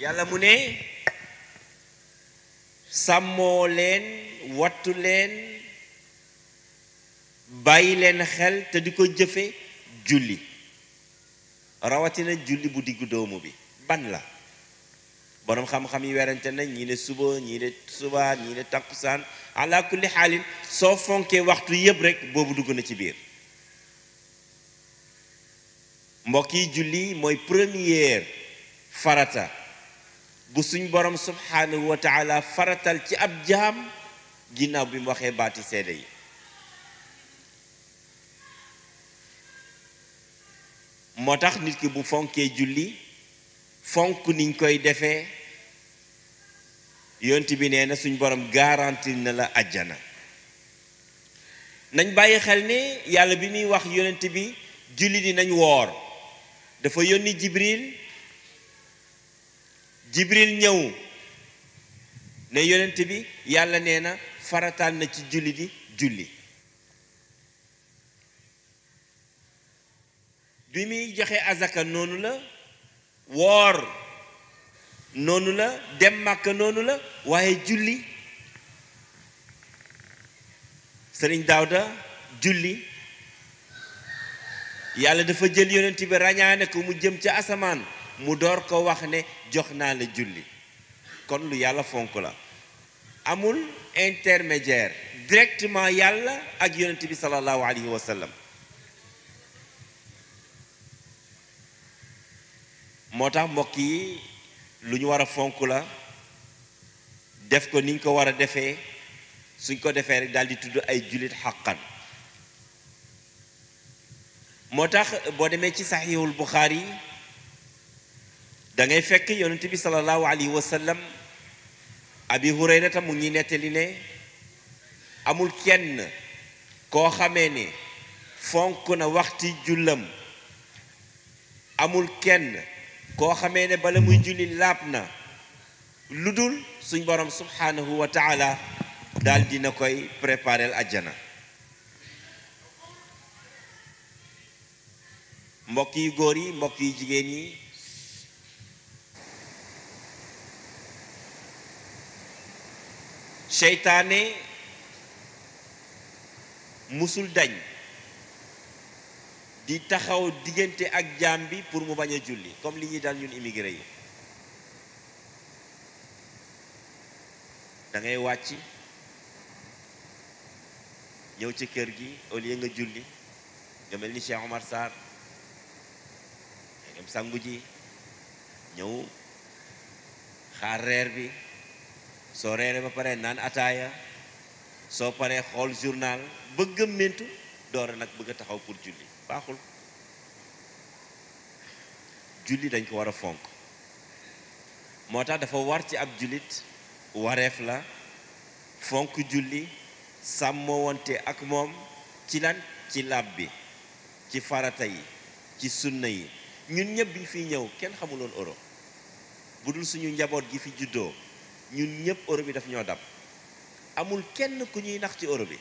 yàlla mu ne sàmmoo leen wattu leen bàyyi leen xel te di ko jëfe julli rawatina julli bu digg doomu bi ban la boroom xam-xam yi werante na ñii ne suba ñii ne subaa ñii ne takkusaan ala kulli soo fonkee waxtu yépp rek boobu dugg na ci biir mbokk yi julli mooy première farata bu suñ borom subhanahu wa taala faratal ci ab jaam ginnaaw bi mu waxee baati seede yi moo tax nit ki bu fonkee julli fonk niñ koy defee yont bi nee na suñ borom garanti na la ajjana nañ bàyyi xel ne yàlla bi muy wax yonent bi julli di nañ woor dafa yónni jibril jibril ñëw ne yonent bi yàlla nee na farataal na ci julli di julli bi muy joxe azaka noonu la woor noonu la dem màkka noonu la waaye julli sëriñ Daawda julli yàlla dafa jël yonent bi ràññaane ko mu jëm ca asamaan mu door ko wax ne jox naa la julli kon lu yàlla fonk la amul intermédiaire directement yàlla ak yonent bi sallallahu alayhi wa sallam moo tax mbokk yi lu ñu war a fonk la def ko ni ñu ko war a defee suñ ko defee rek daal di tudd ay jullit xàqan moo tax boo demee ci saxiixul Buxaari dangay fekk yonent bi sallallahu alayhi wa abi hurayrata mu ngi nettali ne amul kenn koo xamee ne fonk na waxti jullam amul kenn koo xamee ne bala muy julli laab na lu dul suñ borom subhanahu wa taala daal dina koy préparel ajjana mbokk yi góor yi mbokk yi jigéen yi seytaane musul dañ di taxaw diggante ak jaan bi pour mu bañ a julli comme li ñuy dal ñun immigré yi da ngay wàcc ñëw ci kër gi au nga julli nga mel ni Cheikh Omar Sarr nga dem ji ñëw xaar reer bi soo reere ba pare naan ataaya soo paree xool journal bëgg a méntu nag bëgg a taxaw pour julli baaxul julli dañ ko war a fonk moo tax dafa war ci ab jullit wareef la fonk julli sàmmoowante ak moom ci lan ci lab bi ci farata yi ci sunna yi ñun ñëpp bi ñu fiy ñëw kenn xamuloon Europe bu dul suñu njaboot gi fi juddoo ñun ñëpp euro bi daf ñoo dab amul kenn ku ñuy nax ci euro bi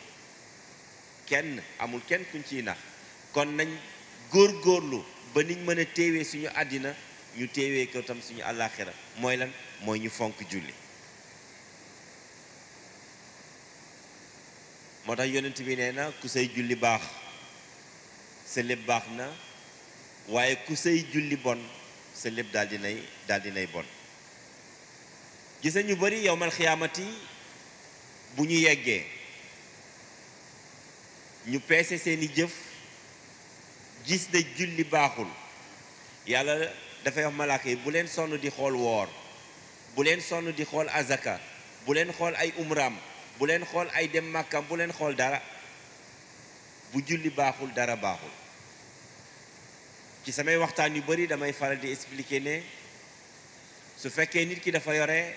kenn amul kenn kuñ ciy nax kon nañ góor góorlu ba niñ mën a suñu àddina ñu téewee ko tam suñu àllaaxira mooy lan mooy ñu fonk julli moo tax yonent bi nee na ku say julli baax sa lépp baax na waaye ku say julli bon sa lépp daal dinay daal dinay bon gis bari bëri yowmal xiyaamati bu ñu yeggee ñu peese seeni jëf gis na julli baaxul yàlla dafay wax malaaka yi bu leen sonn di xool woor bu leen sonn di xool azaka bu leen xool ay umraam bu leen xool ay dem màkkam bu leen xool dara bu julli baaxul dara baaxul ci samay waxtaan yu bari damay faral di expliquer ne su fekkee nit ki dafa yore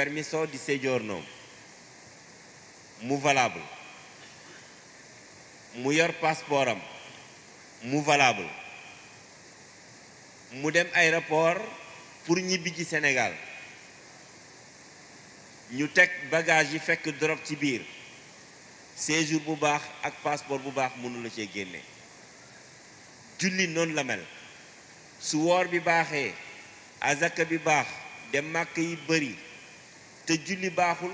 permesso di soggiorno mu valable mu yor passeport am mu valable mu dem aéroport pour ñibbi ci Sénégal ñu teg bagage yi fekk drogue ci biir séjour bu baax ak passeport bu baax mënula la cee génne julli noonu la mel su woor bi baaxee azaka bi baax dem màkk yi bëri te julli baaxul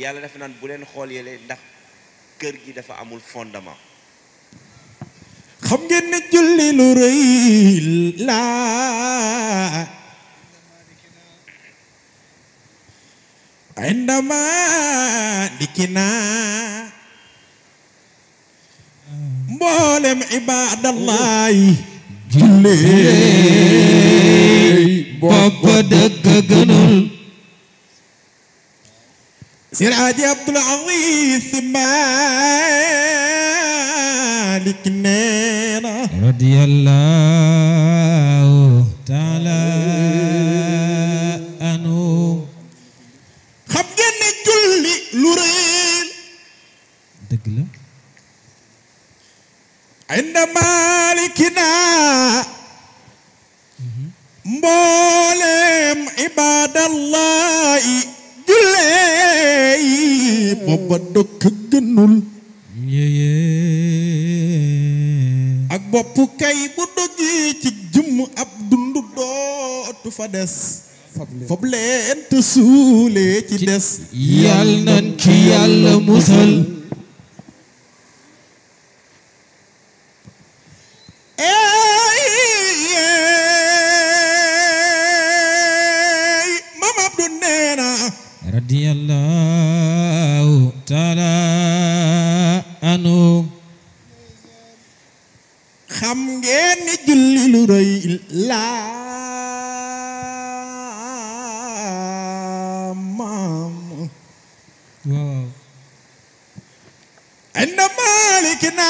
yàlla dafa naan buleen leen xool yële ndax kër gi dafa amul fondement xam ngeen ne julli lu rëy la indama dikki naa mboolem ibaadallahi julli bopp dëgg gënul سير عادي عبد العظيم مالك نيرة رضي الله تعالى عنه خم جن كل لورين دقلة عند مالكنا مبولم عباد الله jullee booba dokk gënul ak bopp kay bu dogee ci jëmm ab dund dootu fa des fab leen te ci des yal nan ci yàlla musal radiyallahu taala anhu xam ngeen ni julli lu rëy la maam waaw inda malikina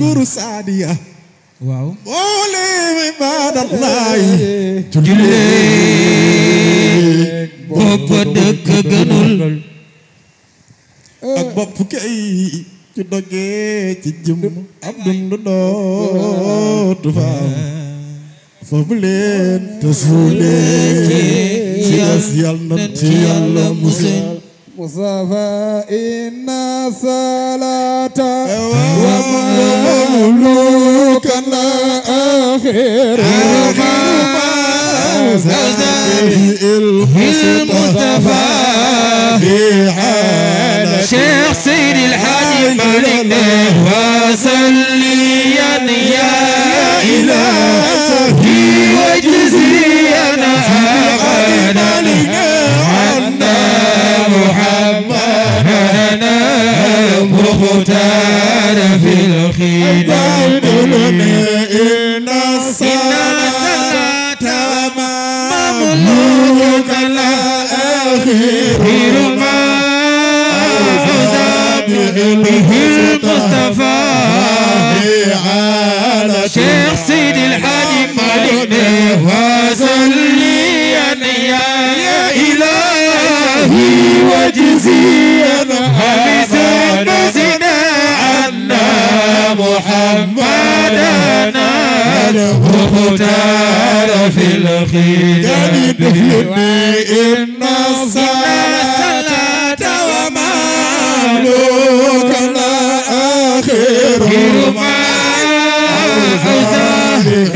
guru saadiya waaw boole ibaadallaahi jullee bopp gënul ak bopp kay ci dogee ci jëm ab dund dootu fa am leen te ci yas yàlla na ci yàlla musal المصطفى إن صلاة وملوكا آخر ما زال المصطفى في حال شيخ سيد الحاج مالك وسليا يا إلهي وجزيلا المختار في الخدام إن الصلاة مملوك الأخير ما به المصطفى على شيخ سيدي الحاج مالك وصلي يا إلهي وجزيا حبيبي محمدنا المختار في الخير إن الصلاة ومالكنا آخر ما به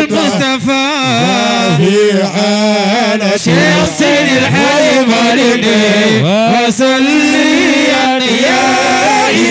المصطفى في على شيخ سيد الحي وسلي يا إلهي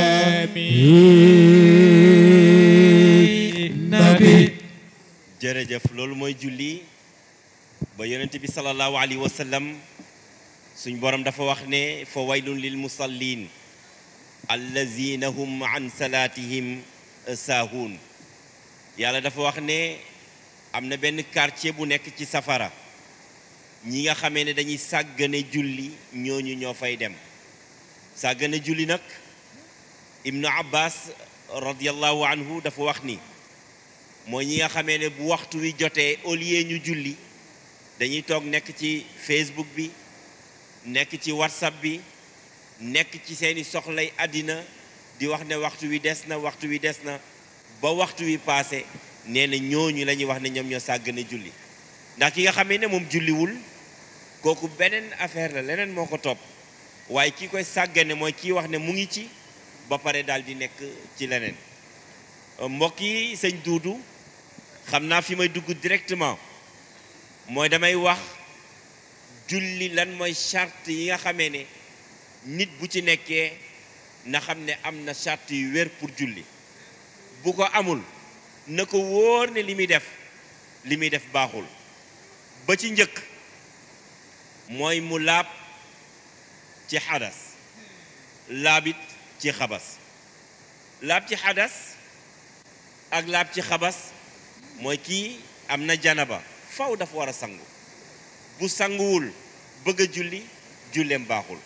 jërëjëf loolu mooy julli ba yonent bi sallallahu alayhi wa sallam dafa wax ne fa waylun lil musallin allazina hum an salaatihim saahuun yàlla dafa wax ne am na benn quartier bu nekk ci safara ñi nga xamee ne dañuy sàggane julli ñooñu ñoo fay dem sàggane julli nag ibnu abbas radiallahu anhu dafa wax ni mooy ñi nga xamee ne bu waxtu wi jotee au lieu ñu julli dañuy toog nekk ci facebook bi nekk ci whatsapp bi nekk ci seeni soxlay àddina di wax ne waxtu wi des na waxtu wi des na ba waxtu wi passé nee na ñooñu la wax ne ñoom ñoo sàggane julli ndax ki nga xame ne moom julliwul kooku beneen affaire la leneen moo ko topp waaye ki koy sàggane mooy kii wax ne mu ngi ci ba pare daal di nekk ci leneen euh, mbokk yi sëñ Duudu xam naa fi may dugg directement mooy damay wax julli lan mooy charte yi nga xame ne nit bu ci nekkee na xam ne am na charte yu wér pour julli bu ko amul na ko wóor ne li muy def li muy def baaxul ba ci njëkk mooy mu laab ci xadas laabit ci xabas laab ci xadas ak laab ci xabas mooy kii am na janaba faw dafa war a sangu bu sanguwul bëgg julli julleem baaxul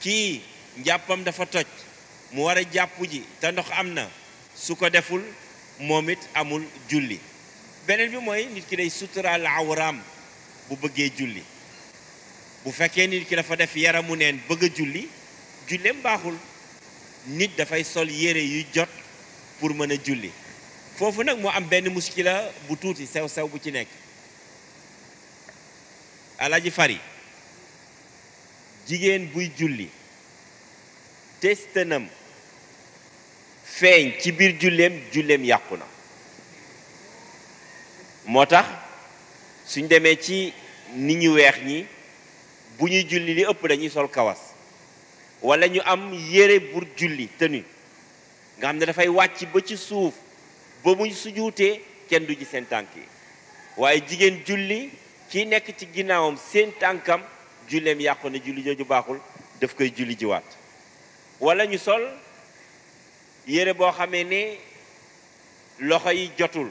kii njàppam dafa toj mu war a jàpp ji te ndox am na su ko deful moom it amul julli beneen bi mooy nit ki day suturaal awraam bu bëggee julli bu fekkee nit ki dafa def mu neen bëgg a julli julleem baaxul nit dafay sol yére yu jot pour mën a julli foofu nag mu am benn muskila bu tuuti sew sew bu ci nekk alaji fari jigéen buy julli testanam feeñ ci biir julleem julleem yàqu na moo tax suñ demee ci nit ñu weex ñi bu ñuy julli li ëpp dañuy sol kawas wala ñu am yére bu julli tenue nga xam ne dafay wàcc ba ci suuf ba muy sujuutee kenn du ji seen tànk waaye jigéen julli ki nekk ci ginnaawam seen tànkam julleem yàqu na julli jooju baaxul daf koy julli jiwaat wala ñu sol yére boo xamee ne loxo yi jotul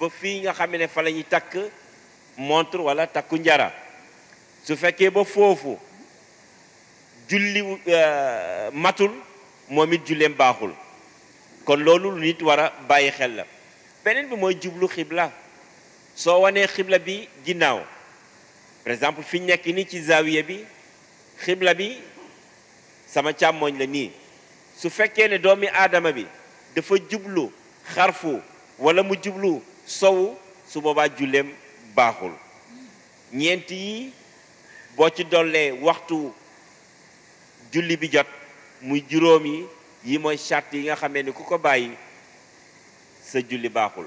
ba fii nga xamee ne fa lañuy takk montre walla takku njara su fekkee ba foofu julli euh, matul moom it julleem baaxul kon loolu lu nit war a bàyyi xel la beneen bi mooy jublu xibla soo wanee xibla bi ginnaaw par exemple fi ñu nekk nii ci zaawiya bi xibla bi sama càmmooñ la nii su fekkee ne doomi aadama bi dafa jublu xarfu wala mu jublu sowu su boobaa julleem baaxul ñeent yi boo ci dollee waxtu julli bi jot muy juróom yi yi mooy charte yi nga xamee ni ku ko bàyyi sa julli baaxul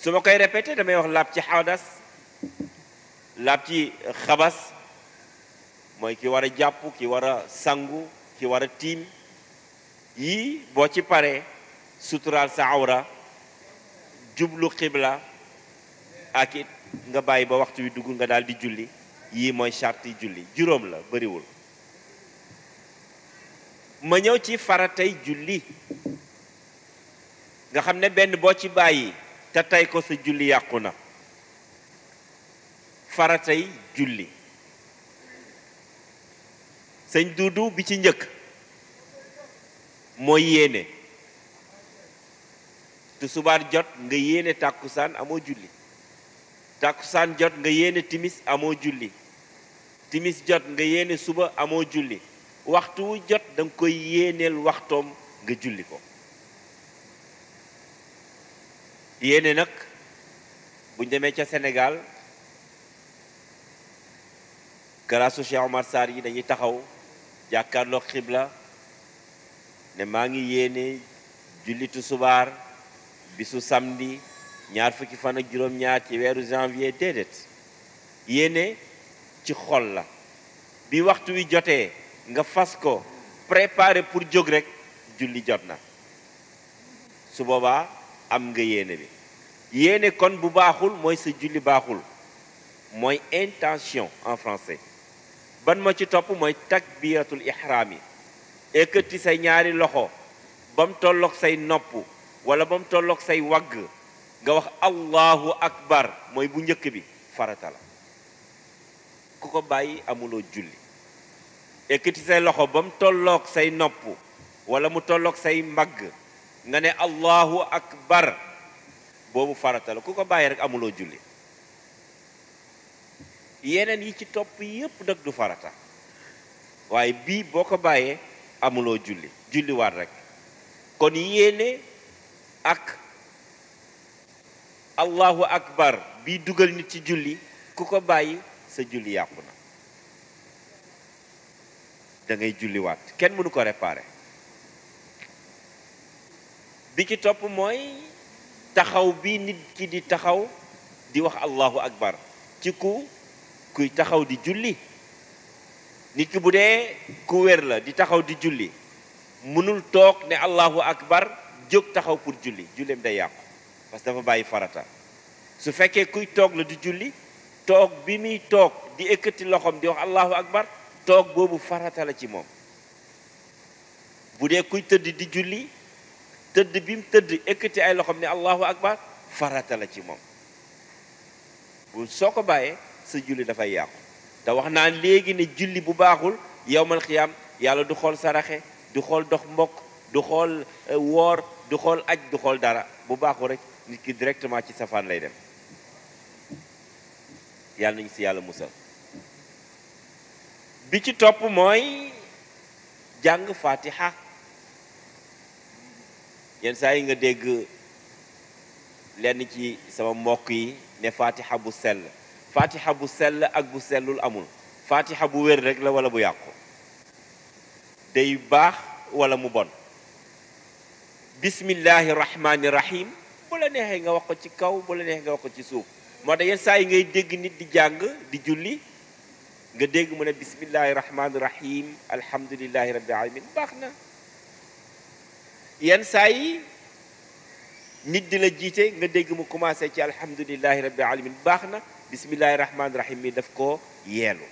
su ma koy répété damay wax laab ci xadas laab ci xabas mooy ki war a jàpp ki war a sangu ki war a tiim yii boo ci paree suturaal sa awra jublu xibla ak it nga bàyyi ba waxtu wi dugg nga daal di julli yii mooy charte yi julli juróom la bëriwul ma ñëw ci faratay julli nga xam ne benn boo ci bàyyi te tey ko sa julli yàqu na faratay julli sëñ duudu bi ci njëkk mooy yéene te subaar jot nga yéene tàkkusaan amoo julli tàkkusaan jot nga yéene timis amoo julli timis jot nga yéene suba amoo julli waxtu wu jot da koy yéeneel waxtoom nga julli ko yéene nag bu demee ca Sénégal garaasu Cheikh Omar Sarr yi dañuy taxaw jàkkaarloo xibla ne maa ngi yéene jullitu subaar bisu samedi ñaar fukki fan ak juróom-ñaar ci weeru janvier déedéet yéene ci xol la bi waxtu wi jotee nga fas ko préparer pour jóg rek julli jot na su boobaa am nga yéene bi yéene kon bu baaxul mooy sa julli baaxul mooy intention en français ban ma ci topp mooy takbiratul ihraam yi ekkati say ñaari loxo ba mu say nopp wala ba mu tolloog say wagg nga wax allahu akbar mooy bu njëkk bi farata la ku ko bàyyi amuloo julli ekkati say loxo ba mu tolloog say nopp wala mu tollook say mbagg nga ne allahu akbar boobu farata la ku ko bàyyi rek amuloo julli yeneen yi ci topp yépp nag du farata waaye bii boo ko bàyyee amuloo julli julli rek kon yéene ak allahu akbar bii dugal nit ci julli ku ko bàyyi sa julli yàqu na da ngay julliwaat kenn mënu ko réparer bi ci topp mooy taxaw bi nit ki di taxaw di wax allahu akbar ci ku kuy taxaw di julli nit ki bu dee ku wér la di taxaw di julli mënul toog ne allahu akbar jóg taxaw pour julli julleem day yàqu parce dafa bàyyi farata su fekkee kuy toog la di julli toog bi muy toog di ekkati loxoom di wax allahu akbar toog boobu faratala ci moom bu dee kuy tëdd di julli tëdd bi mu tëdd ekkati ay loxoom ne allahu akbar farata la ci moom bu soo ko bàyyee sa julli dafay yàqu te wax naan léegi ne julli bu baaxul yowmal xiyaam yàlla du xool saraxe du xool dox mbokk du xool euh, woor du xool aj du xool dara bu baaxul rek nit ki directement ci safaan lay dem yàlla nañu si yàlla musal bi ci topp mooy jàng fatiha yenn saa yi nga dégg lenn ci sama mbokk yi ne fatiha bu sell fatiha bu sell ak bu sellul amul fatiha bu wér rek la wala bu yàqu day baax wala mu bon bismillahi rahmani rahim bu la neexee nga wax ko ci kaw bu la neexee nga wax ko ci suuf moo tax yenn saa yi ngay dégg nit di jàng di julli nga dégg mu ne bismillahi rahmaani rahim alhamdulilahi rabbil alamin baax na yenn saa nit di la jiite nga dégg mu commencé ci alhamdulilahi rabbil baax na bismillahi rahmaani rahim mi def ko yeelu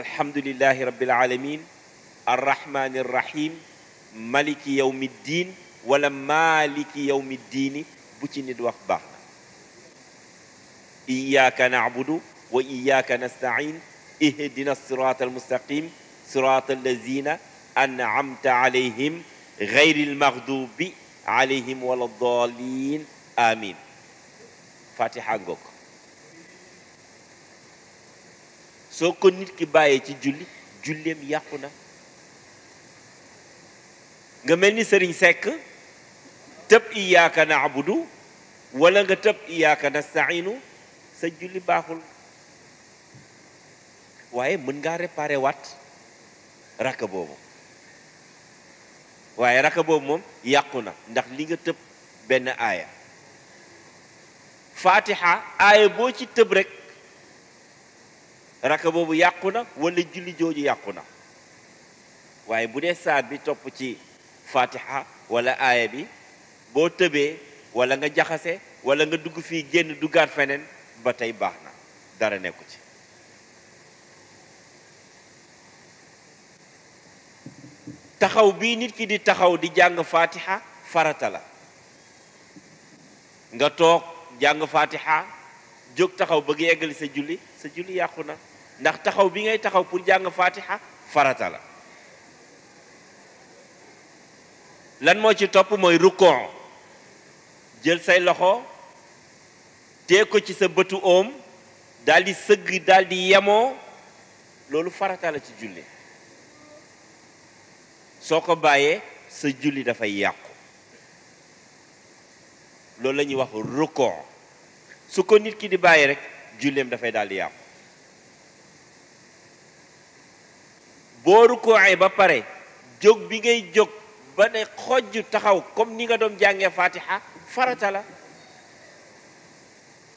alhamdulilahi rabbil alamin arrahmaani rahim maliki yawmi diin wala maliki yawmi diini bu ci nit wax baax iyyaka na'budu wa iyyaka nasta'in ihdina sirata almustaqim sirata allazina an'amta alayhim ghayril maghdubi alayhim waladdallin amin fatiha ngokk soo ko nit ki bàyyee ci julli julleem yàqu na nga mel ni sëriñ sekk tëb iyaaka naabudu wala nga tëb iyaaka nastainu sa julli baaxul waaye mën ngaa réparé wat rakk boobu waaye rakk boobu moom yàqu na ndax li nga tëb benn aaya fatiha aaya boo ci tëb rek rakk boobu yàqu na wala julli jooju yàqu na waaye bu dee saar bi topp ci fatiha wala aaya bi boo tëbee wala nga jaxase wala nga dugg fii génn duggaat feneen ba tey baax na dara nekku ci taxaw bii nit ki di taxaw di jàng faatiha farata la nga toog jàng faatiha jóg taxaw bëgg yeggali sa julli sa julli yàqu na ndax taxaw bi ngay taxaw pour jàng faatiha farata la lan moo ci topp mooy rukkoo jël say loxo tee ko ci sa bëtu oom daal di sëgg daal di yemoo loolu farata la ci julli soo ko bàyyee sa julli dafay yàqu loolu la ñuy wax record su ko nit ki di bàyyi rekk julleem dafay dal di yàqu boo rukooree ba pare jóg bi ngay jóg ba ne xojju taxaw comme ni nga doon jàngee fatiha farata la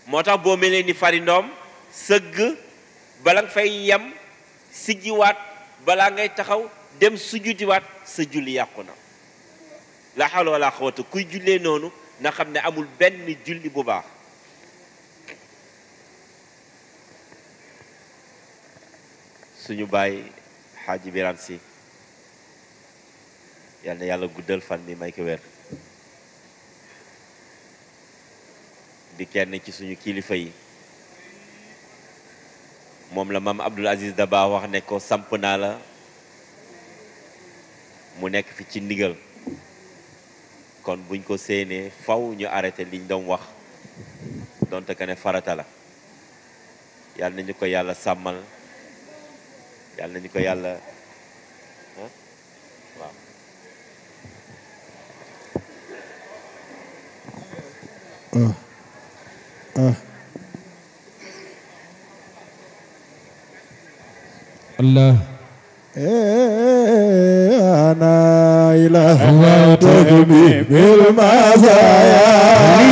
moo tax boo melee ni farindoom sëgg bala nga fay yem sijjiwaat balaa ngay taxaw dem sujutiwaat sa julli yàqu na la hawla wala xawata kuy jullee noonu na xam ne amul benn julli bu baax suñu baay xaaji bi si yal yàlla guddal fan bi may ko di kenn ci suñu kilifa yi moom la maam Abdoul Aziz Dabakh wax ne ko samp naa la mu nekk fi ci ndigal kon buñ ko séenee faw ñu arrêté liñ doon wax donte que ne farata la yàlla nañu ko yàlla sàmmal yàlla nañu ko yàlla waaw hmm. الله أنا إله تهمي بالمزايا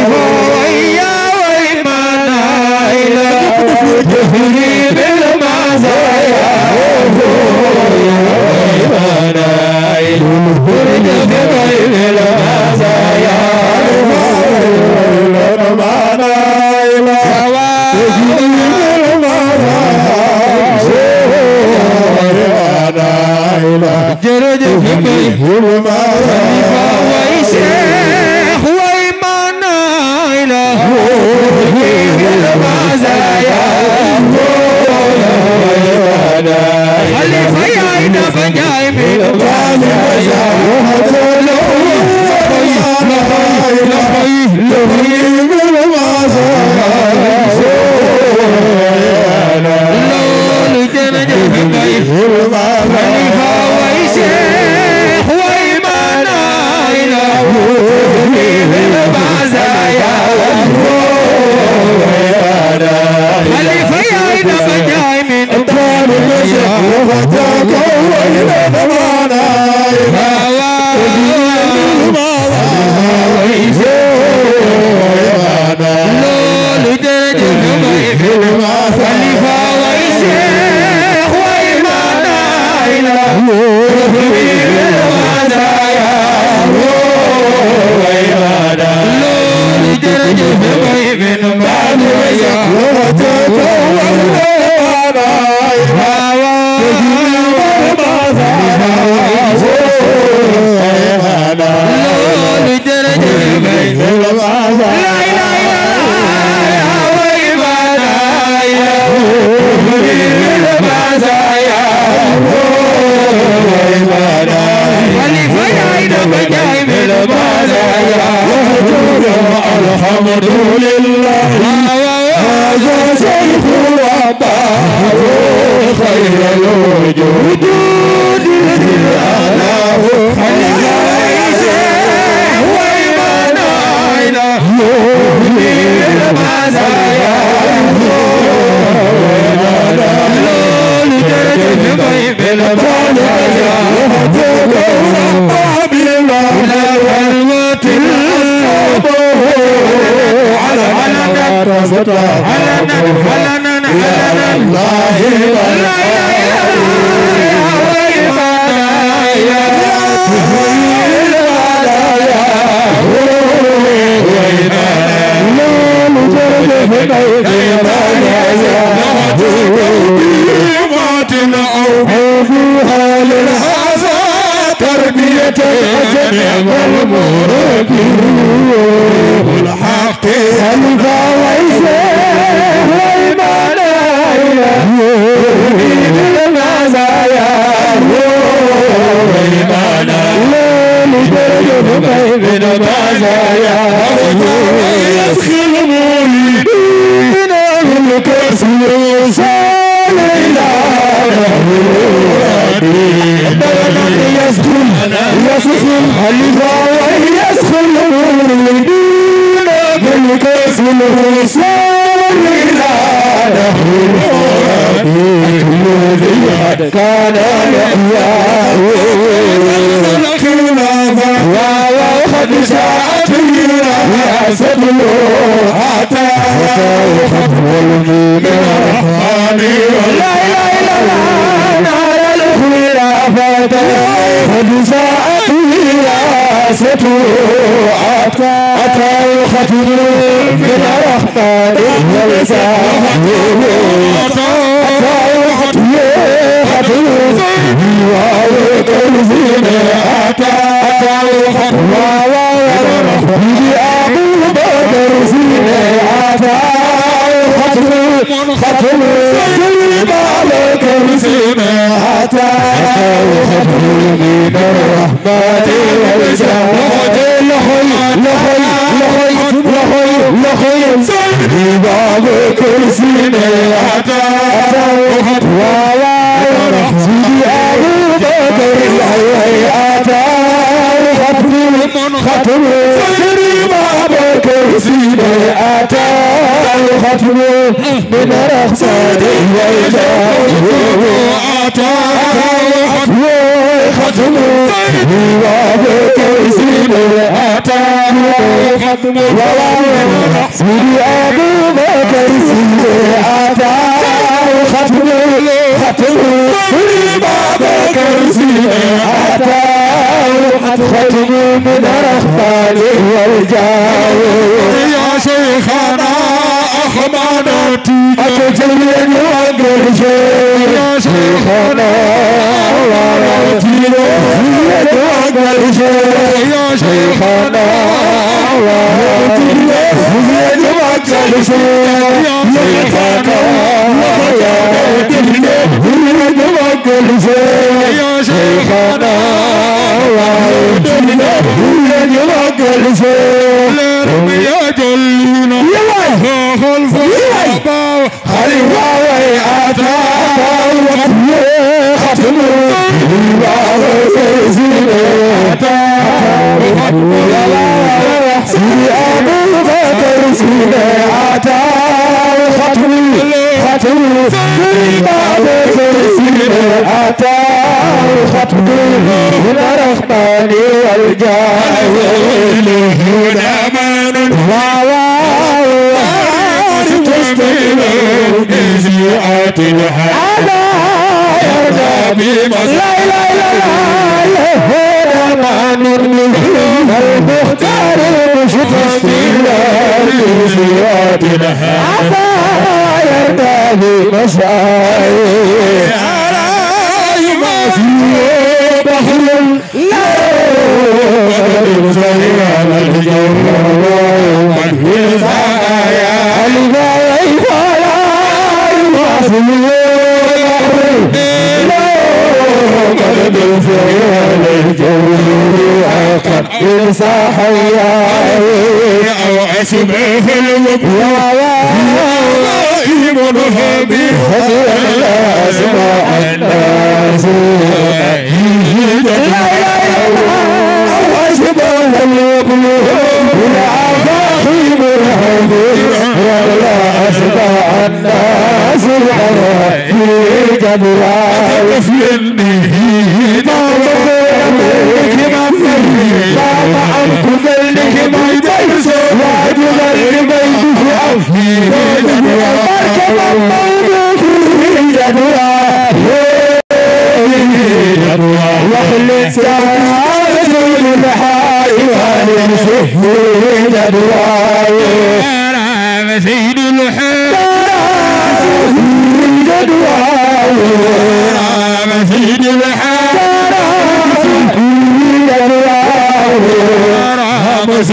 ويا ويمانا إله تهمي بالمزايا ويا ويمانا إله تهمي jërëjëf bay hulma way sheikh way mana ila hulma zaya خليفة يا عيد فجاي من الوالي وزاره لبيه لبيه لبيه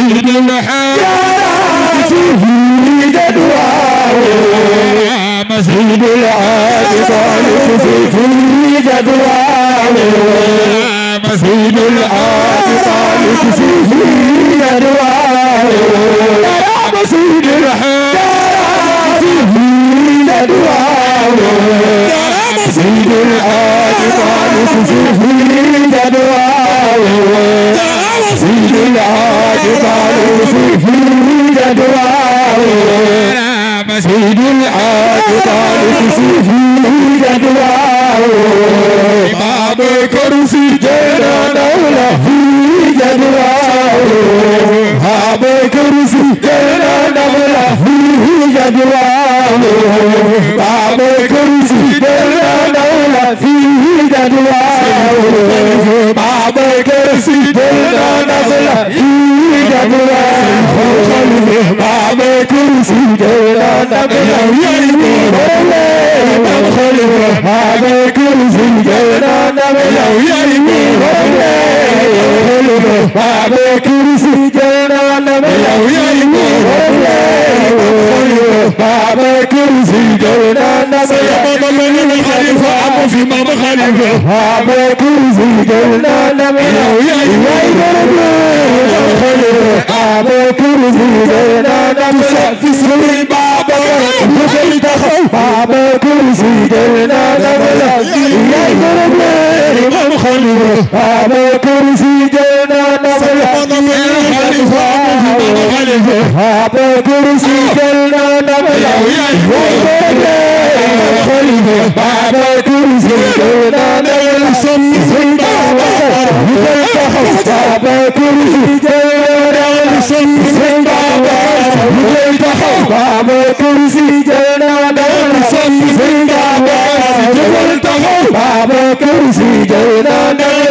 سيد الحال فيه جدواه مسجد العالي صالح فيه جدواه مسجد العالي صالح فيه جدواه يا مسجد الحال فيه جدواه مسجد العالي صالح فيه جدواه سيدنا جبال سيدنا جبال سيد العابدين سيد جدواه إمام كرسي جنان الله في جدواه إمام كرسي جنان الله في جدواه إمام كرسي جنان الله في جدواه إمام كرسي جنان الله في جدواه إمام كرسي جنان Everybody بخير تخاي بابا كرسي جلنا نبلا يا جربي من خليفة بابا كرسي جلنا نبلا يا خليفة بابا كرسي جلنا نبلا يا خليفة بابا كرسي جلنا نبلا سمي سمي بابا كرسي جلنا kursi jël na dawla kursi jël na dawla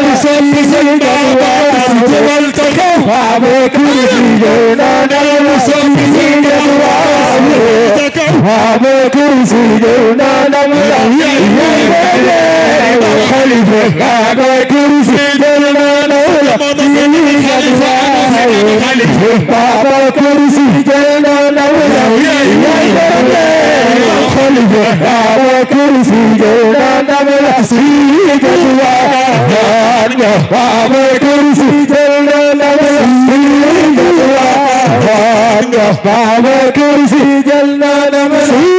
Baba Kursi Jalna Namaste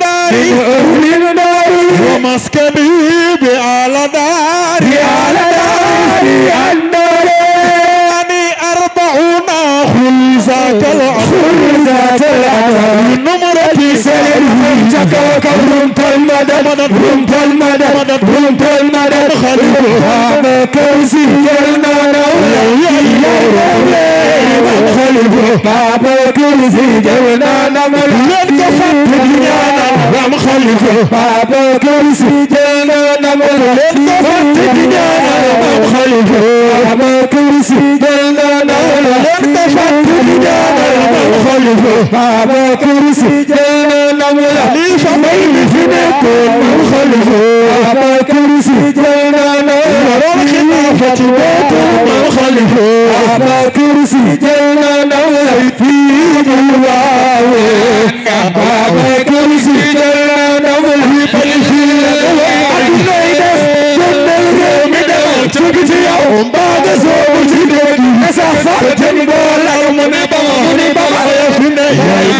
داري من داري ومسكني بعلى داري على داري عن داري يعني أربعون خلزات العطر خلزات العطر نمرتي سير حجك وكبرت المدد انت المدد انت المدد خلفها مكوسي جلنا خلفها مكوسي جلنا نمل يدفع دنيانا رام خلفها مكوسي جلنا نمل يدفع دنيانا رام خلفها مكوسي جلنا نمل يدفع دنيانا رام خلفها مكوسي جلنا li fa may li fi nekkoon man xalifa abaa kirisi jaynaana waral xilaafati nekkoon man xalifa abaa kirisi jaynaana way fii jilwaawe abaa kirisi jaynaana way fii jilwaawe adinay def jëndal réew mi demal ci yow mbaa nga soobu ci dëgg sax sax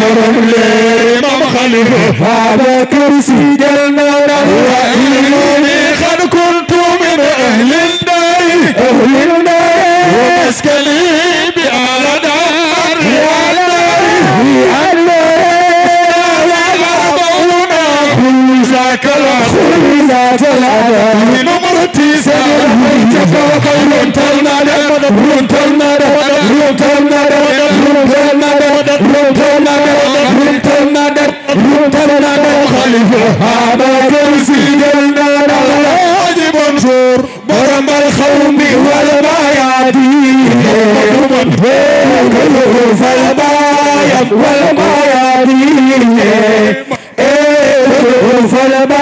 xarul leer maam xalifa hada kursi jël naa la wa inni xad kuntu min ahlin daari ahlin daari wa maskani bi ala daar ya daari ya daari la la bawna kulli zakala kulli zakala والبيادين ايه فلبا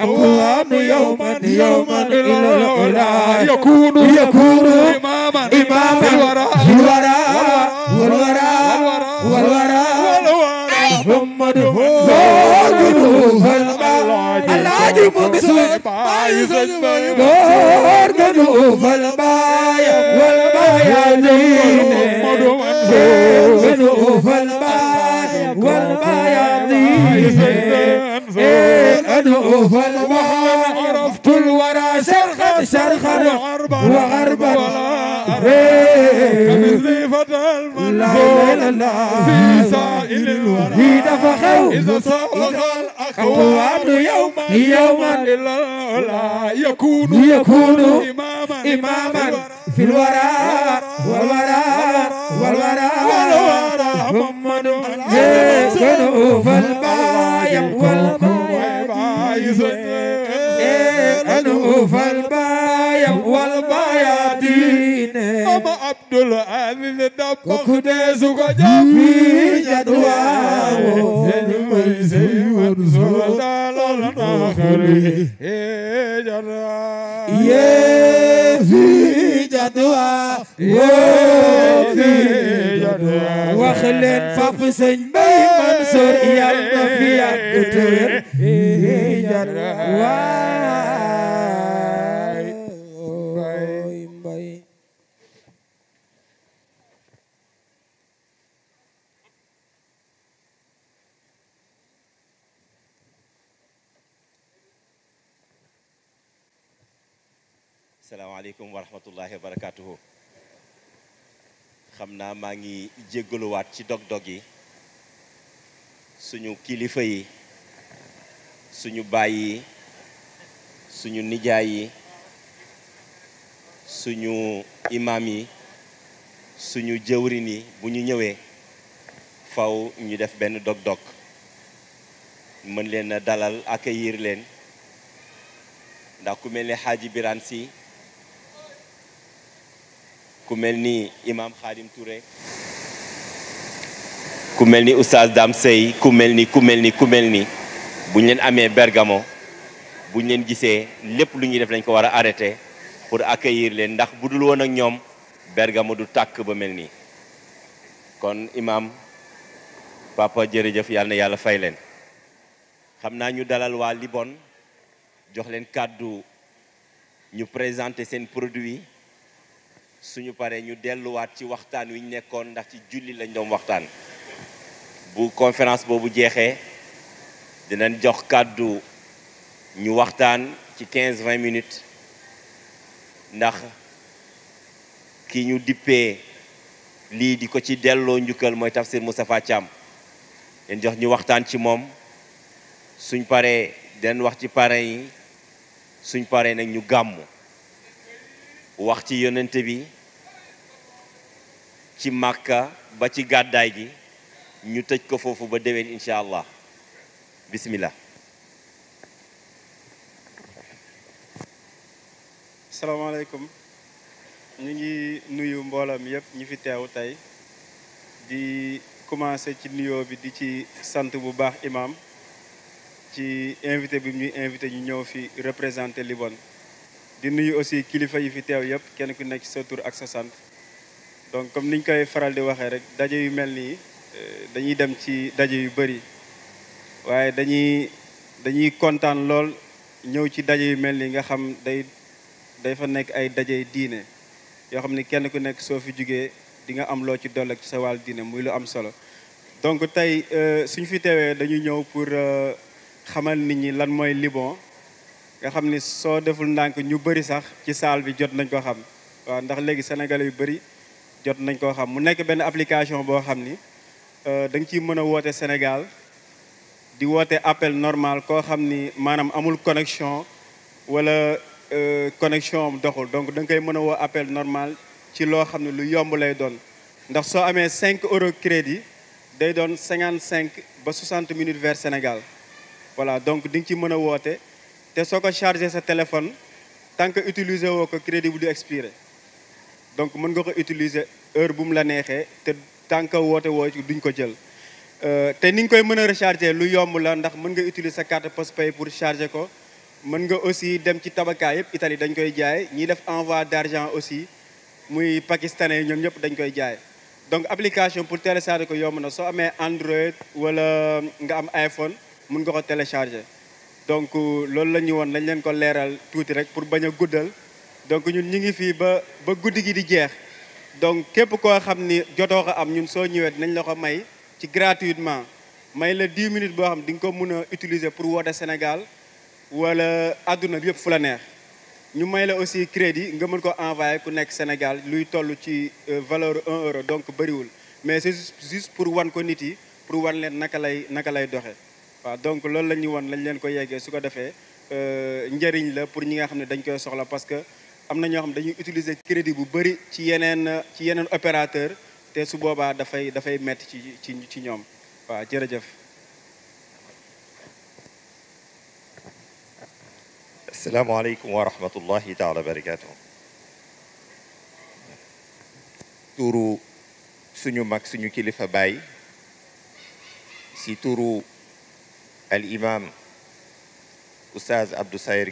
أوهام يوما يوما إلى العلا يكون يكون إماما إماما الورى الورى والورى والورى محمد زوجه فالما العاجم بسوء بايز زوجه فالما والما يعلين زوجه فالما والما يعلين فلما عرفت الورى شرخا شرخا وغربا كمثل فتى المنزول في سائل الورى دفخوا إذا صاغ الأخوان يوما يوما إلى العلا يكون يكون إماما إماما في الورى والورى والورى والورى محمد يسكن فالبايع والبايع أنه فالبايا والباياتين أما عبد العزيز دبخ ديسو جافي جدواه زلمي ورسولة لنخلي جراه يفي جدواه يفي جدواه وخلين فاف سنبي منصور يالنا في عدتين cat waay waay mbay xam naa maa ngi jéggaluwaat ci dogdog yi suñu kilifa yi suñu bàyyi suñu nijaay yi suñu imaam yi suñu jëwrin yi bu ñu ñëwee faw ñu def benn dog-dog mën leen a dalal accueillir leen ndax ku mel ni xaaji Birane si ku mel ni imaam Khadim Touré ku mel ni oustaz Dame Sey ku mel ni ku mel ni ku mel ni bu ñu leen amee Bergamo buñ leen gisee lépp lu ñuy def dañ ko war a arrêté pour accueillir leen ndax bu dul woon ak ñoom Bergamo du tàkk ba mel nii kon imam papa jërëjëf yàlla na yàlla fay leen xam naa ñu dalal waa Libon jox leen kàddu ñu présenté seen produits produit suñu paree ñu delluwaat ci waxtaan wi ñu nekkoon ndax ci julli lañ doon waxtaan bu conférence boobu jeexee dinañ jox kàddu ñu waxtaan ci quinze vingt minutes ndax ki ñu dippee lii di ko ci delloo njukkal mooy tafsir Moustapha Thiam den jox ñu waxtaan ci moom suñ paree den wax ci parrain yi suñ pare nag ñu gàmmu wax ci yonente bi ci màkka ba ci gàddaay gi ñu tëj ko foofu ba déwén incha allah bisimilah. salaamaaleykum ñu ngi nuyu mboolam yëpp ñi fi teew tey di commencé ci nuyoo bi di ci sant bu baax imaam ci invité bi ñuy invité ñu ñëw fi représenté Libone di nuyu aussi kilifa yi fi teew yëpp kenn ku nekk sa tur ak sa sant donc comme niñ koy faral di waxee rek daje yu mel nii euh, dañuy dem ci daje yu bëri waaye dañuy dañuy kontaan lool ñëw ci daje yu mel nii nga xam day day fa nekk ay daje diine yoo xam ni kenn ku nekk soo fi jugee di nga am loo ci dolli ak sa muy lu am solo donc tey euh, suñu fi teewee dañu ñëw pour euh, xamal nit ñi lan mooy Libon nga xam ni soo deful ndànk ñu bëri sax ci saal bi jot nañ ko xam waaw ndax léegi sénégalais yu bëri jot nañ koo xam mu nekk benn application boo xam ni euh, da nga ciy mën a woote Sénégal di woote appel normal koo xam ni maanaam amul connexion wala euh, connexion am doxul donc da nga mën a woo appel normal ci loo xam ne lu yomb lay doon ndax soo amee cinq euros crédit day doon cinquante cinq ba 60 minutes vers Sénégal voilà donc di nga ci mën a woote te soo ko chargé sa téléphone tant que utiliser woo ko crédit bu du expiré donc mën nga ko utiliser heure bu mu la neexee te tant que woote woo duñ ko jël Euh, te ni koy mën a recharger lu yomb la ndax mën nga utiliser sa carte postpay pour charger ko mën nga aussi dem ci tabaka yëpp Italie dañ koy jaay ñiy def envoi d'argent aussi muy yi ñoom ñëpp dañ koy jaay donc application pour télécharger ko yomb na soo amee Android wala nga am iPhone mën nga ko télécharger donc euh, loolu la ñu woon dañ leen ko leeral tuuti rek pour bañ a guddal donc ñun ñu ngi fii ba ba guddi gi di jeex donc képp koo xam ni jotoo am ñun soo ñëwee dinañ la ko may ci gratuitement may la 10 minutes boo xam di nga ko mën a utiliser pour woote Sénégal wala àdduna bi yëpp fu la neex ñu may la aussi crédit nga mën ko envoyé ku nekk Sénégal luy toll ci euh, valeur 1 euro donc bëriwul mais c'est juste pour wan ko nit yi pour wan leen naka lay naka lay doxe waaw donc loolu la ñuy wan lañ leen ko yeggee su ko defee euh, njëriñ la pour ñi nga xam ne dañ koy soxla parce que am na ñoo xam dañuy utiliser crédit bu bëri ci yeneen ci yeneen opérateur te su boobaa dafay dafay metti ci ci ñoom waa jërëjëf. asalaamaaleykum wa rahmatullahi taala suñu mag suñu kilifa baay si tuuru al imam oustaz Abdou Sayer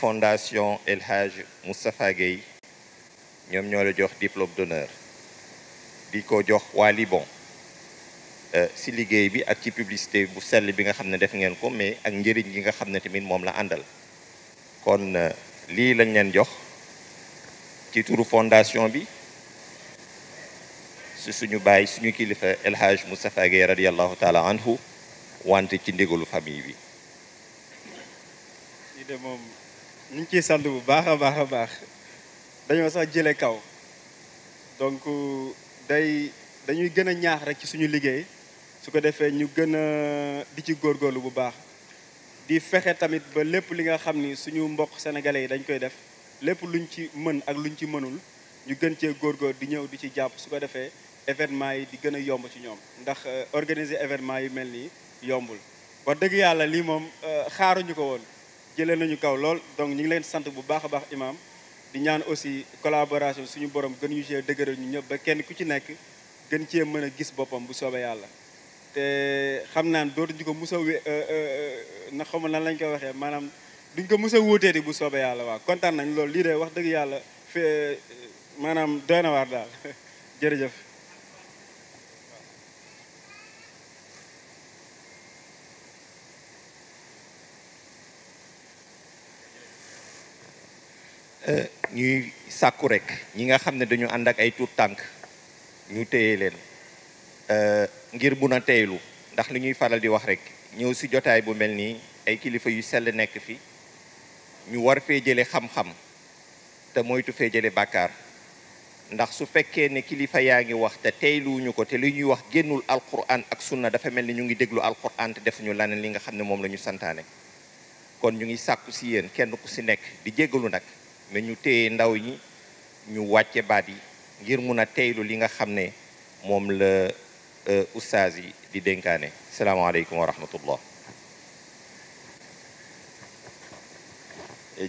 fondation El Hadj Moustapha ñoom ñoo la jox diplôme d'honneur di ko jox waa Liban euh, si liggéey bi ak ci publicité bu sell bi nga xam ne def ngeen ko mais ak njëriñ gi nga xam ne tamit moom la àndal kon euh, lii lañ leen jox ci turu fondation bi su suñu bàyyi suñu kilifa El Hadj Moustapha radiallahu taala anhu wante ci ndigalu famille bi lii de moom ñu ngi ciy bu baax a baax a baax dañoo sax jële kaw day dañuy gën a ñaax rek ci suñu liggéey su ko defee ñu gën a di ci góor góorlu bu baax di fexe tamit ba lépp li nga xam ni suñu mbokk sénégalais yi dañ koy def lépp luñ ci mën ak luñ ci mënul ñu gën cee góor góor di ñëw di ci jàpp su ko defee événement yi di gën a yomb ci ñoom ndax euh, organiser événement yi mel nii yombul wa dëgg yàlla lii moom euh, xaaruñu ko woon jëlee nañu kaw lool donc ñu ngi leen sant bu baax a baax imam di ñaan aussi collaboration suñu borom gën yu cee dëgëral ñu ñëpp ba kenn ku ci nekk gën cee mën a gis boppam bu soobee yàlla. te xam naan dootuñu ko mus a euh, euh, euh, na xaw ma nan lañ koy waxee maanaam duñ ko mus a wóoteeti bu soobee yàlla waa kontaan nañ loolu lii de wax dëgg yàlla fee maanaam doy na waar daal ñuy sàkku rek ñi nga xam ne dañu ànd ak ay tuut tànk ñu téye leen euh, ngir mun a teylu ndax li ñuy faral di wax rek ñëw si jotaay bu mel nii ay kilifa yu sell nekk fi ñu war fee jële xam-xam te moytu fee jële bàkkaar ndax su fekkee ne kilifa yaa ngi wax te teyluwuñu ko te li ñuy wax génnul alquran ak sunna dafa mel ni ñu ngi déglu alquran te ñu laneen li nga xam ne moom la ñu santaane kon ñu ngi sàkku si yéen kenn ku si nekk di jéggalu nag mais ñu téye ndaw ñi ñu wàcce baat yi ngir mun a teylu li nga xam ne moom la euh, ustaas yi di dénkaane salaamaaleykum wa rahmatullah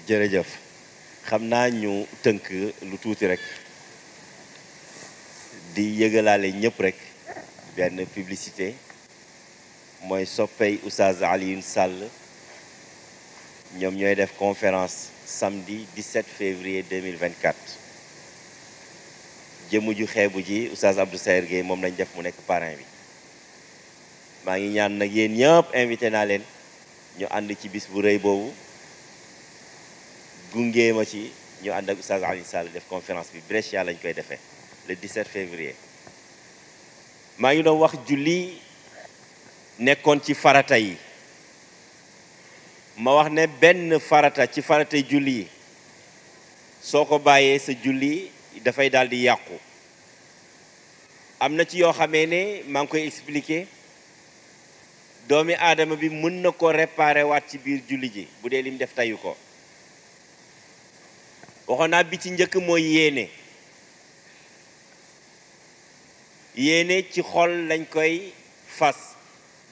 jërëjëf xam naa ñu tënk lu tuuti rek di yëgalaale ñëpp rek benn publicité mooy soppey Oustaz Alioune Sall ñoom ñooy def conférence samedi 17 février 2024 jëmm ju xeebu ji oustaz Abdou Sayer Gueye moom lañ def mu nekk parrain bi maa ngi ñaan nag yéen ñëpp invité naa leen ñu ànd ci bis bu rëy boobu gungee ma ci ñu ànd ak oustaz Alioune Sall def conférence bi Brescia lañ koy defee le 17 février maa ngi doon wax julli nekkoon ci farata yi ma wax ne benn farata ci farata julli yi soo ko bàyyee sa julli dafay daldi yàqu am na ci yoo xamee ne maa ngi koy expliquer doomi aadama bi mën na ko réparer waat ci biir julli ji bu dee lim def tayu ko waxoon bi ci njëkk mooy yéene yéene ci xol lañ koy fas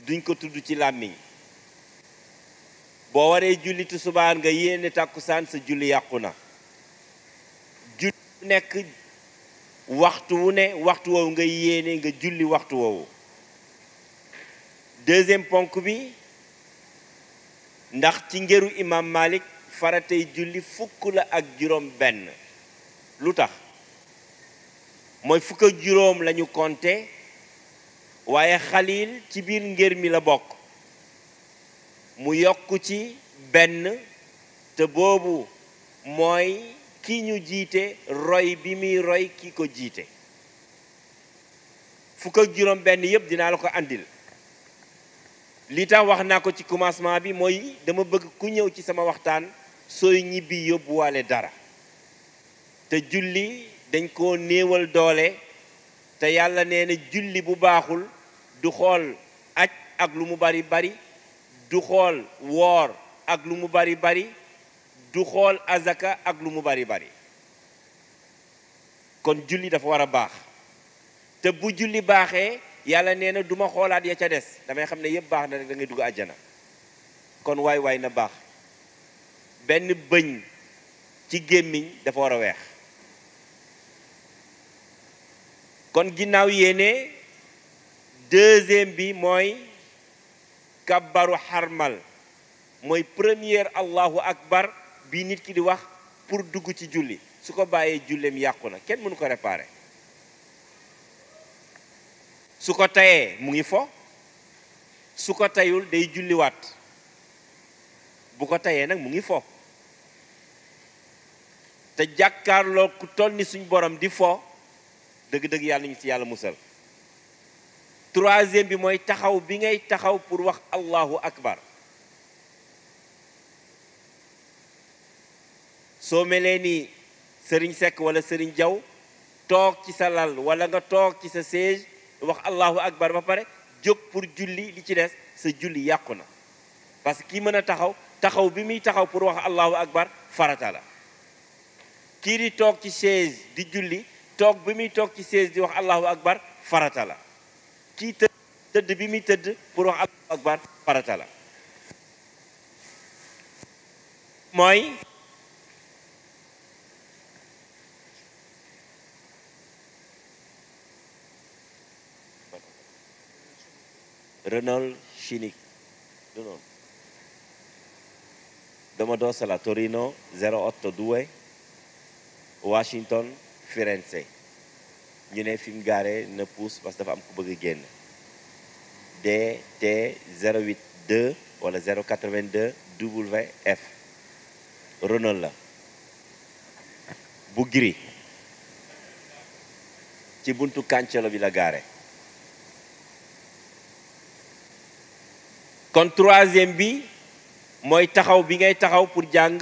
duñ ko tudd ci làmmiñ boo waree julli tisbaar nga yéene tàkkusaan sa julli yàqu na julli bu nekk waxtu wu ne waxtu woowu nga yéene nga julli waxtu woowu deuxième ponk bi ndax ci ngëru imam Malik faratey julli fukk la ak juróom benn lu tax mooy fukk ak juróom lañu konte waaye xalil ci biir ngër mi la bokk mu yokk ci benn te boobu mooy ki ñu jiite roy bi muy roy ki ko jiite fukk ak juróom benn yëpp dinaa la ko àndil li tax wax naa ko ci commencement bi mooy dama bëgg ku ñëw ci sama waxtaan sooy ñibbi yóbbuwale dara te julli dañ ko néewal doole te yàlla nee na julli bu baaxul du xool aj ak lu mu bari bari du xool woor ak lu mu bari bari du xool azaka ak lu mu bari bari kon julli dafa war a baax te bu julli baaxee yàlla nee na du xoolaat ya ca des damay xam ne yëpp baax na rek da ngay dugg àjjana kon waay waay na baax benn bëñ ci gémmiñ dafa war a weex kon ginnaaw yéene deuxième bi mooy kabbaru xarmal mooy première allahu akbar bi nit ki di wax pour dugg ci julli su ko bàyyee julleem yàqu na kenn mënu ko réparer su ko tayee mu ngi fo su ko tayul day julliwaat bu ko tayee nag mu ngi fo te jàkkaarloo ku toll ni suñ borom di fo dëgg-dëgg yàlla ñu ci yàlla musal troisième bi mooy taxaw bi ngay taxaw pour wax allahu akbar soo melee nii sëriñ sekk wala sëriñ Jaw toog ci sa lal wala nga toog ci sa siège wax allahu akbar ba pare jóg pour julli li ci des sa julli yàqu na parce que kii mën a taxaw taxaw bi muy taxaw pour wax allahu akbar farata la kii di toog ci chaise di julli toog bi muy toog ci chaise di wax allahu akbar farata la kii tëdd bi muy tëdd pour wax akbar farata la mooy Renault Scenic du noonu domodossala Torino Washington Firenze ñu ne fi mu gaaree na puus parce que dafa am ku bëgg a génn DT 082 wala 082 WF Renault la bu gri ci buntu kàncelo bi la gaare kon troisième bi mooy taxaw bi ngay taxaw pour jàng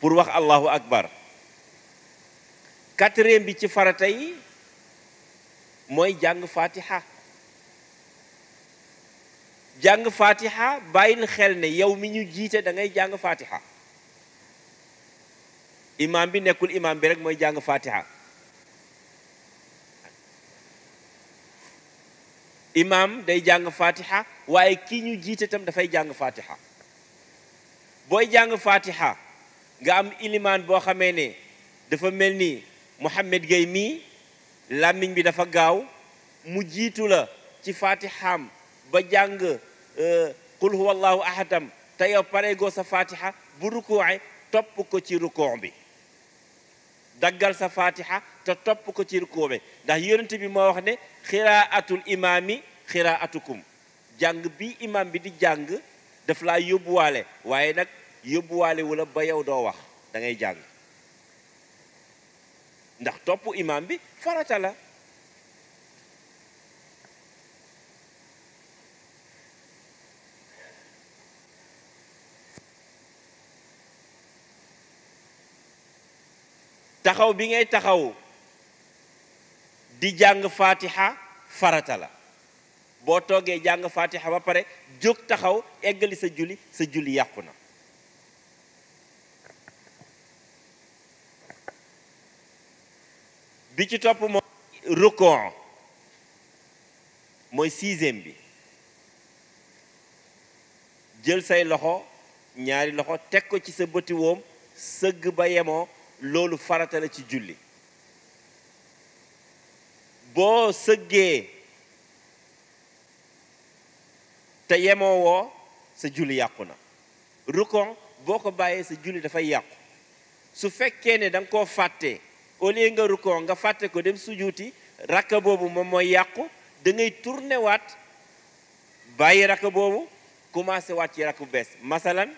pour wax allahu akbar quatrième bi ci farata yi mooy jàng fatiha jàng fatiha bàyyil xel ne yow mi ñu jiite dangay ngay jàng fatiha imaam bi nekkul imaam bi rek mooy jàng fatiha imaam day jàng fatiha waaye ki ñu jiite tam dafay jàng fatiha booy jàng fatiha nga am ilimaan boo xamee ne dafa mel ni Mouhamed Gueye mii làmmiñ bi dafa gaaw mu jiitu la ci fatihaam ba jàng euh, qul huwa allahu ahadam te yow pareegoo sa fatiha bu rukuuce topp ko ci rukuuc bi daggal sa fatiha te topp ko ci rukuuc bi ndax yonent bi moo wax ne xiraatul imaami xiraatukum jàng bi imam bi di jàng daf laa yóbbuwaale waaye nag yóbbuwaale wala ba yow doo wax dangay ngay jàng ndax topp imaam bi farata la taxaw bi ngay taxaw di jàng fatiha farata la boo toogee jàng fatiha ba pare jóg taxaw eggali sa julli sa julli yàqu na bi ci topp mooy rukon mooy sixième bi jël say loxo ñaari loxo teg ko ci sa bëtiwoom woom sëgg ba yemoo loolu farata la ci julli boo sëggee te yemoo woo sa julli yàqu na rukon boo ko bàyyee sa julli dafay yàqu su fekkee ne da nga koo fàtte au lieu nga rukkoo nga fàtte ko dem sujuuti rakka boobu moom mooy yàqu da ngay tourné waat bàyyi rakka boobu commencé waat ci rakk bu bees masalan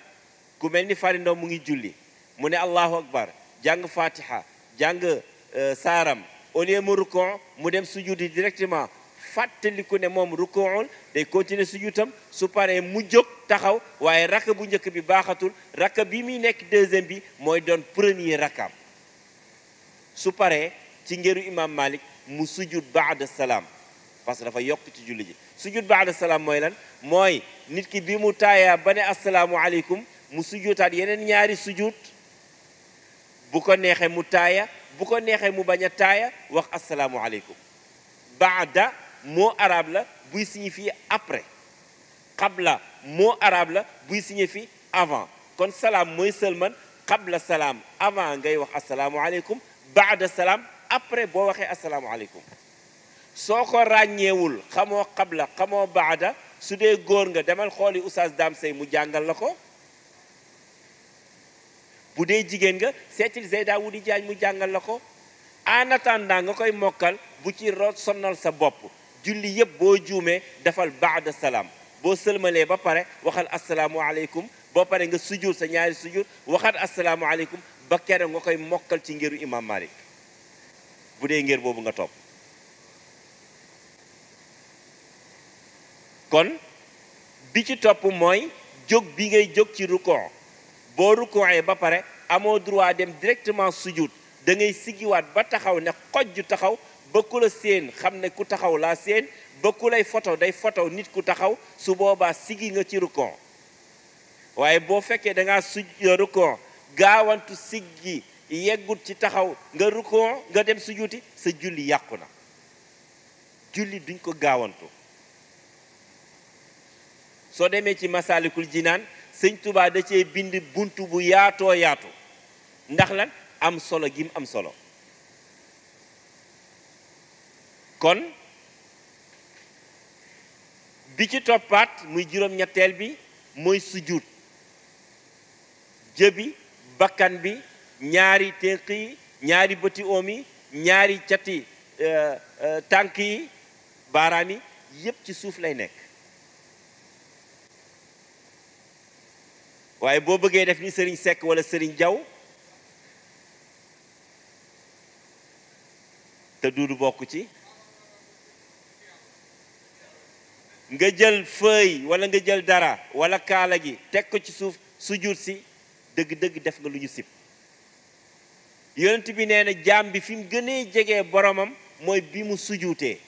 ku mel ni farindoom mu ngi julli mu ne allahu akbar jàng fatiha jàng euh, saaram au lieu mu rukkoo mu dem sujuuti directement fàttaliku ne moom rukool day continuer sujuutam su paree mu jóg taxaw waaye rakk bu njëkk bi baaxatul rakk bi muy nekk deuxième bi mooy doon premier rakkaam su paree ci ngeeru imam malik mu sujud baada salaam parce que dafa yokk ci julli ji sujud baada salaam mooy lan mooy nit ki bi mu taayaa ba ne asalaamu aleykum mu sujutaat yeneen ñaari sujud bu ko neexee mu taaya bu ko neexee mu bañ a taaya wax asalaamu aleykum baada moo arab la buy signifie après qabla moo arab la buy fi avant kon salaam mooy sëlman qabla salaam avant ngay wax asalaamu aleykum baada salaam après boo waxee asalaamaaleykum soo ko ràññeewul xamoo xabla xamoo baada su dee góor nga demal xooli oustaz daam Sey mu jàngal la ko bu dee jigéen nga seetil Zeyda Wudi Diagne mu jàngal la ko en daa nga koy mokkal bu ci root sonnal sa bopp julli yépp boo juumee defal baada salaam boo sëlmalee ba pare waxal asalaamualeykum boo pare nga sujur sa ñaari sujur waxal asalaamualeykum ba kere nga koy mokkal ci ngeru imam malik bu dee ngér boobu nga topp kon bi ci topp mooy jóg bi ngay jóg ci rukon boo rukonee ba pare amoo droit dem directement sujud da ngay siggiwaat ba taxaw ne xojju taxaw ba ku la séen xam ne ku taxaw laa seen ba ku lay photo day photo nit ku taxaw su boobaa siggi nga ci rukon waaye boo fekkee da ngaa suj euh, gaawantu siggi yeggut ci taxaw nga rukkoo nga dem sujuuti sa julli yàqu na julli duñ ko gaawantu soo demee ci masaalikul jinaan sëñ tubaa da cee bind bunt bu yaatoo yaatu ndax lan am solo gim am solo kon bi ci toppaat muy juróom-ñetteel bi mooy sujuut jëbi bakkan bi ñaari ténq yi ñaari bëti oom yi ñaari cati euh, euh, tànk yi baaraam yi yépp ci suuf lay nekk waaye boo bëggee def ni sëriñ Seck wala sëriñ Jaw te duudu bokk ci nga jël feuille wala nga jël dara wala kaala gi teg ko ci suuf su jur si dëgg-dëgg def nga lu ñu sib yonent bi nee na jaam bi fi mu gënee jege boromam mooy bi mu sujuutee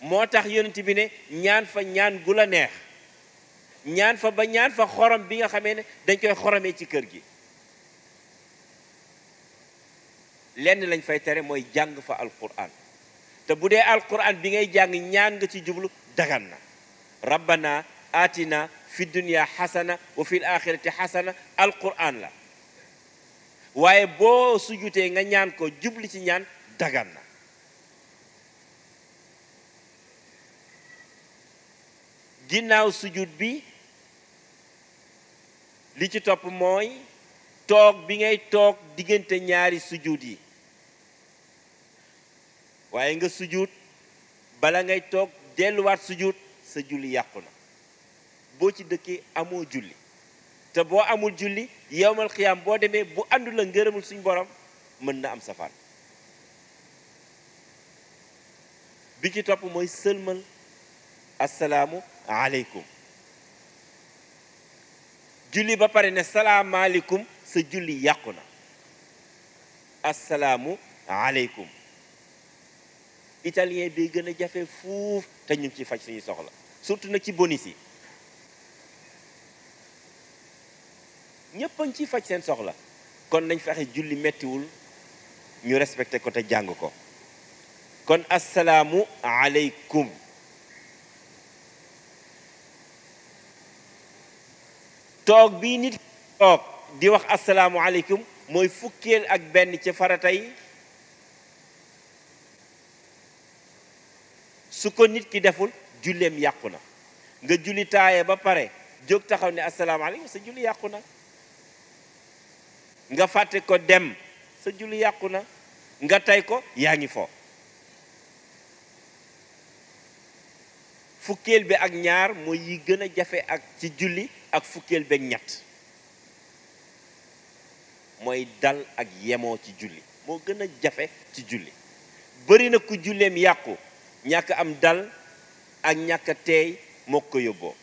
moo tax yonent bi ne ñaan fa ñaan gu la neex ñaan fa ba ñaan fa xorom bi nga xamee ne dañ koy xoromee ci kër gi lenn lañ fay tere mooy jàng fa alquran te bu dee alquran bi ngay jàng ñaan nga ci jublu dagan na rabbana atina fi dunia xasana wa fi l la waaye boo sujutee nga ñaan ko jubli ci ñaan dagan na ginnaaw sujuut bi li ci topp mooy toog bi ngay toog diggante ñaari sujuut yi waaye nga sujuut bala ngay toog delluwaat sujut sa julli yàqu na boo ci dëkkee amoo julli te boo amul julli yowmal xiyaam boo demee bu àndul la ngërëmul suñ borom mën na am safaan bi ci topp mooy sëlmal assalaamu aleykum julli ba pare ne salaamaaleykum sa julli yàqu na asalaamu aleykum italien bi gën a jafe fuuf te ñun ci faj suñu soxla surtout nag ci bonis yi ñëpp a ciy faj seen soxla kon nañ fexe julli mettiwul ñu respecté ko te jàng ko kon asalaamu aleykum toog bii nit toog di wax asalaamu aleykum mooy fukkeel ak benn ci faratay su ko nit ki deful julleem yàqu na nga julli taaye ba pare jóg taxaw ne asalaamu aleykum sa julli yàqu na nga fàtte ko dem sa julli yàqu na nga tey ko yaa ngi fo fukkeel bi ak ñaar mooy gën a jafe ak ci ak fukkeel bi ñett mooy dal ak yemoo ci julli moo gën a jafe ci julli bëri na ku julleem yàqu ñàkk am dal ak ñàkk a teey moo ko yóbboo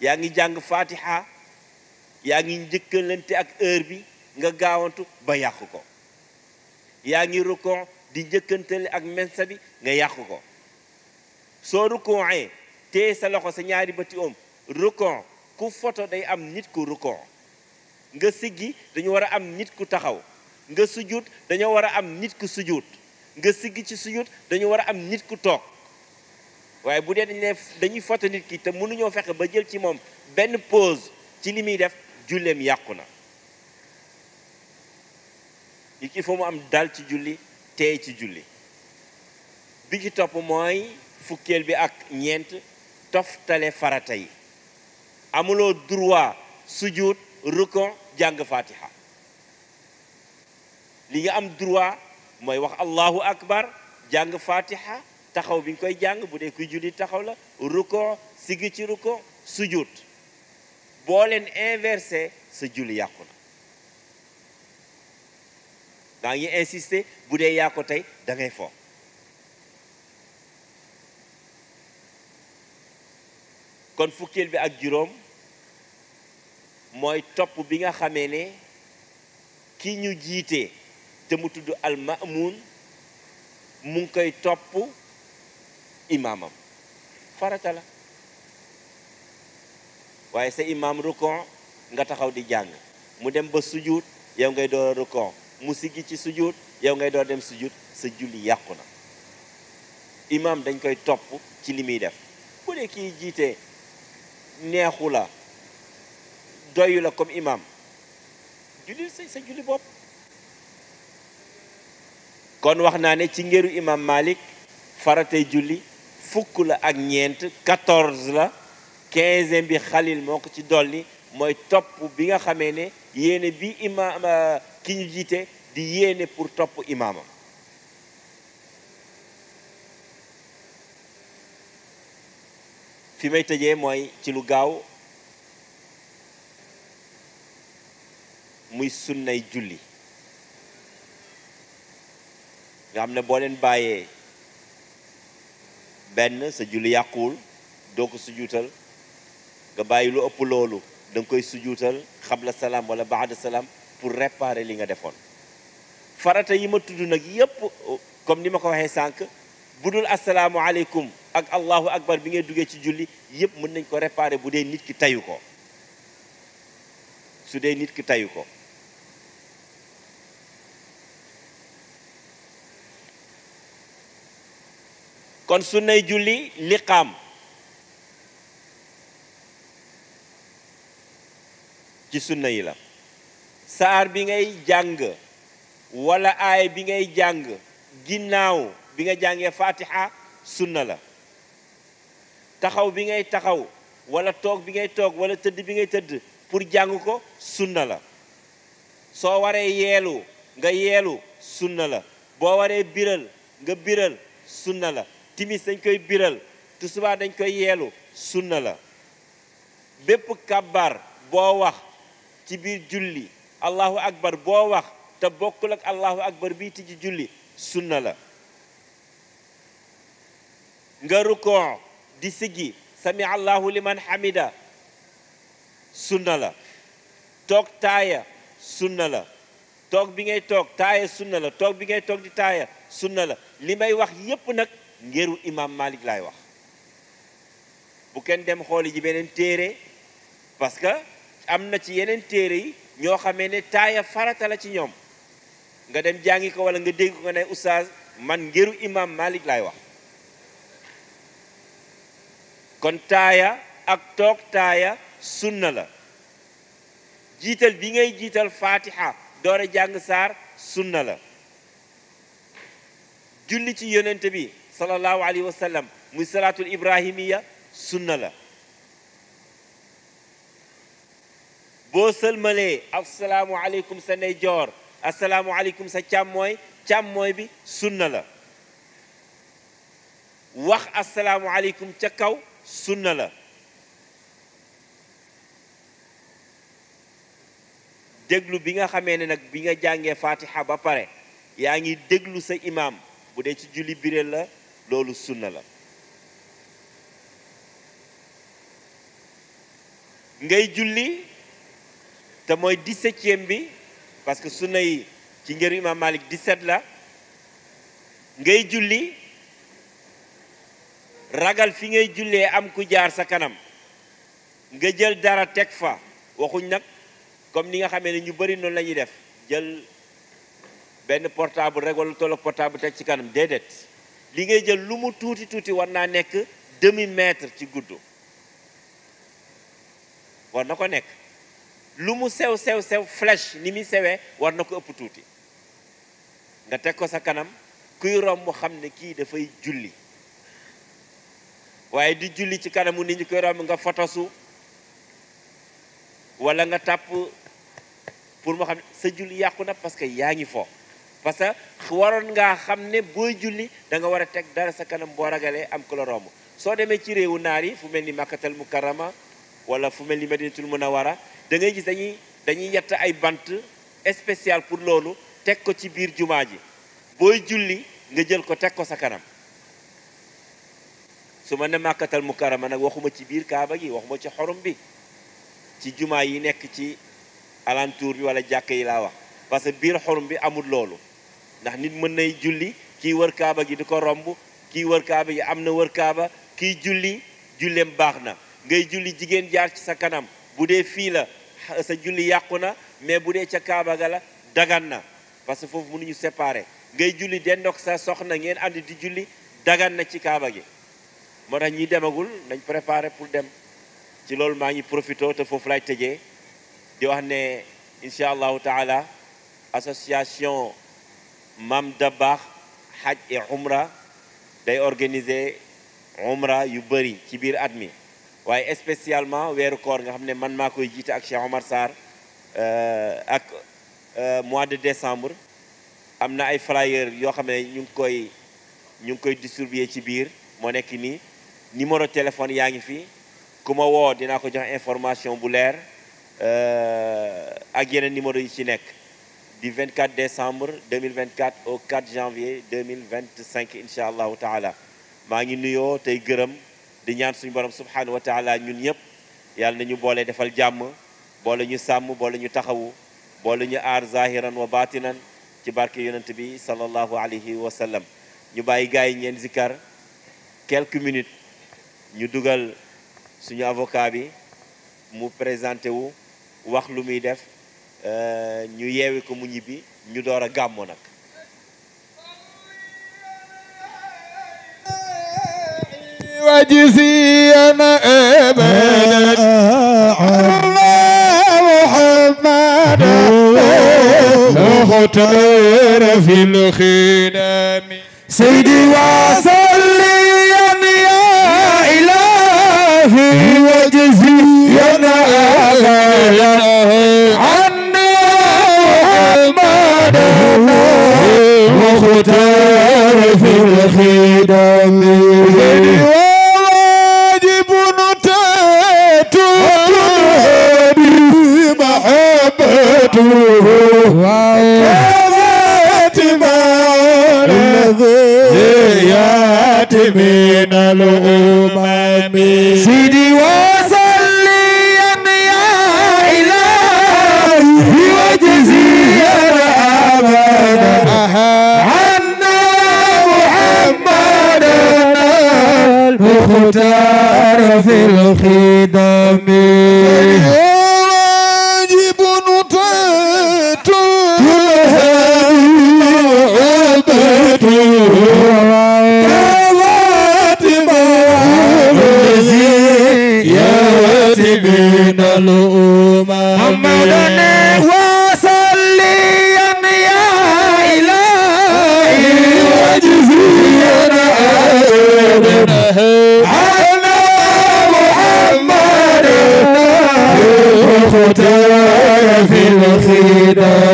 yaa ngi jàng faatiha yaa ngi njëkkalante ak heure bi nga gaawantu ba yàqu ko yaa ngi rukon di njëkkantale ak mensa bi nga yàqu ko soo rukonee téye sa loxo sa ñaari bëti om rukon ku foto day am nit ku rukon nga siggi dañu war a am nit ku taxaw nga sujjuut dañoo war a am nit ku sujjuut nga siggi ci sujjuut dañu war a am nit ku toog waaye bu dee dañu ne dañuy foto nit ki te mënuñoo fexe ba jël ci moom benn pause ci li muy def julleem yàqu na li il mu am dal ci julli teey ci julli bi ci topp mooy fukkeel bi ak ñeent toftale farata yi amuloo droit sujud rukon jàng fatiha li nga am droit mooy wax allahu akbar jàng fatiha taxaw bi nga koy jàng bu dee kuy julli taxaw la rukon sigi ci rukon sujud boo leen inversé sa julli yàqu na maa ngi insister bu dee yaa tey dangay foo kon fukkeel bi ak juróom mooy topp bi nga xamee ne ki ñu jiite te mu tudd almamuun mu ngi koy topp imaamam farata la waaye sa imaam rukon nga taxaw di jàng mu dem ba sujud yow ngay door a mu siggi ci sujud yow ngay door dem sujud sa julli yàqu na imam dañ koy topp ci li muy def bu dee kii jiite neexu la doyu la comme imaam julli sa sa julli bopp kon wax naa ne ci ngëru imaam Malik faratey julli fukk la ak ñeent quatorze la quinzième bi xalil moo ko ci dolli mooy topp bi nga xamee ne yéene bi imaam euh, ki ñu jiite di yéene pour topp imaamam fi may tëjee mooy ci lu gaaw muy sunnay julli nga xam ne boo leen bàyyee benn sa julli yàquwul doo ko sujjuutal nga bàyyi lu ëpp loolu da koy sujuutal xabla salaam wala baada salaam pour réparer li nga defoon farata yi ma tudd nag yépp comme ni ma ko waxee sànq bu dul asalaamu aleykum ak allahu akbar bi ngay duggee ci julli yépp mën nañ ko réparer bu dee nit ki tayu ko su dee nit ki tayu ko kon sunnay julli liqaam ci sunna yi la saar bi ngay jàng wala aay bi ngay jàng ginnaaw bi nga jàngee fatiha sunna la taxaw bi ngay taxaw walla toog bi ngay toog wala tëdd bi ngay tëdd pour jàng ko sunna la soo waree yeelu nga yeelu sunna la boo waree biral nga biral sunna la timis dañ koy biral tisbaar dañ koy yeelu sunna la bépp kabbar boo wax ci biir julli allahu akbar boo wax te bokkul ak allahu akbar bii tijji julli sunna la nga rukoo di siggi sami allahu liman hamida sunna la toog taaya sunna la toog bi ngay toog taaya sunna la toog bi ngay toog di la li may wax yépp nag ngeru imam malik laay wax bu kenn dem xooli ji beneen téere parce am na ci yeneen téere yi ñoo xamee ne taaya farata la ci ñoom nga dem jàngi ko wala nga dégg ko nga ne oustaz man ngeru imam Malik laay wax kon taaya ak toog taaya sunna la jiital bi ngay jiital fatiha doora jàng saar sunna la julli ci yonent bi sallallahu alayhi wa sallam muy salaatul ibrahimiya sunna la boo sëlmalee asalaamualeykum sa ndeyjoor asalaamualeykum sa càmmooy càmmooy bi sunna la wax asalaamualeykum ca kaw sunna la déglu bi nga xamee ne nag bi nga jàngee fatiha ba pare yaa ngi déglu sa imaam bu dee ci julli biréel la loolu sunna la ngay julli te mooy 17e bi parce que sunna yi ci ngëru imam malik 17 la ngay julli ragal fi ngay jullee am ku jaar sa kanam nga jël dara teg fa waxuñ nag comme ni nga xamee ne ñu bëri noonu la def jël benn portable rek wala tolloog portable teg ci kanam déedéet li ngay jël lu mu tuuti tuuti war naa nekk demi mètre ci gudd war na ko nekk lu mu sew sew sew flèche ni muy sewee war na ko ëpp tuuti nga teg ko sa kanam kuy romb xam ne kii dafay julli waaye di julli ci kanamu nit ñi koy romb nga fotosu wala nga tàpp pour mu xam ne sa julli yàqu na parce que yaa ngi foo parce que waroon ngaa xam ne booy julli da nga war a teg dara sa kanam boo ragalee am ku la romb soo demee ci réewu naar yi fu mel ni makkatal mukarrama wala fu mel ni a wara da ngay gis dañuy dañuy yett ay bant spécial pour loolu teg ko ci biir jumaa ji booy julli nga jël ko teg ko sa kanam su ma ne màkkatal mukarama nag waxuma ci biir kaaba gi waxuma ci xorom bi ci jumaa yi nekk ci alentour bi wala jàkk yi laa wax parce que biir xorum bi amul loolu ndax nit mën nay julli kii wër kaaba gi di ko romb kii wër kaaba gi am na wër kaaba kii julli julleem baax na ngay julli jigéen jaar ci sa kanam bu dee fii la sa julli yàqu na mais bu dee ca Kaaba ga la dagan na parce que foofu mënuñu séparer ngay julli dendoog sa soxna ngeen ànd di julli dagan na ci Kaaba gi moo tax ñi demagul nañ préparer pour dem ci loolu maa ngi profité te foofu lay tëjee di wax ne incha allahu taala association maam Dabakh Hajj et Umra day organiser umra yu bëri ci biir at mi waaye spécialement weeru koor nga xam ne man maa koy jiite ak Cheikh Omar Sarr euh, ak euh, mois de décembre am na ay flyer yoo xam ne ñu ngi koy ñu ngi koy distribuer ci biir moo nekk nii numéro téléphone yaa ngi fi ku ma woo dinaa ko jox information bu leer euh, ak yeneen numéro yi ci nekk du 24 décembre 2024 au 4 janvier 2025 incha allahu taala maa ngi nuyoo tey gërëm di ñaan suñu borom subhanahu wa taala ñun ñëpp yàlla nañu boole defal jàmm boole ñu sàmm boole ñu taxawu boole ñu aar zahiran wa batinan ci barke yonent bi sallallahu alayhi wa sallam ñu bàyyi gars yi ñeen zikkar quelques minutes ñu dugal suñu avocat bi mu présenté wu wax lu muy def euh, ñu yeewi ko mu ñibbi ñu door a gàmmoo nag وجزينا ابدا عنا محمد مختار في الخدام سيدي وصليا يا الهي وجزينا ابدا عنا محمد مختار في الخدام من الأمم سيدي وصليا يا إلهي وجزيا أبدا عنا محمدا المختار في الخدم من الأمم محمد وصليا يا إلهي وجزينا أبدا على محمد المختار في الخدمة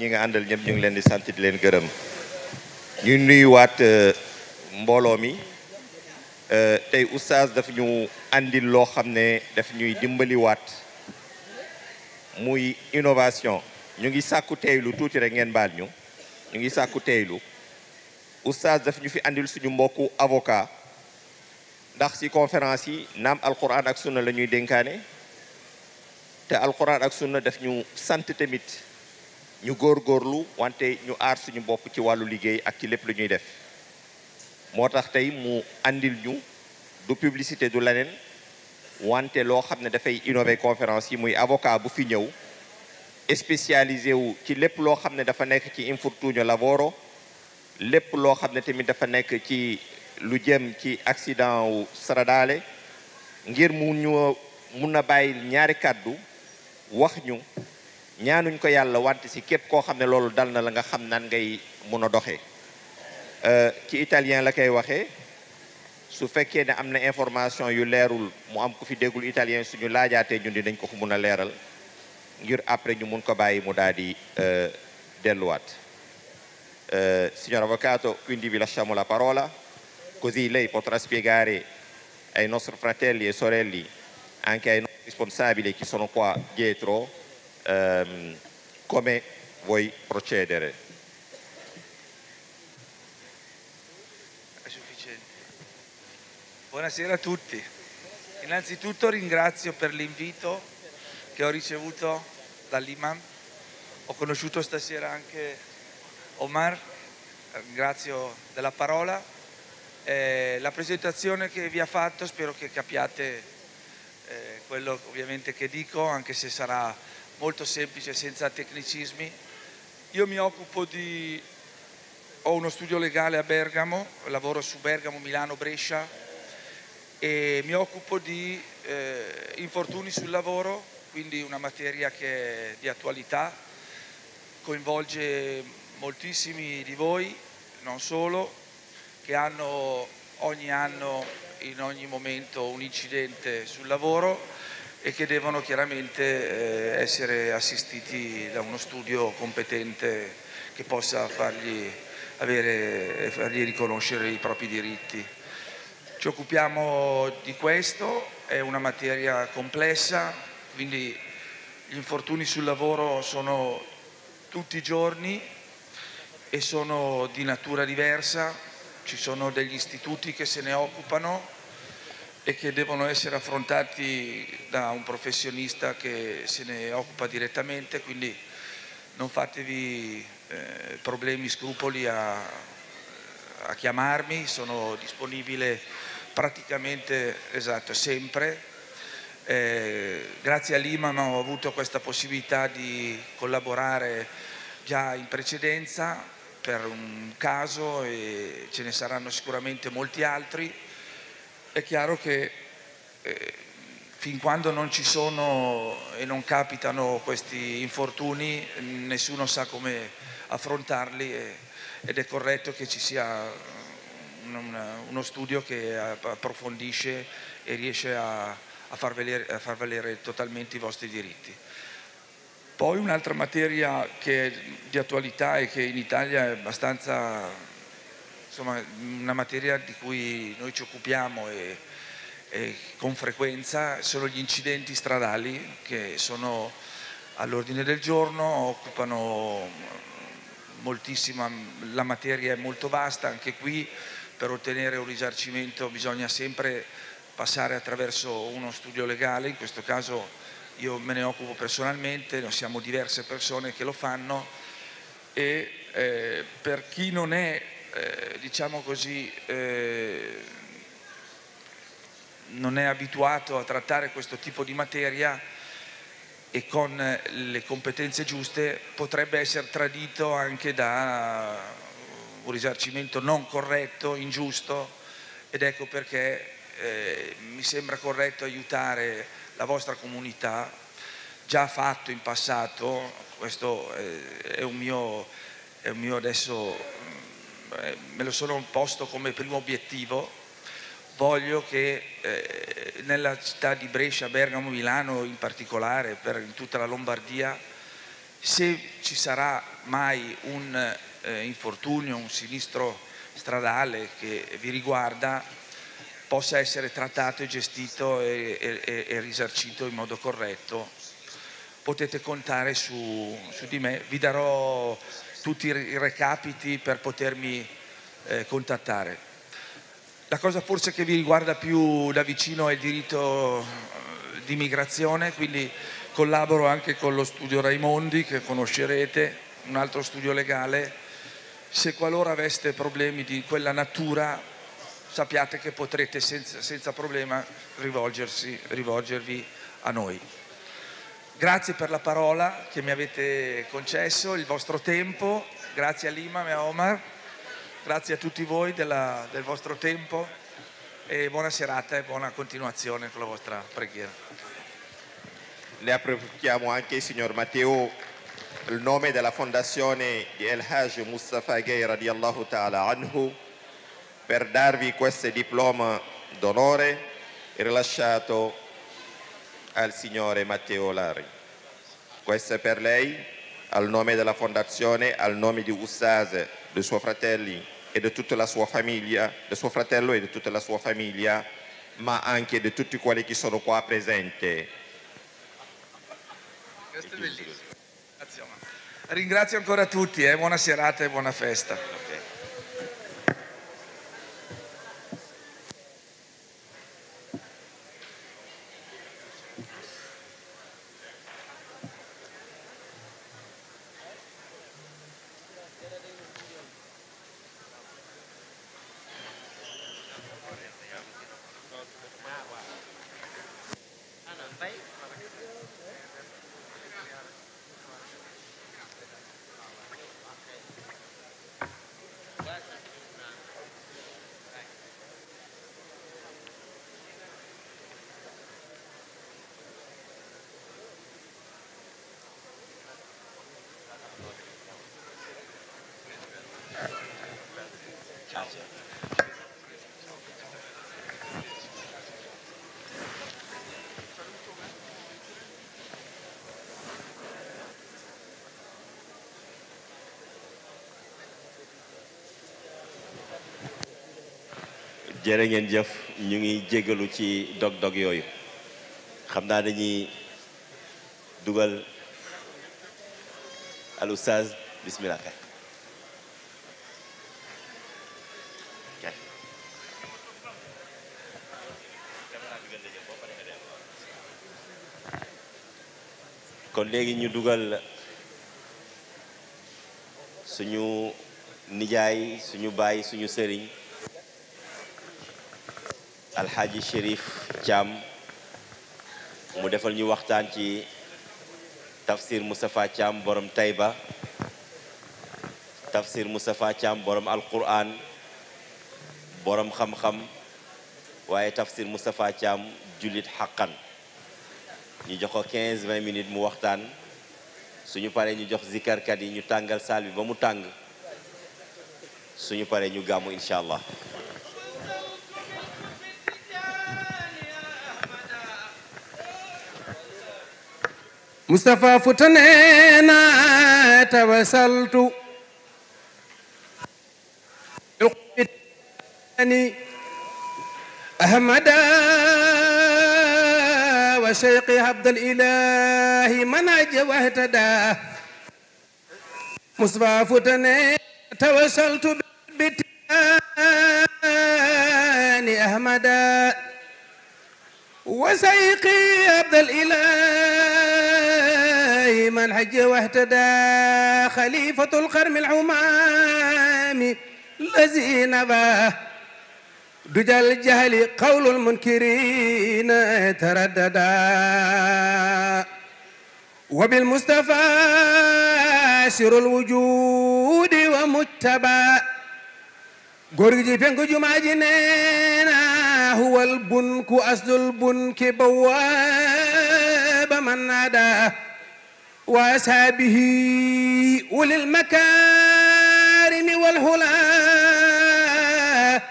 ñu ngi àndal ñëpp ñu ngi leen di sant di leen gërëm ñu waat euh, mbooloo mi euh, tey oustaz daf ñu àndil loo xam ne daf ñuy dimbaliwaat muy innovation ñu ngi sàkku teylu tuuti rek ngeen baal ñu ñu ngi sàkku teylu oustaz daf ñu fi àndil suñu mbokku avocat ndax ci conférence yi naam alquran ak sunna la ñuy dénkaane te alquran ak sunna daf ñu sant tamit ñu góor góorlu wante ñu aar suñu bopp ci wàllu liggéey ak ci lépp lu ñuy def moo tax tey mu àndil ñu du publicité du leneen wante loo xam ne dafay innover conférence yi muy avocat bu fi ñëw spécialisé wu ci lépp loo xam ne dafa nekk ci infortunio lavoro lépp loo xam ne tamit dafa nekk ci lu jëm ci accident wu stradale ngir mu ñu mun na bàyyi ñaari kàddu wax ñu ñaanuñ ko yàlla wante si képp koo xam ne loolu dal na la nga xam naan ngay mun a doxee euh, ci italien la koy waxee su fekkee ne am na information yu leerul mu am ku fi déggul italien su suñu laajaatee ñun dinañ ko ko mun a leeral ngir après ñu mun ko bàyyi mu daal di euh, delluwaat euh, signor avvocato quindi vi lasciamo la parola così lei potrà spiegare ai nostri fratelli e sorelli anche ai nostri responsabili che sono qua dietro ehm, come vuoi procedere. Buonasera a tutti. Innanzitutto ringrazio per l'invito che ho ricevuto dall'Imam. Ho conosciuto stasera anche Omar, eh, ringrazio della parola. Eh, la presentazione che vi ha fatto spero che capiate eh, quello ovviamente che dico, anche se sarà molto semplice, senza tecnicismi. Io mi occupo di... ho uno studio legale a Bergamo, lavoro su Bergamo, Milano, Brescia e mi occupo di eh, infortuni sul lavoro, quindi una materia di attualità, coinvolge moltissimi di voi, non solo, che hanno ogni anno in ogni momento un incidente sul lavoro e che devono chiaramente eh, essere assistiti da uno studio competente che possa eh, fargli, riconoscere i propri diritti. Ci occupiamo di questo, è una materia complessa, quindi gli infortuni sul lavoro sono tutti i giorni e sono di natura diversa, ci sono degli istituti che se ne occupano e che devono essere affrontati da un professionista che se ne occupa direttamente, quindi non fatevi eh, problemi, scrupoli a, a, chiamarmi, sono disponibile praticamente esatto, sempre. Eh, grazie a Liman ho avuto questa possibilità di collaborare già in precedenza per un caso e ce ne saranno sicuramente molti altri è chiaro che eh, fin quando non ci sono e non capitano questi infortuni nessuno sa come affrontarli e, ed è corretto che ci sia uno studio che approfondisce e riesce a, far valere, totalmente i vostri diritti. Poi un'altra materia di attualità e che in Italia è abbastanza insomma, una materia di cui noi ci occupiamo e, e con frequenza sono gli incidenti stradali che sono all'ordine del giorno, occupano moltissima, la materia è molto vasta, anche qui per ottenere un risarcimento bisogna sempre passare attraverso uno studio legale, in questo caso io me ne occupo personalmente, siamo diverse persone che lo fanno e eh, per chi non è eh, diciamo così, eh, non è abituato a trattare questo tipo di materia e con eh, le competenze giuste potrebbe essere tradito anche da un risarcimento non corretto, ingiusto ed ecco perché eh, mi sembra corretto aiutare la vostra comunità, già fatto in passato, questo eh, è un mio adesso eh, me lo sono posto come primo obiettivo, voglio che eh, nella città di Brescia, Bergamo, Milano in particolare, in tutta la Lombardia, se ci sarà mai un eh, infortunio, un sinistro stradale che vi riguarda, possa essere trattato e gestito e, e, e, e risarcito in modo corretto. Potete contare su di me, vi darò tutti i recapiti per potermi eh, contattare. La cosa forse che vi riguarda più da vicino è il diritto eh, di migrazione, quindi collaboro anche con lo studio Raimondi che conoscerete, un altro studio legale. Se qualora aveste problemi di quella natura sappiate che potrete senza, problema rivolgervi a noi. Grazie per la parola che mi avete concesso, il vostro tempo, grazie a Lima e Omar, grazie a tutti voi del vostro tempo e buona serata e buona continuazione con la vostra preghiera. Ne approfittiamo anche, signor Matteo, il nome della fondazione di El Mustafa Gay radiallahu ta'ala anhu per darvi questo diploma d'onore rilasciato al signore Matteo Lari. Questo per lei, al nome della fondazione, al nome di Ussase, dei suoi fratelli e di tutta suo fratello e di tutta la sua famiglia, ma anche di tutti quelli che sono qua presenti. Ringrazio ancora tutti, eh. buona serata e buona festa. jërë ngeen jëf ñu ngi jégalu ci dog-dog yooyu xam naa dañuy dugal al oustaz bismillah kon léegi ñu dugal suñu nijaay suñu baay suñu sëriñ alxaaji Chérif Thiam mu defal ñu waxtaan ci tafsir Moustapha Thiam borom Taïba tafsir Moustapha Thiam borom alquran borom xam-xam waaye tafsir Moustapha Thiam jullit xaqan ñu jox ko 15 20 minutes mu waxtaan suñu paree ñu jox zikarkat yi ñu tàngal saal bi ba mu tàng suñu pare ñu gàmmu incha allah Mustapha Futa nee na tawasaltu ani ahmada wa cheikhi abdal ilahi mana jawahtada Mustapha Futa nee na tawasaltu bitiani ahmada wa cheikhi abdal ilahi من حج واهتدى خليفة القرم العمام الذي نباه دجى الجهل قول المنكرين ترددا وبالمصطفى سر الوجود ومتبى غورجي بنكو جماجي نينا هو البنك أصل البنك بواب من ناداه wa ashaabihi ulil makaarimi wal hulaa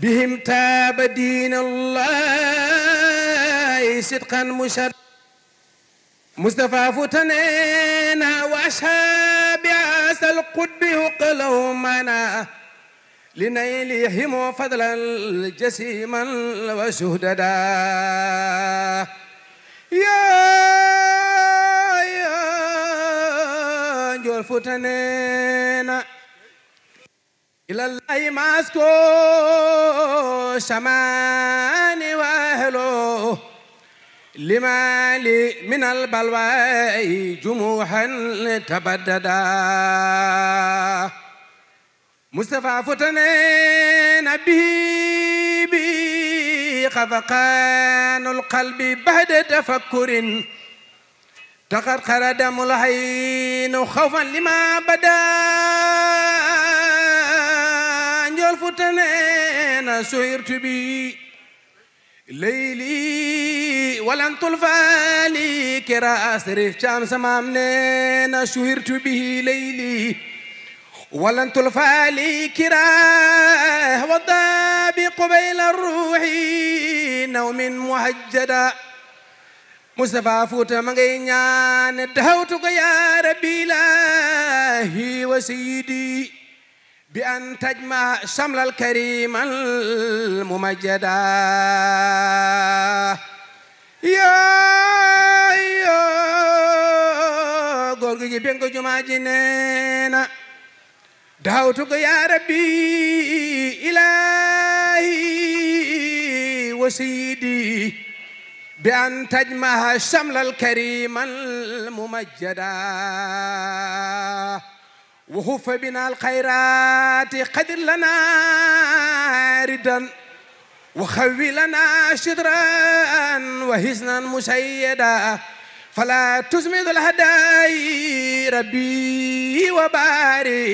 bihim taaba diinallahi sidqan mushar Mustafa futanena wa ashaabi asal qutbi huqalaw mana لنيلهم فضلا جسيما وشهددا يا Gor Fuuta neena ilallahi masko samani wa ahlo limali min albalwai jumuhan tabaddada mustafa futane nabibi khafaqan alqalbi ba'da tafakkurin لقد قردم العين خوفا لما بدا نجول فتنين سهرت بي ليلي ولن تلفى لي كرا أسرف شمس مامنين سهرت به ليلي ولن تلفى لي كراه وضى بقبيل الروح نوم مهجدا Mustafa Fuuta ma ngay ñaan taxawtu yaa rabbi ilaahi wa bi an tajma samlal karimal mumajjada yoo yoo góor gi neena taxawtu yaa rabbi ilaahi wa bi an tajmaha shamlal kariman mumajjada wa hufa bina alxayrati qadir lana ridan wa xawi lana shidran wa hisnan musayyada fala tusmid alhadayi rabbi wa baari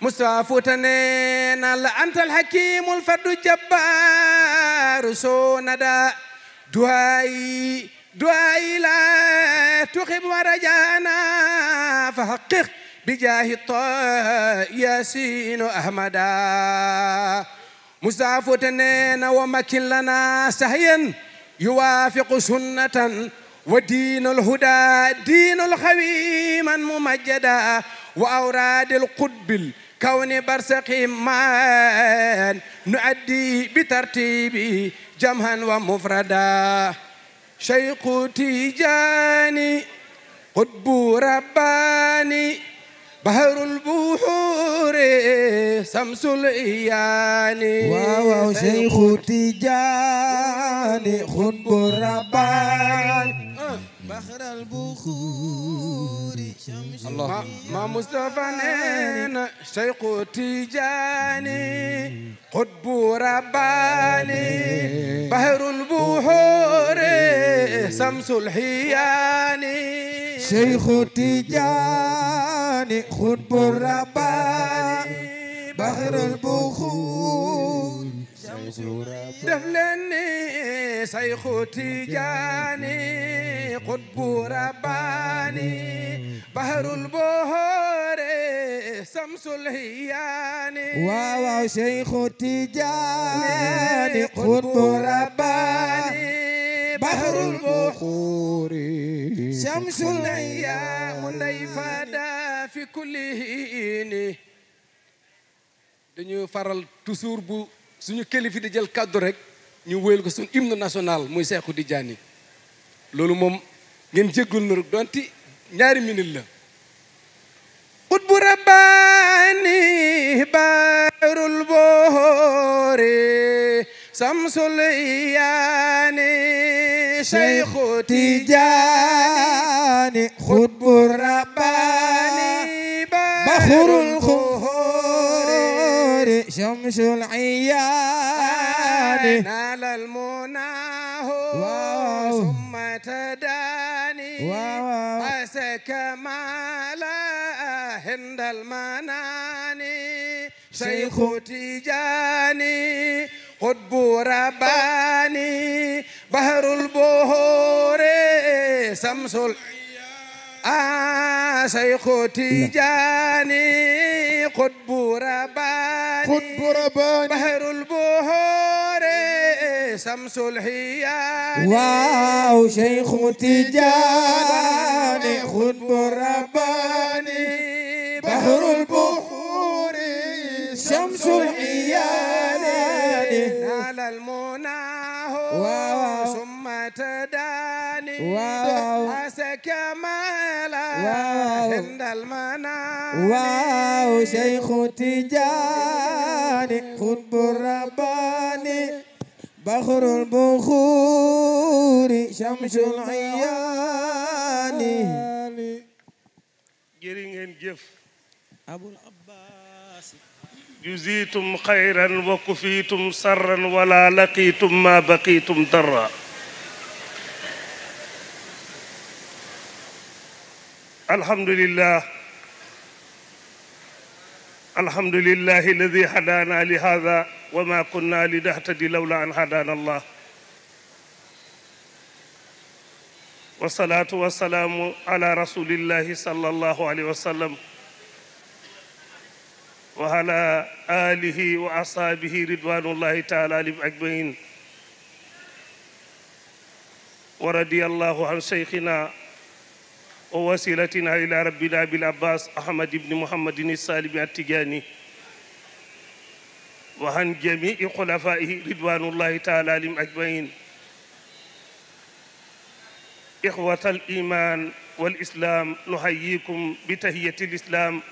mustafa fuuta nee na la anta alhakimu alfardu jabbaru soo nada دعائي دعائي لا تخب ورجانا فحقق بجاه الطاء ياسين أحمدا مزافتنين ومكن لنا سهيا يوافق سنة ودين الهدى دين الخويما ممجدا وأوراد القطب كون برسقي مان نؤدي بترتيب جمها ومفردا شيخ تيجاني قطب رباني بحر البحور سمس الإيان واو شيخ تيجاني قطب رباني baxral buxuuri ma Mustafa neena Seyxu Tijaani xutbu rabbaani baxrul buxuuri samsul xiyaani Seyxu Tijaani xutbu rabbaani baxrul buxuuri def leen ni sayxu tijaani qutbu rabbaani baharul boore samsul hiyaani waaw waaw sayxu tijaani qutbu rabbaani baharul boore samsul hiyaani mu fada fi kulli hiini dañuy faral toujours bu suñu kilifa di jël kàddu rek ñu wéyal ko suñu hymne national muy Seexu Tijaan loolu moom ngeen jéggul na rek donte ñaari minute la qutbu rabbaani bayrul boori samsul yaani Seexu Tijaan qutbu rabbaani bayrul شمس العيان نال المناه ثم تداني أسك مالا عند المناني شيخ تجاني قطب رباني بحر البهور شمس العيان ah Seexu Tijaani qutbu rabbaani qutbu rabbaani bahrul buhuuri samsul hiyaani waaw Seexu Tijaani qutbu rabbaani bahrul buhuuri samsul hiyaani المنام واو شيخ تجاني خطب الرباني بخر البخور شمس العيان جرين جف أبو العباس جزيتم خيرا وكفيتم سرا ولا لقيتم ما بقيتم ضرا alhamdulillah alhamdulillah alladi hadana li hada wa ma kunna li nahtadi lawla an hadana allah wasalaatu wasalaamu ala rasulillahi sallallahu alayhi wa sallam wa ala alihi wa asaabihi ridwanullahi taala alim ajmain wa radiyallahu an cheikhina wa wasilatina ila rabbina bil abbas ahmad ibni muhammadin saalimi attijaani wa an jamii xulafaihi ridwanullahi taala alim ajmain ixwata al iman wal islam nuhayikum bi tahiyati l islam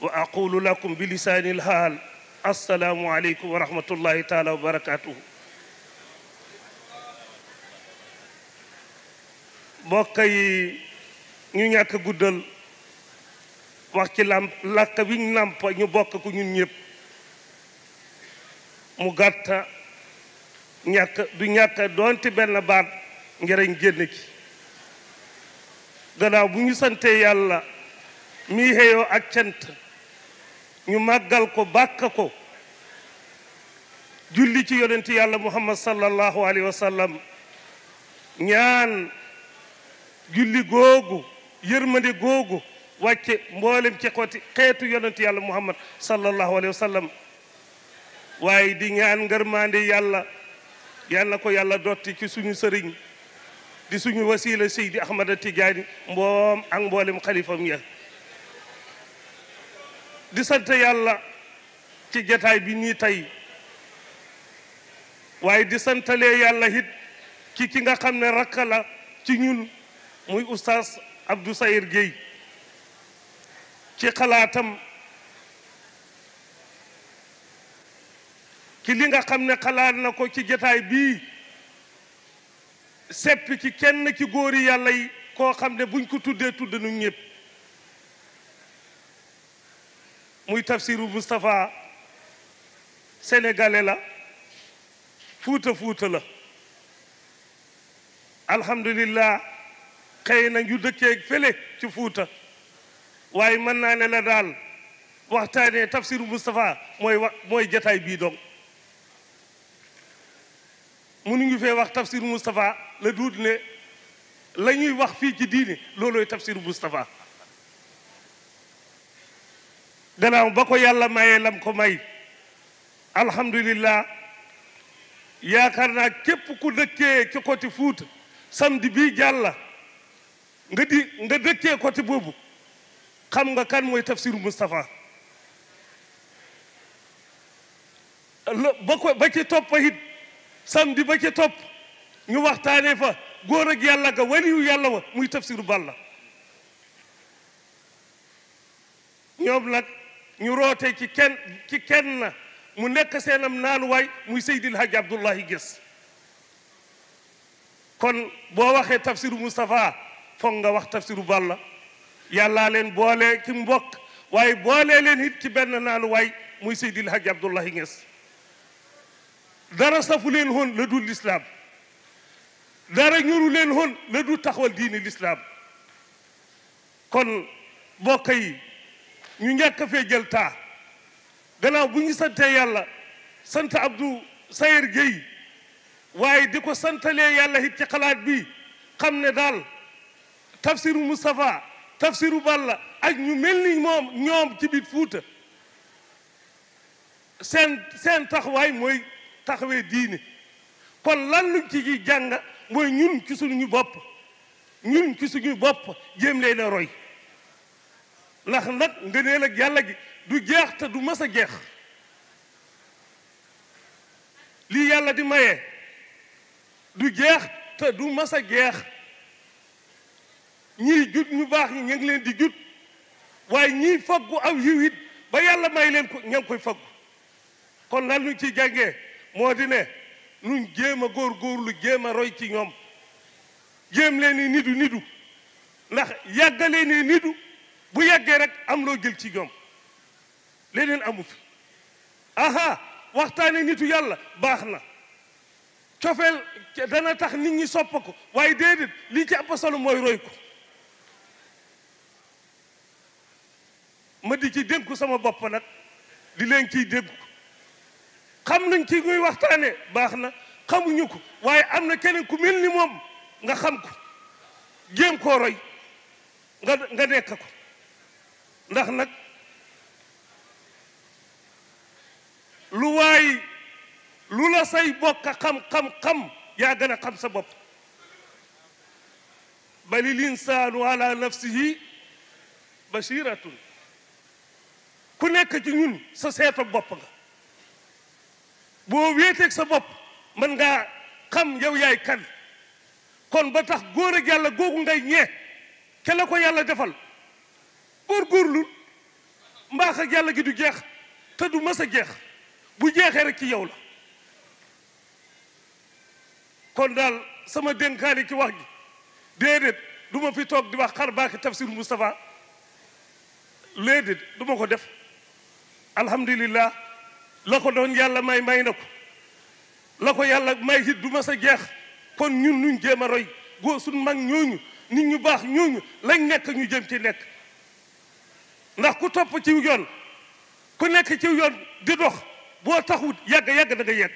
wa aqulu lakum bi lisaani l haal assalaamu aleykum wa rahmatullahi taala wa barakatuhu mbokk yi ñu ñàkk guddal wax ci làmp làkk wiñ nàmpa ñu bokk ko ñun ñëpp mu gàtta ñàkk du ñàkk doonte benn baat njëriñ génn ki gannaaw bu ñu sante yàlla mii xeyoo ak ñu màggal ko bàkk ko julli ci yonent yàlla muhammad sallallahu alayhi wa ñaan julli googu yërmande googu wàcce mboolem ci xooti xeetu yonent yàlla muhammad sallallahu alayhi wa sallam waaye di ñaan ngërmande yàlla yal ko yàlla dotti ci suñu sëriñ di suñu wasiila seydi ahmada tijaani mboom ak mboolem xalifam ya di sant yàlla ci jataay bi nii tey waaye di santalee yàlla it ci ki nga xam ne rakka ci ñun muy oustaz Abdou Sayir Gueye ci xalaatam ci li nga xam ne xalaat na ko ci jataay bii sepp ci kenn ci góori yàlla yi koo xam ne buñ ko tuddee tudd nu ñëpp muy tafsiru Moustapha sénégalais la fuuta fuuta la alhamdulillah xëy na ñu dëkkee fële ci Fuuta waaye mën naa ne na daal waxtaanee tafsiru Moustapha mooy wax mooy jataay bii dong mënuñu fee wax tafsiru Moustapha la duut ne la ñuy wax fii ci diini loolooy tafsiru Moustapha gannaaw ba ko yàlla mayee lam ko may alhamdulillah yaakaar naa képp ku dëkkee ci côté Fuuta samedi bii jàlla nga di nga dëkkee côté boobu xam nga kan mooy tafsiru Moustapha ba ko ba ci topp it samedi ba ci topp ñu waxtaanee fa góor ak yàlla ga waliyu yàlla wa muy tafsiru Balla ñoom nag ñu roote ci kenn ci kenn na mu nekk seenam naaluwaay muy Seydil Hadj Abdullahi ges kon boo waxee tafsiru Moustapha foog nga wax tafsiru Balla yàllaa leen boole ci mbokk waaye boole leen it ci benn naanu waay muy Seydil Hadji Abdoulaye nges dara safu leen woon la du lislaam dara ñuru leen woon la du taxawal diin lislaam kon mbokk yi ñu ñàkk fee jël taa gannaaw bu ñu santee yàlla sant Abdou Sayer Gueye waaye di ko santalee yàlla it ci xalaat bi xam ne daal tafsiru Moustapha tafsiru Balla ak ñu mel ni moom ñoom ci biir Fuuta seen seen taxawaay mooy taxawee diine kon lan luñ ci jàng mooy ñun ci suñu bopp ñun ci suñu bopp jéem leen a roy ndax nag ngëneel ak yàlla gi du jeex te du mës jeex lii yàlla di maye du jeex te du mës a jeex ñii jut ñu baax ñi ñu leen di jut waaye ñii faggu aw yiw it ba yàlla may leen ko ñam koy faggu kon lan luñ ci jàngee moo di ne luñ jéem a góor góorlu jéem a roy ci ñoom jéem leen ni nidu ndax yàggalee ni bu yàggee rek am loo jël ci ñoom leneen amu fi aha waxtaane nitu yàlla baax na cofeel dana tax nit ñi sopp ko waaye déedéet lii ci ëpp solo mooy roy ko ma di ci dénku sama bopp nag di leen ciy dénku xam nañ ci muy waxtaane baax na xamuñu ko waaye am na keneen ku mel ni moom nga xam ko jéem koo roy nga nga nekk ndax nag lu waay lu la say bokk xam-xam-xam yaa gën a xam sa bopp bali linsaanu ala nafsihi bashiratun ku nekk ci ñun sa seetu bopp nga boo wéeteeg sa bopp mën ngaa xam yow yaay kan kon ba tax góor ak yàlla googu ngay ñee ke la ko yàlla defal góorgóorlu mbaax ak yàlla gi du jeex te du mës a jeex bu jeexee rek ci yow la kon daal sama dénkaani ci wax gi déedéet du ma fi toog di wax xar baaxi tafsir Moustapha léedéet du ma ko def alhamdulillah la ko doon yàlla may may na ko la ko yàlla may it du ma sa jeex kon ñun nuñ jéem a roy góor suñ mag ñooñu nit ñu baax ñooñu lañ nekk ñu jëm ci nekk ndax ku topp ci yoon ku nekk ci yoon di dox boo taxut yàgg-yàgg da nga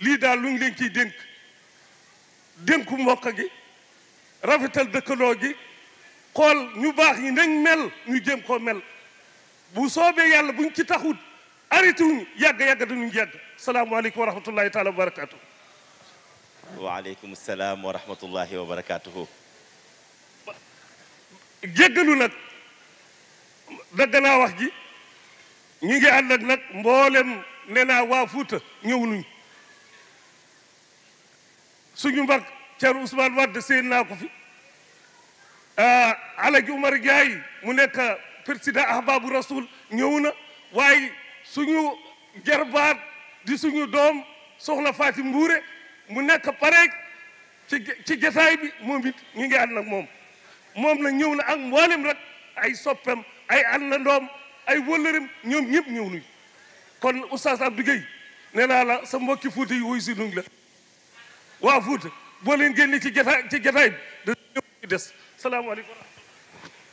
lii daal lu ñu leen ciy dénk dénku mbokk gi rafetal dëkkandoo gi xool ñu baax ñu nañ mel ñu jéem koo mel bu soobee yàlla buñ ci taxut arrêté wuñ yàgg-yàgg dañuñ yàgg salaamaaleykum wa rahmatullahi taala wa barakatuhu waaleykum salaam wa rahmatullahi wa barakatuhu nag dagg naa wax ji ñi ngi ànd nag mboolem nee naa waa Fuuta ñëwunuñ suñu mbag Thierno Ousmane Wade seen naa ko fi Euh, alaji Umar Jaay mu nekk président ahbabu rasoul ñëw na waaye suñu jarbaat di suñu doom soxna Faati Mbuure mu nekk pareeg ci ci bi moom it ñu ngi ànd moom moom la ñëw na ak mboolem rek ay soppem ay doom ay wëllërim ñoom ñëpp ñëw nuñ kon oustaz Abdou Gueye nee naa la sa mbokki Fuuta yi wuy si nuñ la waa Fuuta boo leen génne ci jataay ci jataay bi dañu ñëw des salaamaaleykum.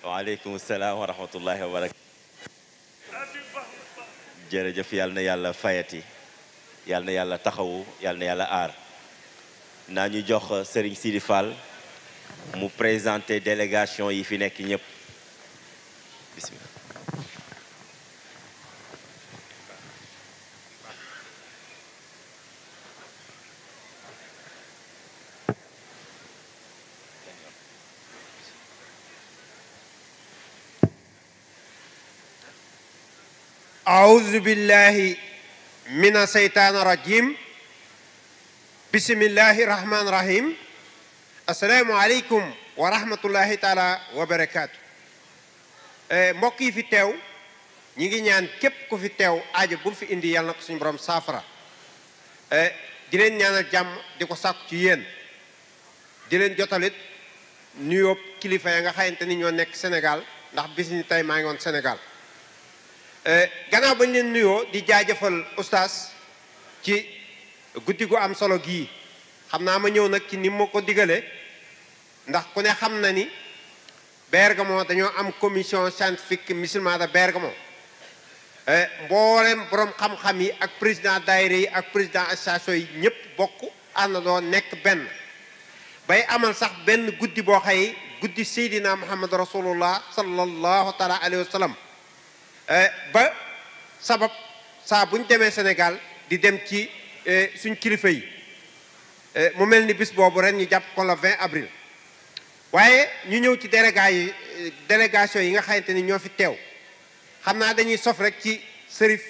waaleykum salaam wa rahmatullahi wa barakatu. jërëjëf yal na yàlla fayati yal na yàlla taxawu yàlla na yàlla aar. naa ñu jox Serigne Sidi Fall mu présenté délégation yi fi nekk ñëpp bismillah. أعوذ بالله من الشيطان الرجيم بسم الله الرحمن الرحيم السلام عليكم ورحمة الله تعالى وبركاته mbokk yi fi teew ñi ngi ñaan képp ku fi teew aajo bu fi indi yàlla na ko suñu borom saafara e, di leen ñaanal jàmm di ko sàkku ci yéen di leen jotalit nuyoo kilifa ya nga xamante ni ñoo nekk senegal ndax bis ni tey maa ngi woon Eh, gannaaw bañ leen nuyoo di jaajëfal ustaas ci guddi gu am solo gii xam naa ma ñëw nag ci ni ma ko digale ndax ku ne xam na ni Bergamo dañoo am commission scientifique musulman de Bergamo eh, mboolem borom xam-xam yi ak président daayira yi ak président association yi ñëpp bokk àndandoo nekk benn bay amal sax benn guddi boo xëy guddi seydina muhammad rasulullah sallallahu taala alayhi wa sallam Eh, ba sabab saa buñ ñu demee Sénégal di dem ci eh, suñ kilifa yi eh, mu mel ni bis boobu rek ñu jàpp ko le 20 avril waaye ñu ñëw ci délégat yi yi nga xamante ni ñoo fi teew xam naa dañuy sof rek ci sërif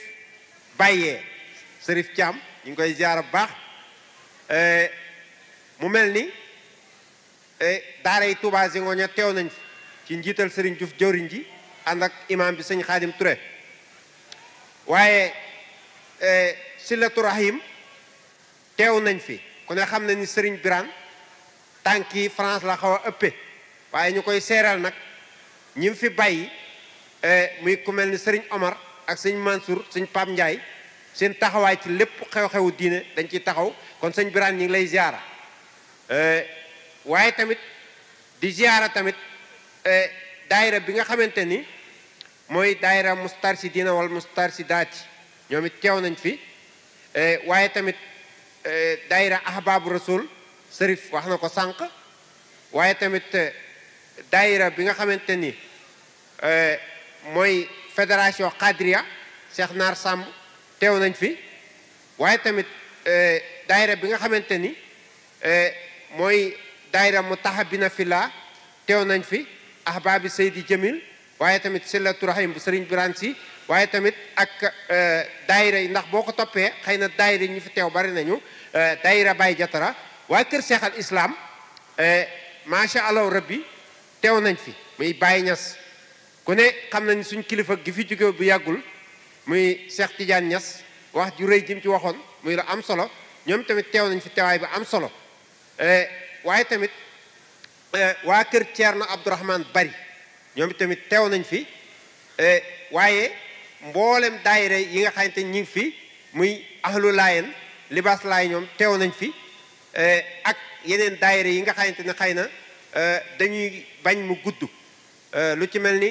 Baye sërif Thiam ñu ngi koy ziar bu baax mu mel ni daara yi Touba Zingoña teew nañ ci njiital Serigne Diouf jëwriñ ji ànd ak imam bi sëñ Xaadim Touré waaye e, silatu rahim teew nañ fi ku xam na ni sëriñ Birane tànk yi France la xaw a ëppe waaye ñu koy seeral nag ñi fi bàyyi e, muy ku mel ni sëriñ Omar ak sëñ Mansour sëñ Pape Ndiaye seen taxawaay ci lépp xew-xewu diine dañ ci taxaw kon sëñ Birane ñu ngi lay ziara e, waaye tamit di ziara tamit daayira bi nga xamante ni mooy daayira mustarsidina wal mustarsidaati ñoom it teew nañ fi eh, waaye tamit eh, daayira ahbaabu rasul sërif wax na ko sànq waaye tamit eh, daayira bi nga xamante ni mooy fédération Qadria Cheikh Naar Samb teew nañ fi waaye tamit daayira bi nga xamante ni mooy daayira mutahabina fillah teew nañ fi ahbaabi saydi jamil waaye tamit sillatu rahim bu seriñ biraan si waaye tamit ak eh, daayira yi ndax boo ko toppee xëy na daayira ñu fi teew bari nañu eh, daayira Baye Jatara waa kër Cheikh al Islam eh, macha allah rabbi teew nañ fi muy Baye ñas ku ne xam nañ suñ kilifa gi fi jóge bu yàggul muy Cheikh Tidiane ñas wax ju rëy jim ci waxoon muy la am solo ñoom tamit teew nañ fi teewaay ba am solo waaye tamit Eh, waa kër Thierno Abdourahmane Bari ñoom tamit teew nañ fi eh, waaye mboolem dayre yi nga xamante ñi ngi fi muy ahlu laayen libaas laay ñoom teew nañ fi eh, ak yeneen daayira yi nga xamante ne xëy na dañuy bañ mu gudd lu ci mel ni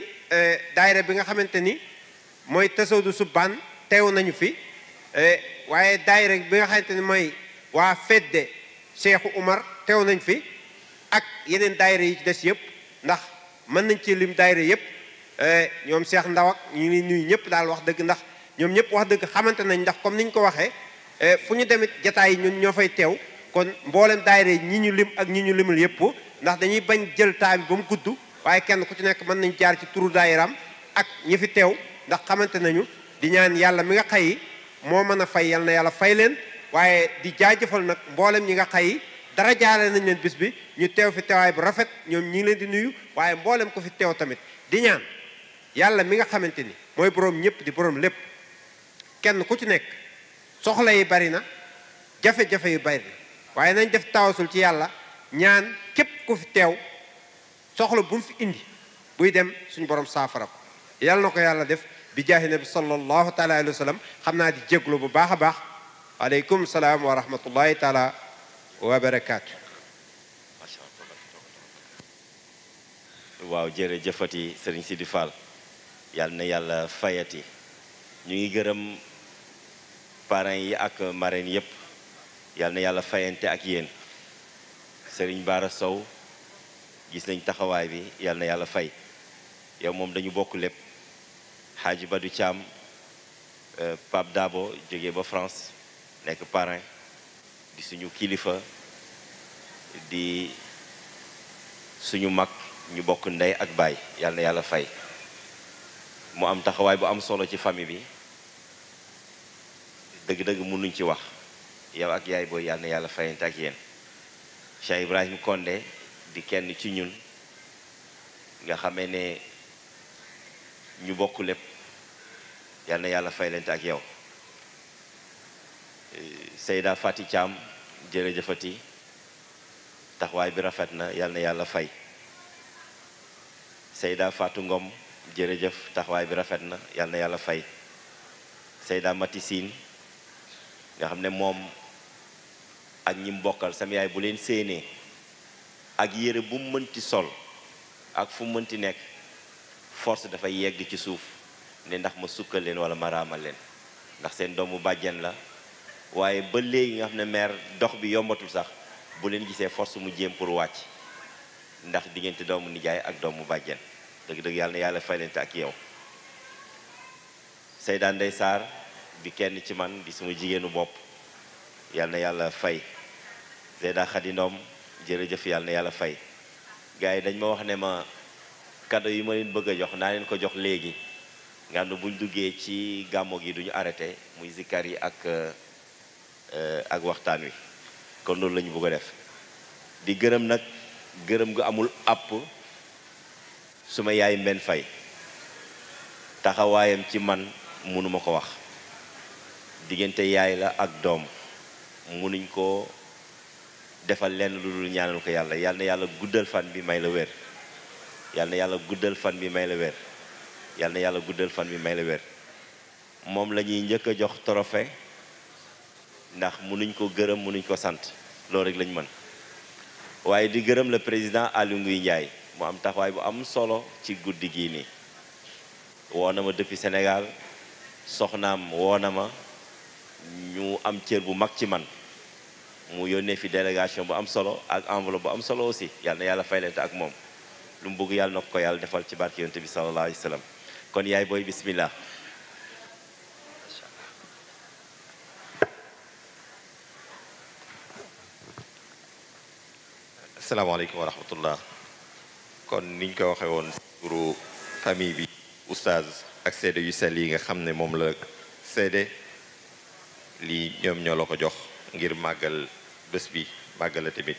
daayira bi nga xamante ni mooy tasawdu subbaan teew nañu fi waaye dayre bi nga xamante ni mooy waa fedde Cheikh Oumar teew nañ fi ak yeneen daayira yi ci des yëpp ndax mën nañ ci lim daayira yëpp eh, ñoom seex Ndaw ak ñu ngi nuyu ñëpp daal wax dëgg ndax ñoom ñëpp wax dëgg xamante nañ ndax comme ni ñu ko waxee eh, fu ñu demit jataay yi ñun ñoo fay teew kon mboolem daayira yi ñi ñu lim ak ñi ñu limul yëpp ndax dañuy bañ jël temps ba mu gudd waaye kenn ku ci nekk mën nañ jaar ci turu daayiram ak ñi fi teew ndax xamante nañu di ñaan yàlla mi nga xay moo mën a fay yal na yàlla fay leen waaye di jaajëfal nag mboolem ñi nga xay dara jaale nañ leen bis bi ñu teew fi teewaay bu rafet ñoom ñi ngi leen di nuyu waaye mboolem ko fi teew tamit di ñaan yàlla mi nga xamante ni mooy boroom ñëpp di boroom lépp kenn ku ci nekk soxla yi bari na jafe yu bari waaye nañ def tawasul ci yàlla ñaan képp ku fi teew soxla bu mu fi indi buy dem suñu borom saafara ko yàlla na ko yàlla def bi jaahi nabi sallallahu taala alayhi wa sallam xam naa di jéglu bu baax a baax aleykum salaam wa rahmatullahi taala wabarakaatu waaw jërëjëfati sëriñ Sidi Fall na yàlla fayati ñu ngi gërëm parents yi ak marraines yépp yàlla na yàlla fayante ak yéen sëriñ Baara Sow gis nañ taxawaay bi yàlla na yàlla fay yow moom dañu bokk lépp xaaji Badou Thiam euh, Pape Dabo jóge ba France nekk parrain suñu kilifa di suñu mag ñu bokk ndey ak baay yàlla na yàlla fay mu am taxawaay bu am solo ci famille bi dëgg-dëgg mënuñ ci wax yow ak yaay booy yàlla na yàlla fayante ak yéen Cheikh Ibrahim Condé di kenn ci ñun nga xamee ne ñu bokk lépp yàlla na yàlla fayante ak yow Seyda Fati Thiam jërëjëfati taxawaay bi rafet na yàlla na yàlla fay Seyda Fatou Ngom jërëjëf taxawaay bi rafet na yal yàlla fay Seyda Mati Sine nga xam ne moom ak ñi mbokkal sama yaay bu leen séenee ak yére bu mu mënti sol ak fu mu mënti nekk force dafa yegg ci suuf ne ndax ma sukkal leen wala ma raamal leen ndax seen doomu bàjjen la waaye ba léegi nga xam ne maire dox bi yombatul sax bu leen gisee force mu jéem pour wàcc ndax diggante doomu nijaay ak doomu bàjjen dëgg-dëgg yàlla na yàlla fay leen te ak yow Seyda Ndeye bi kenn ci man di jigéenu bopp yàlla na yàlla fay Seyda Khady jërëjëf yàlla yàlla fay gars yi dañ ma wax ne ma cadeau yi ma leen bëgg a jox naa leen ko jox léegi nga xam ne buñ duggee ci gàmmo gi duñu arrêté muy zikkar yi ak euh, Euh, ak waxtaan wi kon loolu lañu ñu bëgg a def di gërëm nag gërëm gu amul àpp suma yaay mbenn fay taxawaayam ci man mënuma ko wax diggante yaay la ak doom mënuñ koo defal lenn lu dul ñaanal ko yàlla yàlla yàlla guddal fan bi may la wér yàlla yàlla guddal fan bi may la wér yàlla yàlla guddal fan bi may la moom lañuy njëkk a jox trophée ndax nuñ ko gërëm nuñ ko sant loolu rek lañu man waaye di gërëm la président Aly Ngouille Ndiaye mu am tax taxawaay bu am solo ci guddi gii nii woo na ma depuis Sénégal soxnaam woo na ma ñu am cër bu mag ci man mu yónnee fi délégation bu am solo ak enveloppe bu am solo aussi yàlla yàlla fay leen ak moom lu mu bëgg yàlla na ko ko yàlla defal ci barke yonte bi sallallahu alayhi kon yaay booy bismillah asalaamaaleykum wa rahmatullah kon niñ ko waxee woon pour famille bi oustaz ak seede yu sell yi nga xam ne moom la seede lii ñoom ñoo la ko jox ngir màggal bés bi màggal la tamit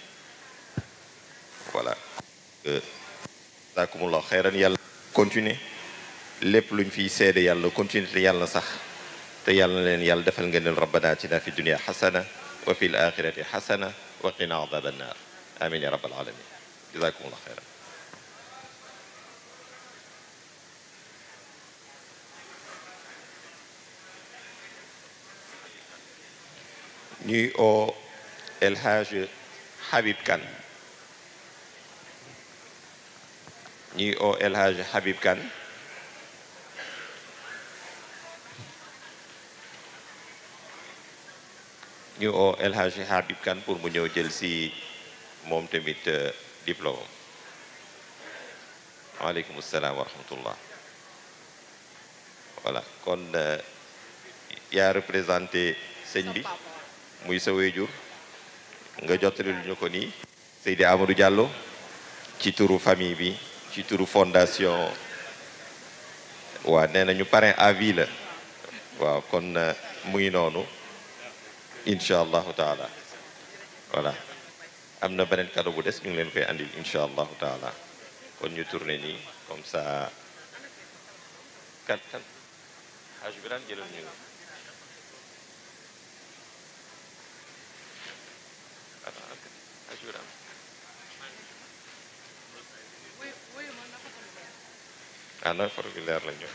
voilà euh, jazaakumullah xeyran yàlla continuer lépp luñ fiy seede yàlla continuer te yàlla sax te yàlla na leen yàlla defal nga neen rabbana atina fi dunia xasana wa fi l axirati xasana wa qina adaba annar آمين يا رب العالمين جزاكم الله خيرا ñuy oo El Hadj Habib Kane ñuy oo El Hadj Habib Kane ñu oo El Hadj Habib Kane pour mu ñëw jël si moom tamit euh, diplôme waaleykum salaam wa rahmatullah voilà kon euh, yaa représenté sëñ bi muy sa nga jottali lu ñu ko nii Seydi Amadou Diallo ci turu famille bi ci turu fondation waa nee na ñu parrain à vie waaw kon euh, muy noonu incha allahu taala voilà am na beneen cadeau bu des ñu ngi leen koy andil incha allahu taala kon ñu tourné nii comme ça kan kan xaaj bi daan jëlal ñu ah non formulaire la ñu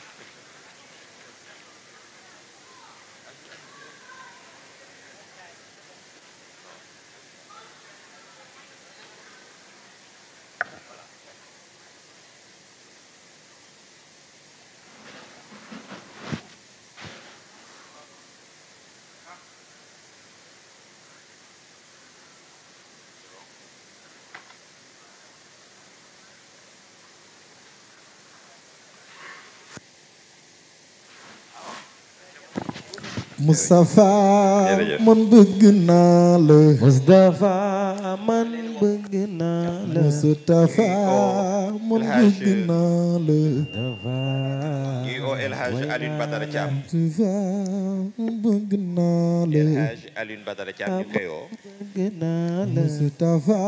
Moustapha man bëgg naa la Moustapha oh, man bëgg naa la Moustapha man bëgg naa la naa la Mustafa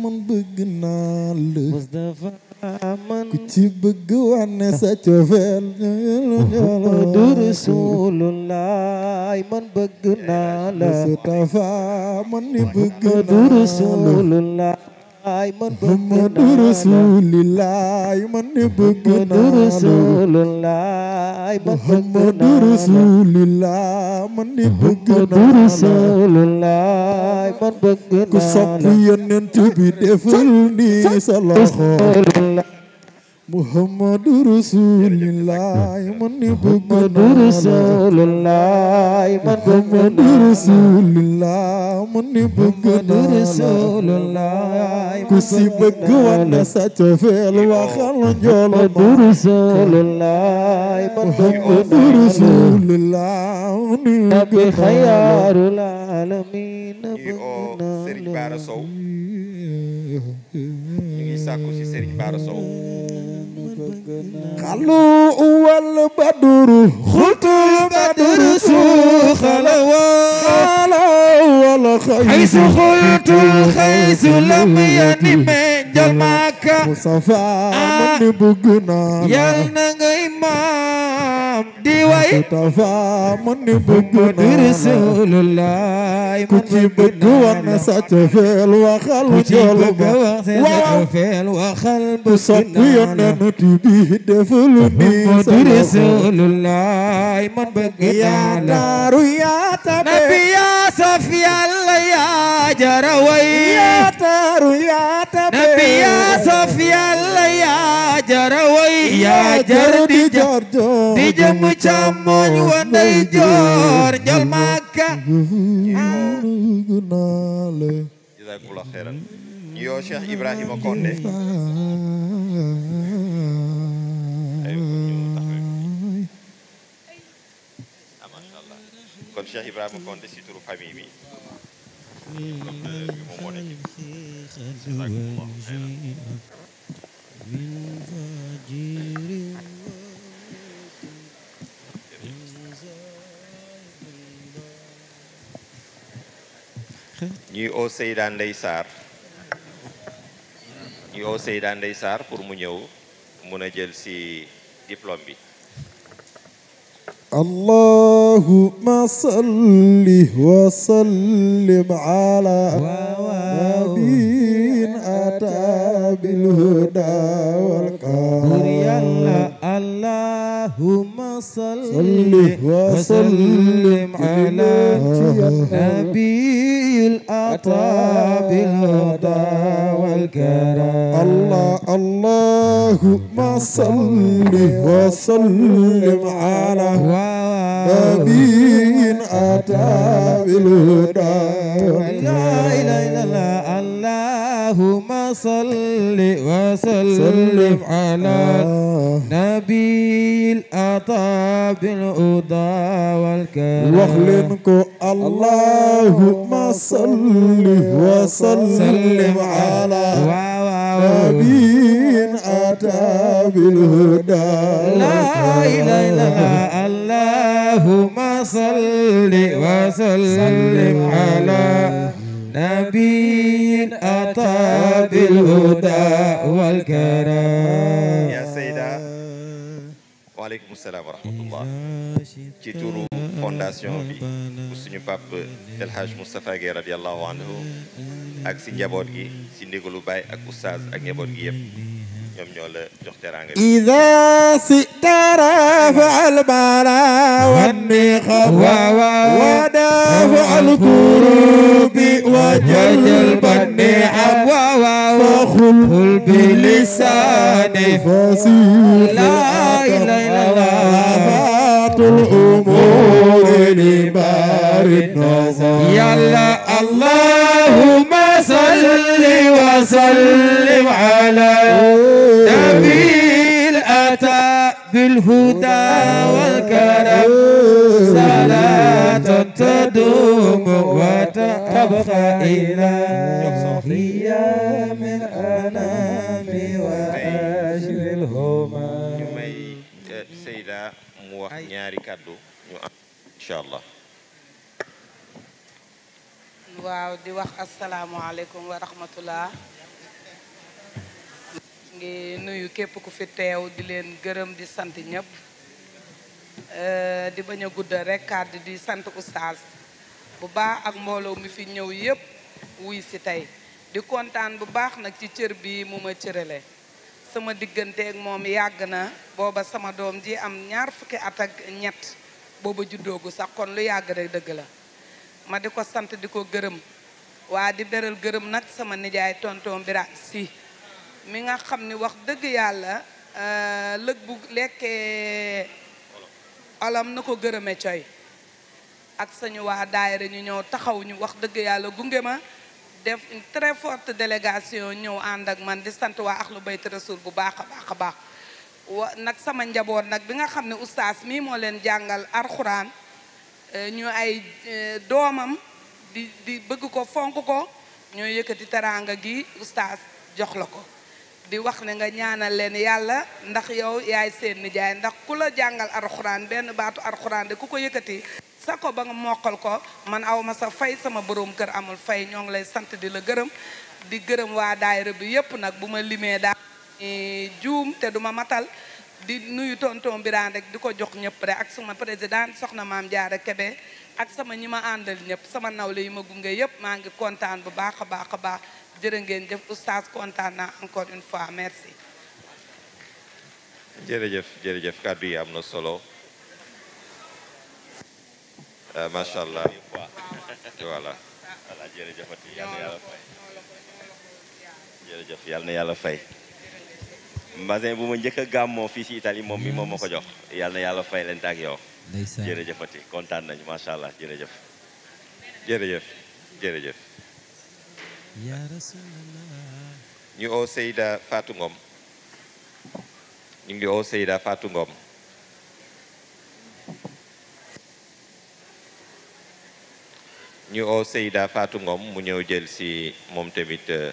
man bëgg naa la Mustafa man ku ci bëgg wane sa cofeel Muhammadu Rasulullah man bëgg naa la Mustafa man ni bëgg naa la Muhammadu Rasulullah man bëgg naa rasulillahi man ne bëgg naa rasulillahi muhammadu rasulillahi man ne bëgg naa rasulillahi man bëgg naa ku sopp yonent bi defal ni sa loxo muhammadu rasulillah man ni bëgg naa rasulillah man muhammadu rasulillah man ni bëgg naa rasulillah ku si bëgg wala sa cofeel waxal njool ma rasulillah man muhammadu rasulillah man ni bëgg xayaarul alamin Serigne Bara Sow ñu ngi sàkku ci Serigne Bara Sow خلوا أول بدر خلت البدر سوخلوا خلوا والخيس حيث خلت الخيس لم ينم جمعك مصطفى من بقنا يا نغيمام di way Mustafa man ni bëgg naa la Rasulullah ku ci bëgg wax na sa cofeel waxal njoolu ma waaw ku sopp yonent bi deful ni sa Rasulullah man bëgg yaa daaru yaa tabe nabi yaa saf yàlla yaa jaraway yaa daaru yaa tabe nabi yaa saf yàlla yaa jaraway yaa jar di jar di jëm bu càmmoñ wa ndeyjoor jol màkka jazakumullah xeyran yoo Cheikh Ibrahima Konde kon Cheikh Ibrahima Konde si turu famille bi moom moo nekk ñuy oo Seyda Ndey Saar ñuy oo Seyda Ndey Saar pour mu ñëw mun a jël si diplôme bi allahumma salli wa sallim ala nabiyyin ata bil huda wal qur'an اللهم صل وسلم على نبينا الأطى بالهدى والكرم الله اللهم صل وسلم على نبي أتى بالهدى لا إله إلا الله اللهم صل وسلم على نبي الأطاب الأضاء والكرم وخلنكو اللهم صل وسلم على نبي أتى بالهدى لا إله إلا اللهم صل وسلم على نبي أتى بالهدى والكرم يا سيدة وعليكم السلام ورحمة الله ci turu fondation bi bu suñu pap El Hadj Moustapha Guèye radiyallahu anhu ak si njaboot gi si ndigalu ak oustaz ak njaboot gi ñoom ñoo la jox teraanga ida si tara faal bara wanni xawa wa dafa al kurubi wa jajal banni abwa wa xul bi lisani fasi la ilaha الأمور لبار النظر يلا اللهم فصل وسلم على نبي الأتى بالهدى والكرم صلاة تدوم وتبقى إلى هي من أنام وأجل الهمام ñu may Seyda mu wax ñaari kàddu ñu am incha allah waaw di wax asalaamualeykum wa rahmatullah ngi nuyu képp ku fi teew di leen gërëm di sant ñëpp eh, di bañ a guddal rekk kàddu di sant oustaz bu baax ak mbooloo mu fi ñëw yëpp wuy si tey di kontaan bu baax nag ci cër bii mu ma cërale sama diggante ak moom yàgg na booba sama doom ji am ñaar fukki at ak ñett booba juddogu sax kon lu yàgg rek dëgg la ma di ko sant di ko gërëm waa di beral gërëm nag sama nijaay tonton Birane si mi nga xam ni wax dëgg yàlla euh, lëg bu lekkee olam na ko gërëme coy ak sañu waa daayira ñu ñëw taxaw ñu wax dëgg yàlla gunge ma def une forte délégation ñëw ànd ak man di sant waa Ahlou Bayt Rasoul bu baax a baax a baax wa nag sama njaboot nag bi nga xam ne oustaz mii moo leen jàngal alxuraan Euh, ñu ay euh, doomam di di bëgg ko fonk ko ñoo yëkkati teraanga gi oustaz jox la ko di wax ne nga ñaanal leen yàlla ndax yow yaay seen nijaay ndax ku la jàngal arxuraan benn baatu arxuraan de ku ko yëkkati sa ko ba nga moqal ko man aw ma sa fay sama boroom kër amul fay ñoo ngi lay sant di la gërëm di gërëm waa daayira bi yépp nag bu ma limee daal juum te duma matal di nuyu tonton Birane rek di ko jox ñëpp rek ak suma président soxna maam Diarra Kébé ak sama ñi ma àndal ñëpp sama nawle yi ma gunge yëpp maa ngi kontaan bu baax baax a baax jërë ngeen jëf oustaz kontaan naa encore une fois jërëjëf jërëjëf kàddu yi solo euh, macha allah voilà yàlla fay. mbasin bu ma njëkk a gàmmoo fii si Italie moom mi moom ma ko jox yàlla yàlla fay leen ak yow jërëjëfati kontaan nañu macha allah jërëjëf jërëjëf jërëjëf ñu oo Seyda Fatou Ngom ñu ngi oo Seyda Fatou Ngom ñu oo Seyda Fatou mu ñëw jël si moom tamit euh,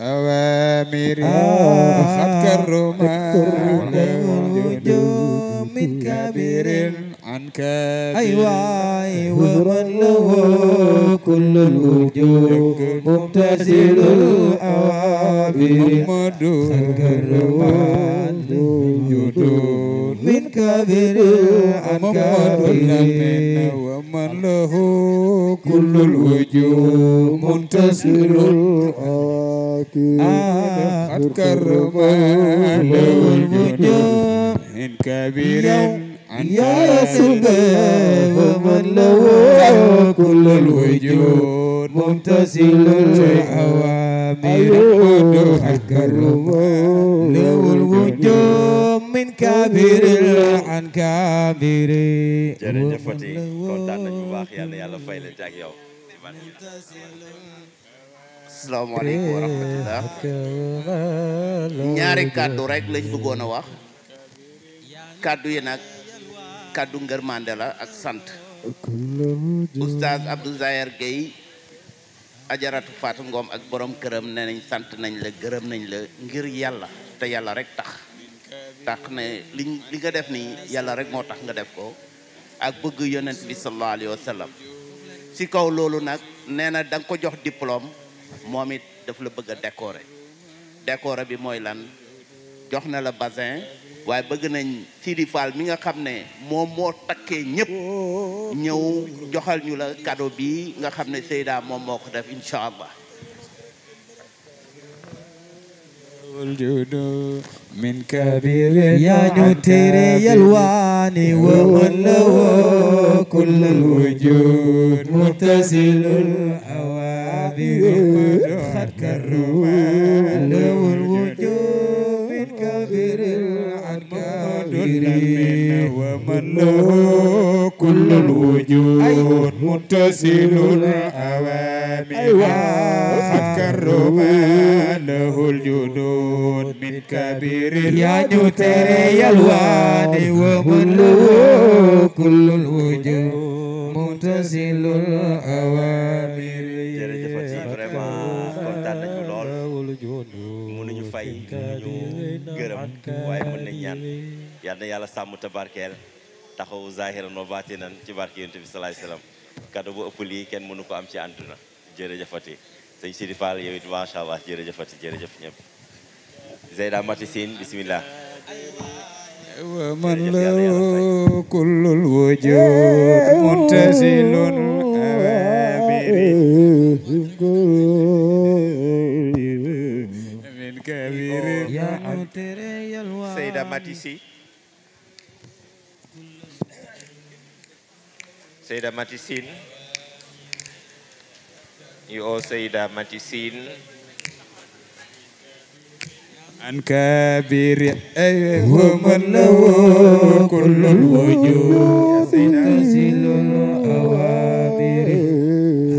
أوامر وقد كرم نجوم من كبير عن كبير أيوة أيوة ومن له كل الوجوه ممتثل الأوامر محمد كرم نجوم من كبير عن كبير ومن له كل الوجوه ممتثل الأوامر آه قد كرما له الوجوه من كبير يا رسول الله من له كل الوجود ممتثل الأوامر قد كرما له الوجوه من كبير عن كبير jërëjëfati kontaan nañu bu baax yàlla yàlla fay la ak yow asalaamaaleykum wa rahmatullah ñaari kàddu rek lañ bëggoon a wax kàddu yi nag kàddu ngërmande la ak sant oustaz Abdou Zahir Gueye ajaratu Fatou ak borom këram ne nañ sant nañ la gërëm nañ la ngir yàlla te yàlla rek tax tax ne li nga def nii yàlla rek moo tax nga def ko ak bëgg yonent bi sallallahu alayhi wa kaw loolu nag nee na ko jox diplôme moom it daf la bëgg a décorer décorer bi mooy lan jox na la basin waaye bëgg nañ Sidi mi nga xam ne moom moo takkee ñëpp ñëw joxal ñu la cadeau bi nga xam ne seydaa moom moo ko def incha allah والجود من كبير يا نتير يلواني ومن له كل الوجود متصل الأوابر قد كرم له الوجود من كبير العكابر ومن له كل الوجود متصل الأوامر قد كرم الكبير يا جوتر يا الوادي ومنه كل الوجوه ممتثل الأوامر jërëjëf ati vraiment kontaan nañu lool mënuñu fay mënuñu gërëm waaye mën nañu ñaan yal na yàlla sàmm te barkeel taxawu zahiran wa baatinan ci barke Yonent bi salaay salaam kado bu ëpp lii kenn mënu ko am ci àdduna jërëjëf ati sëñ Sidi Fall yow it macha allah jërëjëf ati jërëjëf ñëpp. Zeyda Mati Sine bismillah ومن له كل الوجود متصل من كبير سيدة ماتيسي سيدة ماتيسين يو سيدة ماتيسين عن كبير أيهم له كل الوجود نازل الأوامر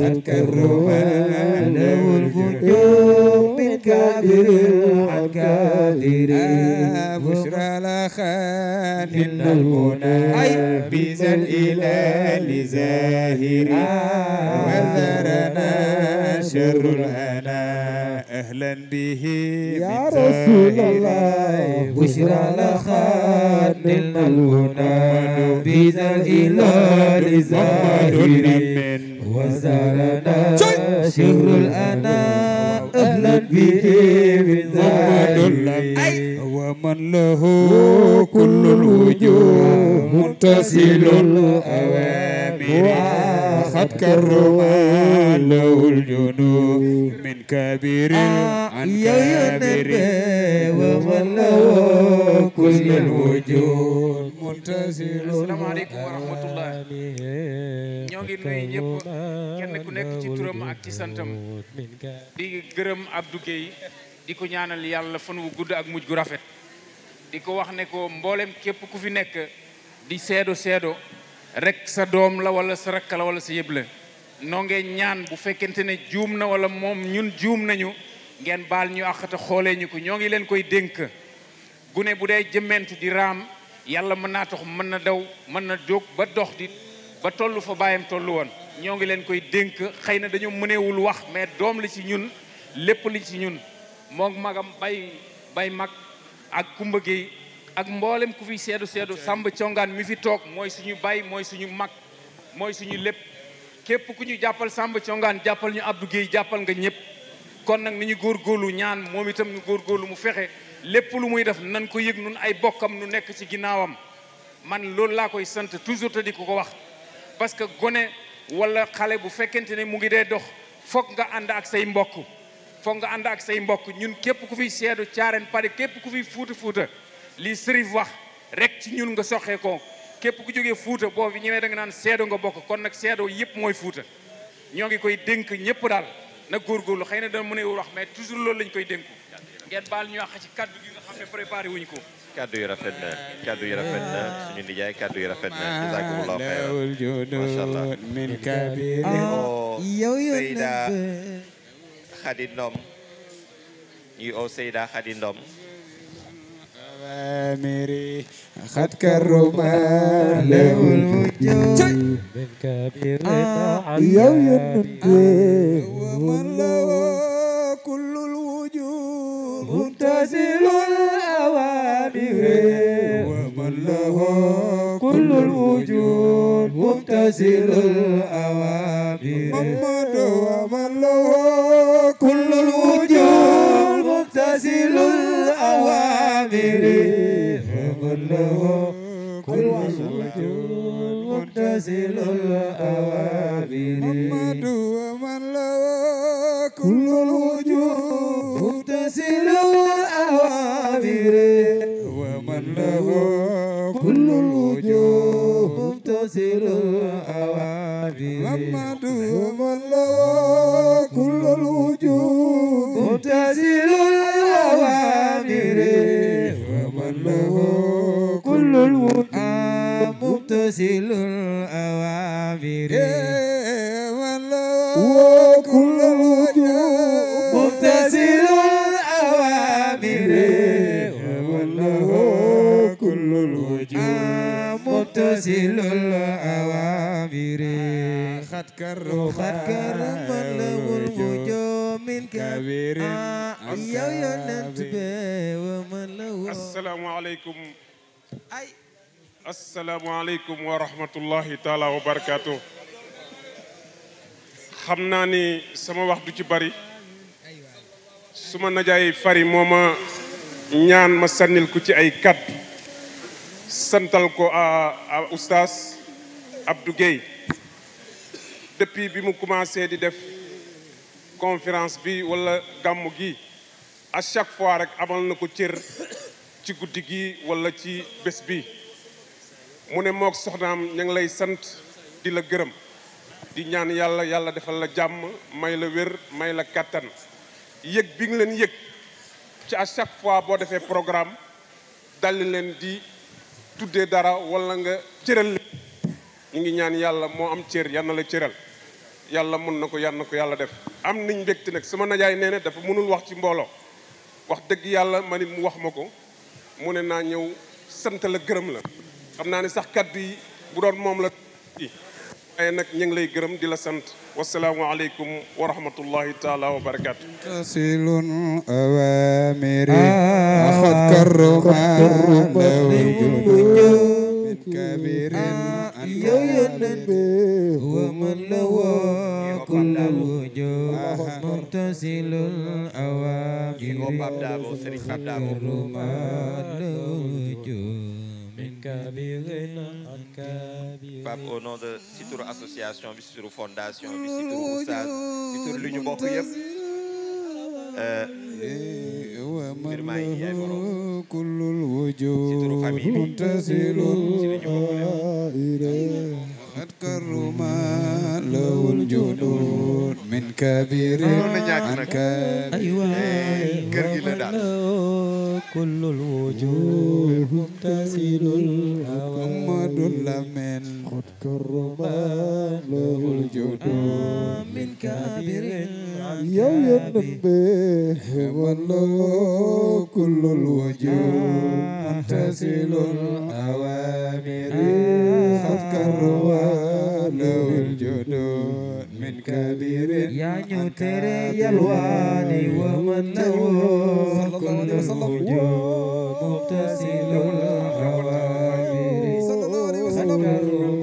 عن كرمان له البدوم من كبير عن كبير بشرى لخان إن المنى بذا الإله زاهر وذرنا شر الأنام أهلا به يا رسول الله بشرى لخاد الملونا بذا الإله زاهر وزارنا شهر الأنام أهلا به من زاهر ومن له كل الوجوه متصل الأوامر وقد كرم له الجنوب من كبير عن كبير ومن له كل الوجود منتظر السلام عليكم ورحمة الله ñoo ngi nuyu ñëpp kenn ku nekk ci turam ak ci di gërëm Abdou Gueye di ko ñaanal yàlla fan wu gudd ak mujj gu rafet di ko wax ne ko mboolem képp ku fi nekk di seedo seedo rek sa doom la wala sa rakk la wala sa yëb la noo ngee ñaan bu fekkente ne juum na wala moom ñun juum nañu ngeen baal ñu àqata xoolee ñu ko ñoo ngi leen koy dénk gune bu dee jëmmentu di raam yàlla mën naa tax mën na daw mën na jóg ba dox di ba tollu fa baayam tollu woon ñoo ngi leen koy dénk xëy na dañu mënewul wax mais doom li ci ñun lépp li ci ñun moo magam bay bay mag ak kumba géey ak mboolem ku fi seedu seedu sàmb congaan mi fi toog mooy suñu bay mooy suñu mag mooy suñu lépp képp ku ñu jàppal sàmba Thiongaan jàppal ñu Abdou Guèye jàppal nga ñëpp kon nag ni ñu góor góorlu ñaan moom itam góor góorgóorlu mu fexe lépp lu muy def nan ko yëg nun ay bokkam nu nekk ci ginnaawam man loolu laa koy sant toujours te di ko ko wax parce que gone wala xale bu fekkente ne mu ngi dee dox foog nga ànd ak say mbokk foog nga ànd ak say mbokk ñun képp ku fiy seedu caaren pare képp ku fiy fuuta fuuta lii sërif wax rek ci ñun nga soxee ko képp ku jógee fuuta boo fi ñëwee da nga naan seedo nga bokk kon nag seedo yëpp mooy fuuta ñoo ngi koy dénk ñëpp daal nag góorgóorlu xëy na dana mën a wax mais toujours loolu lañ koy dénku ngeen baal ñu wax ci kaddu gi nga xam ne préparé wuñ ko kaddu yi rafet na kaddu yi rafet na suñu nijaay kaddu yi rafet na jazakumullahu khairan mashallah min kabir oh, yow yow Seyda Khady Ndom ñu o Seyda Khady Ndom السامري قد كرم له الوجود بالكبير يوم الدين ومن له كل الوجود ممتثل الأوامر ومن له كل الوجود ممتثل الأوامر محمد ومن له كل الوجود ممتثل الأوامر العامرين فكله كل وجود متصل الأوامر محمد من له كل الوجود متصل الأوامر ومن له كل الوجود متصل الأوامر محمد من له كل الوجود متصل الأوامر مرسل الأوامر وكل مبتسل الأوامر والله كل الوجوه مبتسل الأوامر خد كرم خد كرم له الوجوه من كبير يا يا نتبه ومن له السلام عليكم أي asalaamualeykum wa rahmatullahi taala wa barakaatu. xam naa ni sama wax du ci bari su ma najaay fari moo ma ñaan ma sannil ko ci ay kàddu santal ko à oustaz Abdou depuis bi mu commencé di def conférence bi wala gàmmu gi à chaque fois rek amal na ko cër ci guddi gi wala ci bés bi mu ne mook soxnaam ña ngi lay sant di la gërëm di ñaan yàlla yàlla defal la jàmm may la wér may la kàttan yëg bi nga leen yëg ci à chaque fois boo defee programme dalli leen di tuddee dara wala nga cëral leen ñu ngi ñaan yàlla moo am cër yal na la cëral yàlla mën na ko yal na ko yàlla def am nañ mbégte nag sama najaay nee ne dafa mënul wax ci mbooloo wax dëgg yàlla ma ni mu wax ma ko mu ne naa ñëw sant la gërëm la xam naa ne sax kaddu yi bu doon moom la waaye nag ñu ngi lay gërëm di la sant wasalaamualeykum wa rahmatullahi taala wa barakaatu silun awamiri axad karruman كبير يونب ومن لواء كل وجوه متصل الأوامر خطر ما الوجوه Pape au nom de si turu association bi si turu fondation bi si turu oustaz si turu lu ñu bokk yëpp mbir maa ngi yaay borom si turu famille bi si lu ñu bokk lépp قد كرم له الجنود من كبير عن كبير وكل الوجوه مبتسل محمد لمن قد كرم له الجود من كبير يوم ينبه والله كل الوجوه مبتسل أوامر قد كرم له الجود من كبير يا نيوتر يا الوالي ومن نور كل وجود مبتسل الحوامر سكر له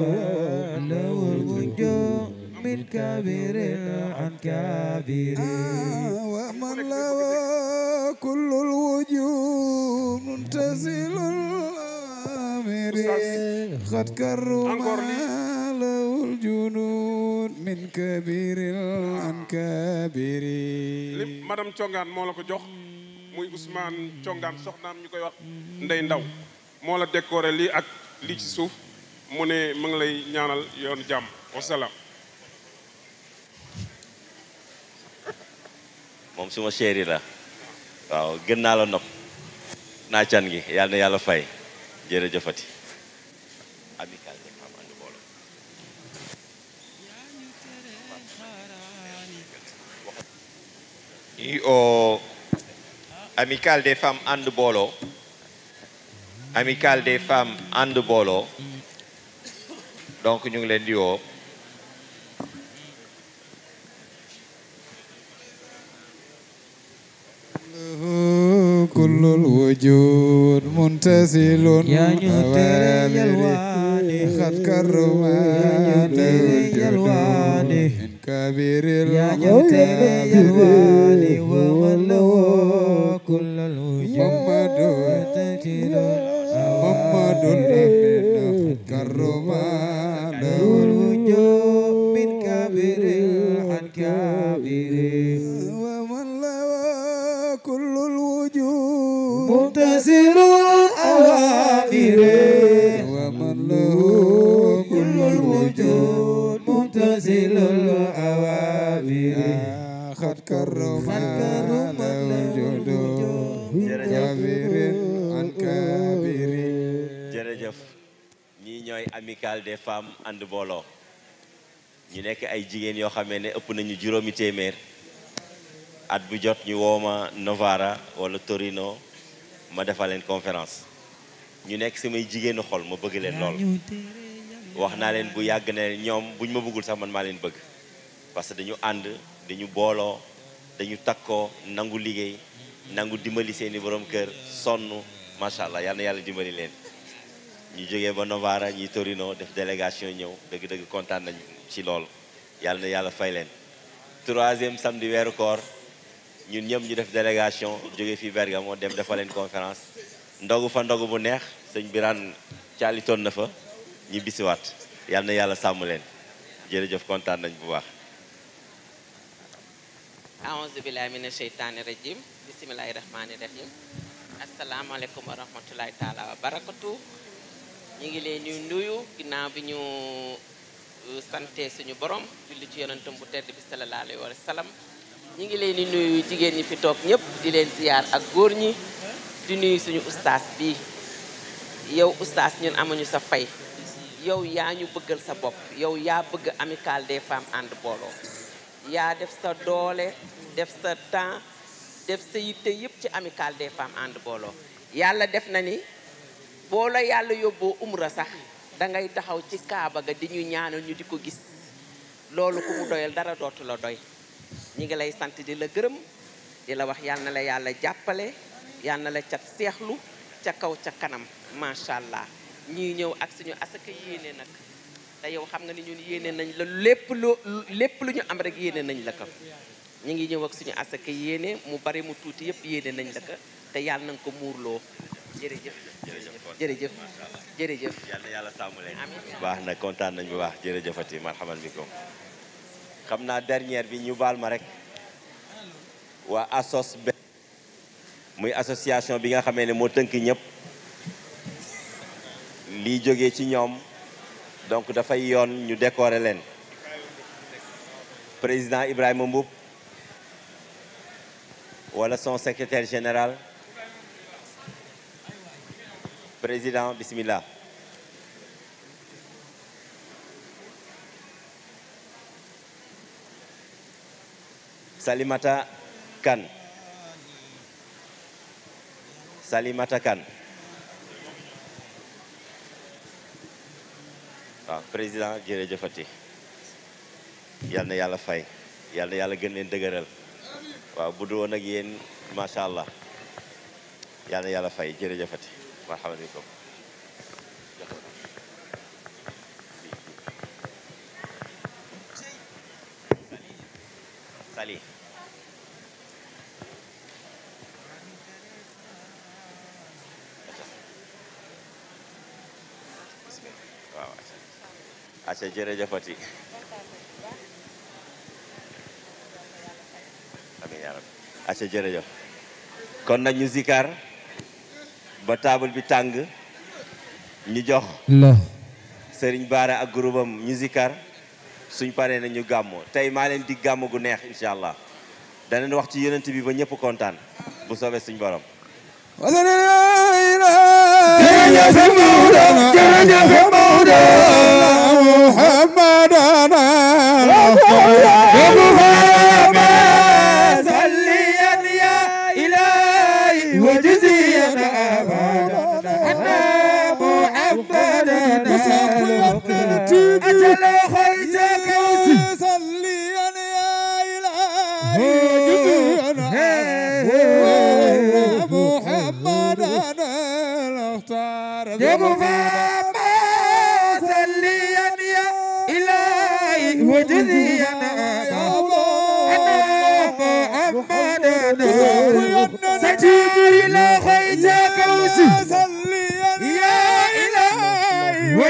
الوجود من كبير عن كبير ومن له كل الوجود مبتسل الحوامر قد كرم له الجنود min Congaan moo la ko jox muy Ousmane ñu koy wax Ndaw moo la lii ak lii ci suuf mu ne mu ngi lay ñaanal yoon jàmm moom suma chéri la waaw gën naa la nopp naa gi yàlla na yàlla fay jërëjëfati o amicale des femmes ànd booloo amicale des femmes ànd booloo donc ñu ngi leen di woo kullul wujud muntasilun xat karuma كبير الوالي ومن له كل محمد محمد أبدا كرم له الوجوه من كبير عن كبير ومن له كل الوجوه مبتسم أوائل كرم jërëjëf ñii ñooy amicale des femmes ànd booloo ñu nekk ay jigéen yoo xamee ne ëpp nañu juróomi téeméer at bu jot ñu wooma Novara wala Torino ma defal leen conférence ñu nekk samay jigéenu xol ma bëgg leen lool wax naa leen bu yàgg ne ñoom buñ ma bëggul sax man maa leen bëgg parce que dañu ànd dañu booloo dañu takkoo nangu liggéey nangu dimbali seeni borom kër sonn macha allah yal yàlla dimbali leen. ñu jóge ba Novara ñi Torino def délégation ñëw dëgg-dëgg kontaan nañ ci lool yàlla na yàlla fay leen. troisième di weeru koor ñun ñëpp ñu def délégation jógee fii Bergamo dem defal leen conférence ndogu fa ndogu bu neex sëñ Birane caalitoon na fa ñu bisiwaat yàlla na yàlla sàmm leen jërëjëf kontaan nañ bu baax. aouzu billahi mina sheytaani rajim bisimilahi rahmaani rahim asalaamaaleykum wa rahmatulahi taala wa barakatu ñu ngi leen ñuy nuyu ginnaaw bi ñu uh, sante suñu borom julli ci yonentam bu tedd bi sallallahu alayhi wa sallam ñu ngi leen di nuyu jigéen ñi fi toog ñëpp di leen ziyaar ak góor ñi di nuyu suñu ustaas bi yow ustaas ñun amuñu sa fay yow yaa ñu bëggal sa bopp yow yaa bëgg amicale des femmes ànd booloo yaa def sa doole def sa temps def sa yitte yëpp ci amicale des femmes ànd booloo yàlla def na ni boo la yàlla yóbboo umra sax da ngay taxaw ci kaaba ga di ñu ñaanal ñu di ko gis loolu ku doyal dara dootu la doy ñi ngi lay sant di la gërëm di la wax yàlla na la yàlla jàppale yàlla la cat seexlu ca kaw ca kanam macha allah ñuy ñëw ak suñu asaka yéene nag te yow xam nga ni ñun yéene nañ la lépp lu lépp lu ñu am rek yéene nañ la ko ñu ngi ñëw ak suñu asaka yéene mu bari mu tuuti yëpp yéene nañ la ko te yàlla na nga ko muurloo jërëjëf jërëjëf jërëjëf yàlla yàlla sàmm leen baax na kontaan nañ bu baax jërëjëfati marhaman bikum xam naa dernière bi ñu baal ma rek waa asos be muy association bi nga xamee ne moo tënk ñëpp li jógee ci ñoom donc dafay yoon ñu décorer leen président Ibrahima Mboup wala son secrétaire général président bismillah Salimata Kan Salimata Kan waaw président jërëjëfati yal na yàlla fay yal na yàlla gën leen dëgëral waaw bu dul woon ak yéen macha allah yal na yàlla fay jërëjëfati marhaban bikum acca jërëjëfati amiin yaa rabbi kon nag ñu ba taabal bi tàng ñu jox seriñ Bara ak groupe am ñu zikar suñ paree na ñu gàmmu tey maa leen di gàmm gu neex incha allah danañ wax ci yonent bi ba ñëpp kontaan bu soobee suñ borom jërëjëf Maodo jërëjëf Maodo محمد رسول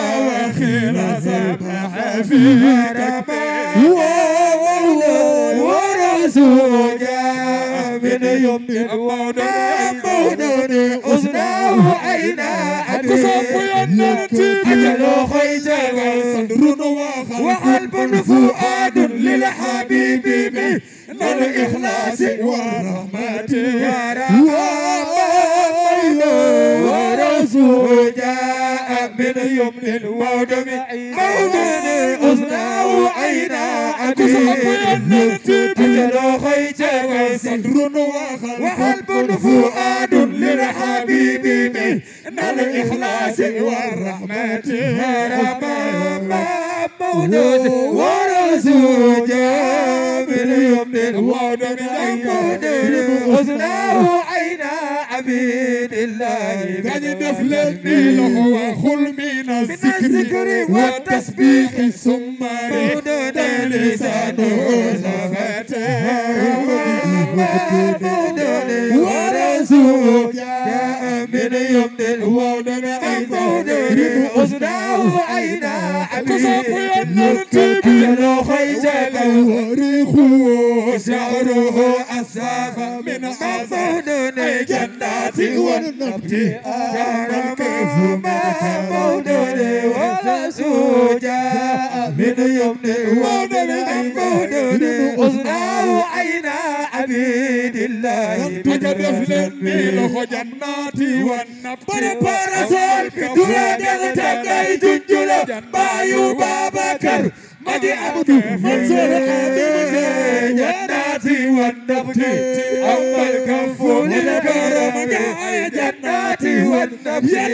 وخير ورسول جاء من يمن ودنا أيضا أصدع وعينا أبي نكت له خيزك وريخو شعره أساف من أفضل الجنات والنبت كان كيف ما مولد ورسول جاء من يمن yéen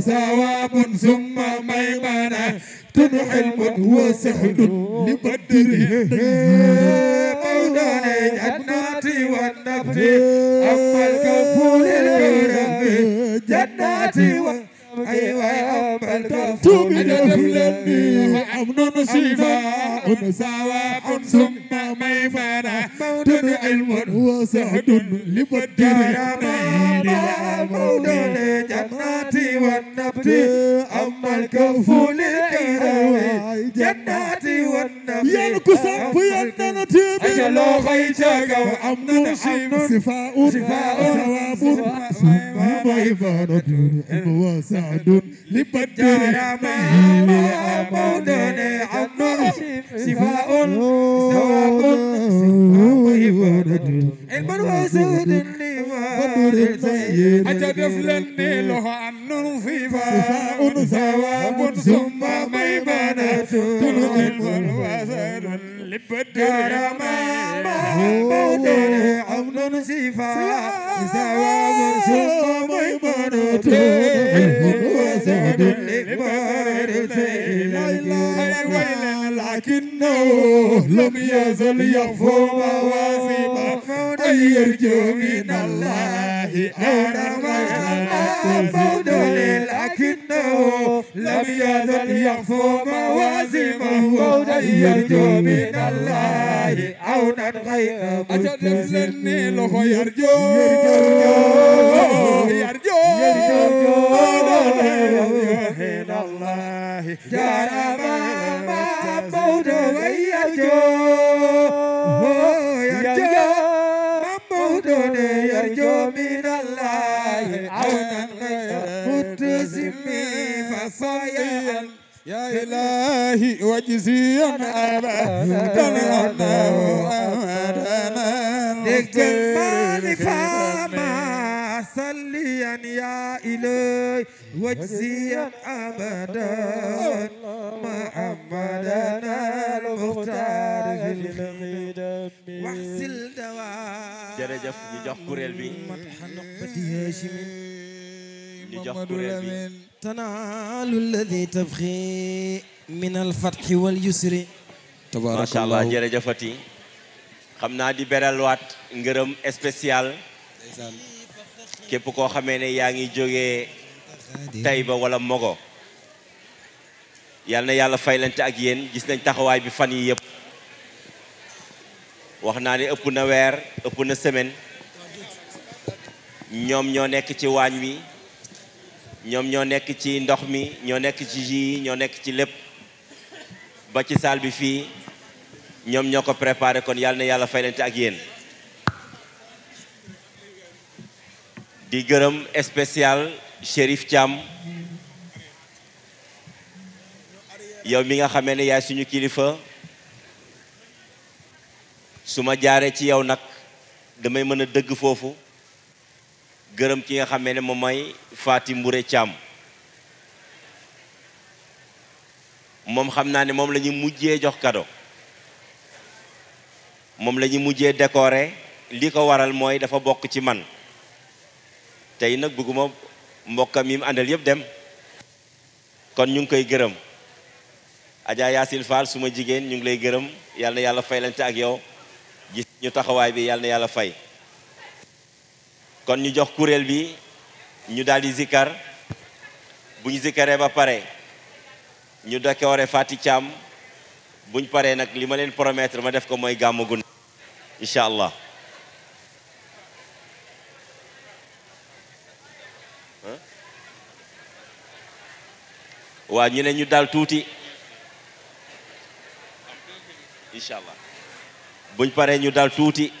say شفاء ثواب عبادة وسعد لبدر ما موضن عمر شفاء ثواب عبادة وسعد لبدر سيد أجدف لني له عن في شفاء ثواب ثم ميمنة تنقل وسعد لبدر خليفة زوام ثم ميمنة وزاد الإكبار لكنه لم يزل يخفو مواسم أن يرجو من الله أرى ما فوضى لكن وزنه لم يزل يخفو موازمه يرجو من الله عونا غير أجلس للنيل يرجو يرجو يرجو من الله جرى ما موت ويرجو يرجو موت يرجو من الله عونا صليا يا إلهي وجزيا أبدا أنه أمدنا لجمال فما صليا يا إلهي وجزيا أبدا محمدنا المختار في الخدم واحسن دواء جرجف نجح كوريل بي مدحن قدي هاشم نجح كوريل بي tanaalu alladi tabxi min alfatxi wal xam naa di beralwaat ngërëm spécial képp koo xamee ne yaa ngi jógee Taïba wala Mogo yal na yàlla faylante ak yéen gis nañ taxawaay bi fan yi yëpp wax naa ne ëpp na weer ëpp na semaine ñoom ñoo nekk ci waañ wi ñoom ñoo nekk ci ndox mi ñoo nekk ci jii ñoo nekk ci lépp ba ci saal bi fii ñoom ñoo ko préparé kon yàlla na yàlla fay leen ak yéen di gërëm spécial Chérif Thiam yow mi nga xamee ne yaay suñu kilifa su ma jaaree ci yow nag damay mën a dëgg foofu gërëm ki nga xamee ne moom mooy Faati Mbure Thiam moom xam naa ne moom la ñu mujjee jox kado moom la ñu mujjee décoré lii ko waral mooy dafa bokk ci man tey nag bëgguma mbokkam yi mu àndal yëpp dem kon ñu ngi koy gërëm ajaa Yaasin Fall suma jigéen ñu ngi lay gërëm yàlla na yàlla fay lante ak yow gis ñu taxawaay bi yàlla na yàlla fay kon ñu jox kuréel bi ñu daal di zikkar bu ñu zikkaree ba pare ñu dokeore Fati Thiam buñ paree nag li ma leen promettre ma def ko mooy gàmmu gun allah waa ñu ne ñu daal tuuti incha allah buñ paree ñu dal tuuti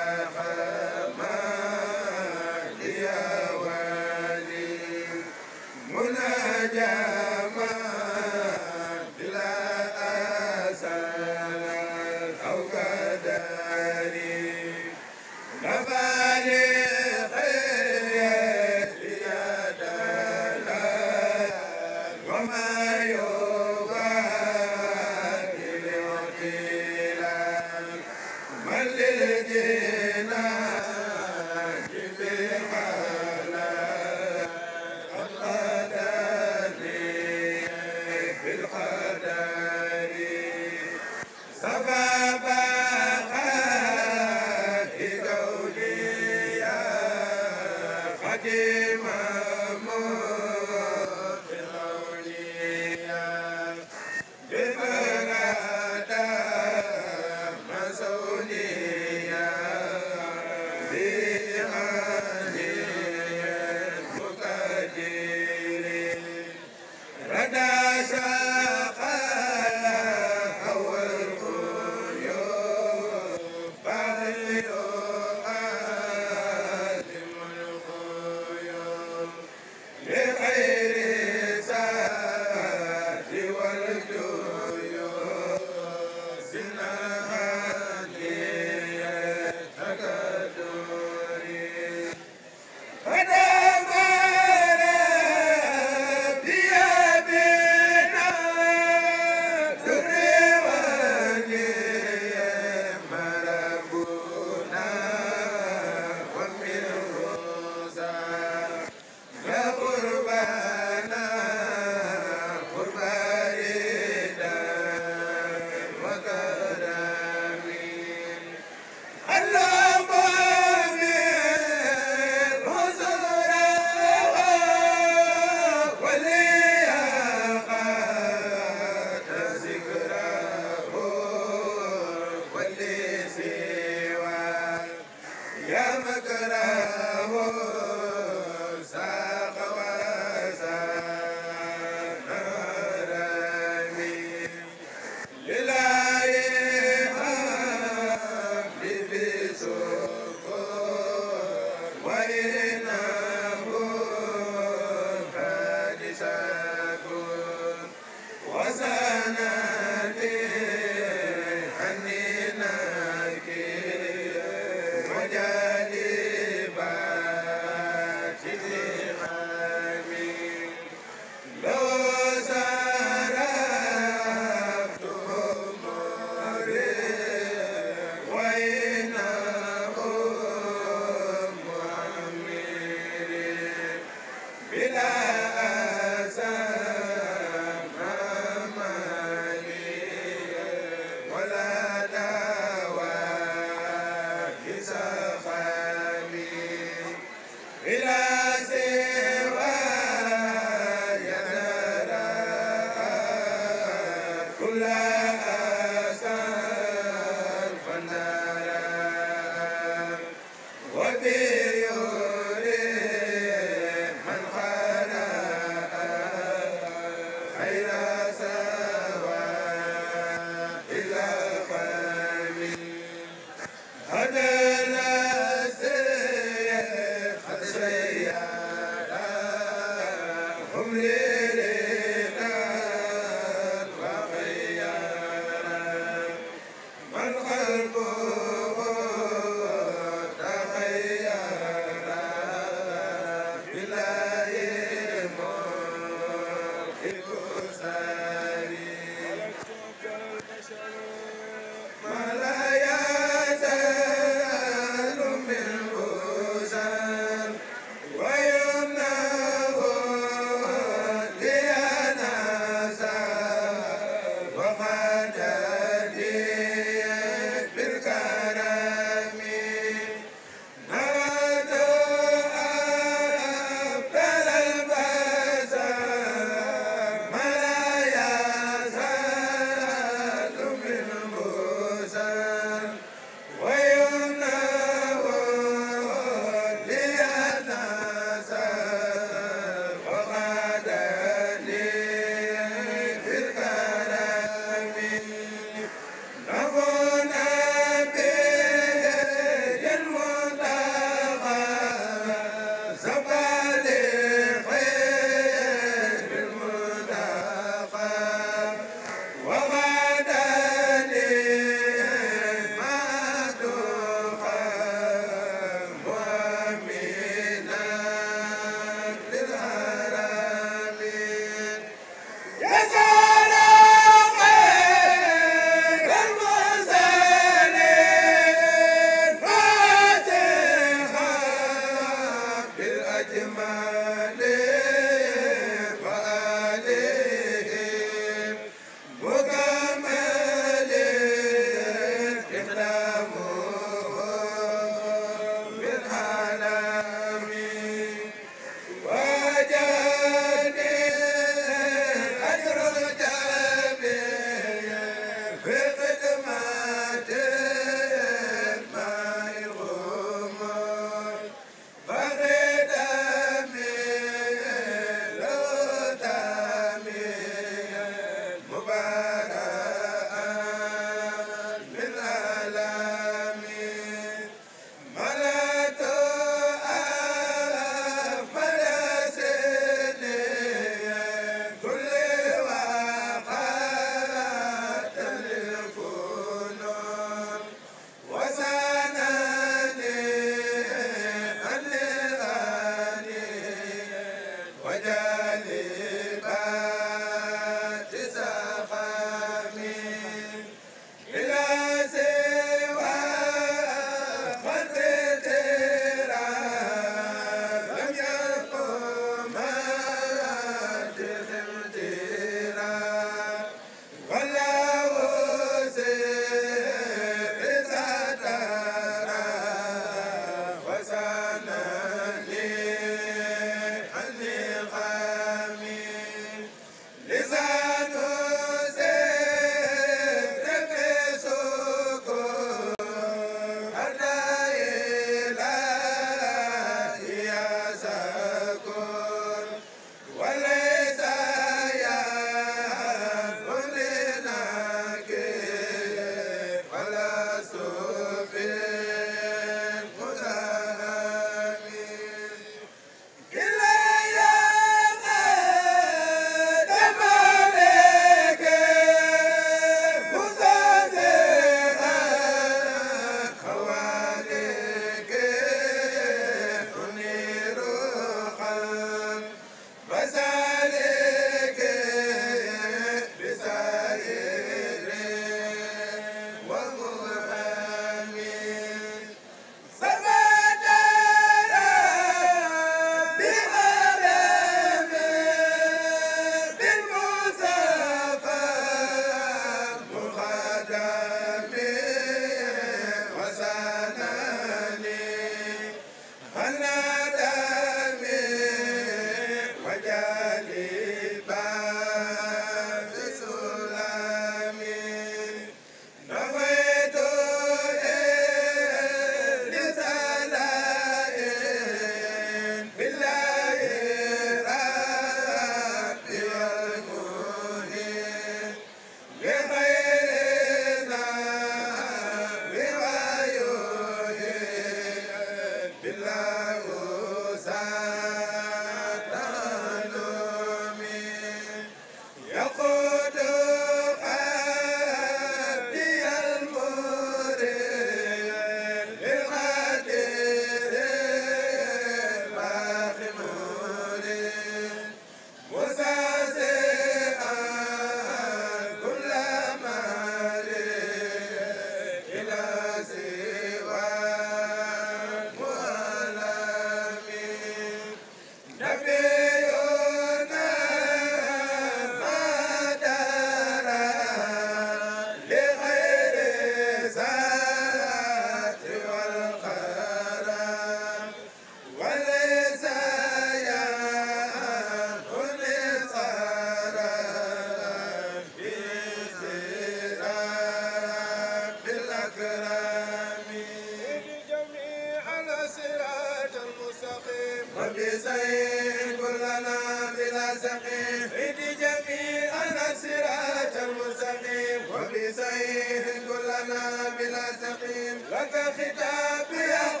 وبسير كلنا بلا سقيم اهد جميعنا الصراط المستقيم وبسير كلنا بلا سقيم لك خطاب يا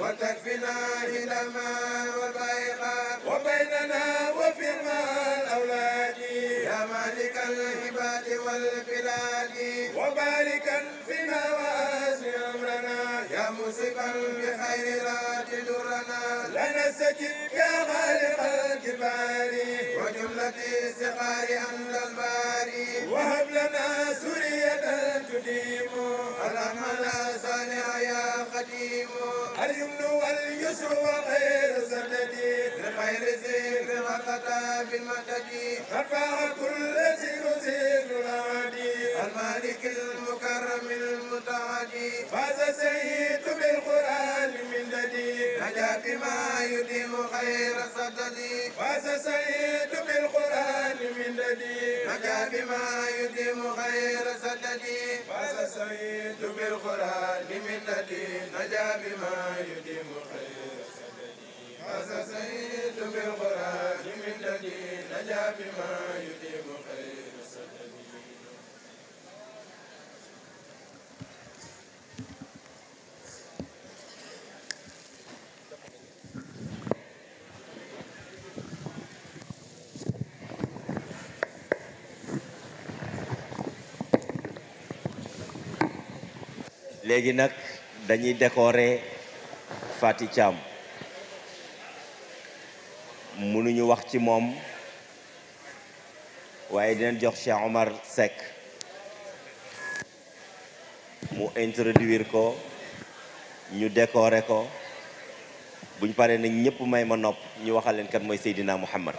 وتكفنا إلى ما وبيقا وبيننا وفي الأولاد يا مالك العباد والبلاد وباركا فينا وأسر أمرنا يا مسبا بخير راد السجد يا خالق الكبار وجملة الصغار أنت الباري وهب لنا سرية تديم الرحمن صانع يا قديم اليمن واليسر وغير سدد لخير ذكر وقتا بالمدد رفع كل ذي يزيد العادي المالك المكرم المتعدي فاز سيد بالقرآن يديم خير صددي فاز سعيد بالقرآن من لدي مكى بما يديم خير صددي فاز سعيد بالقرآن من لدي نجا بما يديم خير صددي فاز سعيد بالقرآن من لدي نجا بما يديم léegi nag dañuy décorer Fati Thiam mënuñu wax ci moom waaye dinañ jox Cheikh Omar Seck mu introduire ko ñu décorer ko buñ paree nag ñëpp may ma nopp ñu waxal kat mooy Seydina Muhammad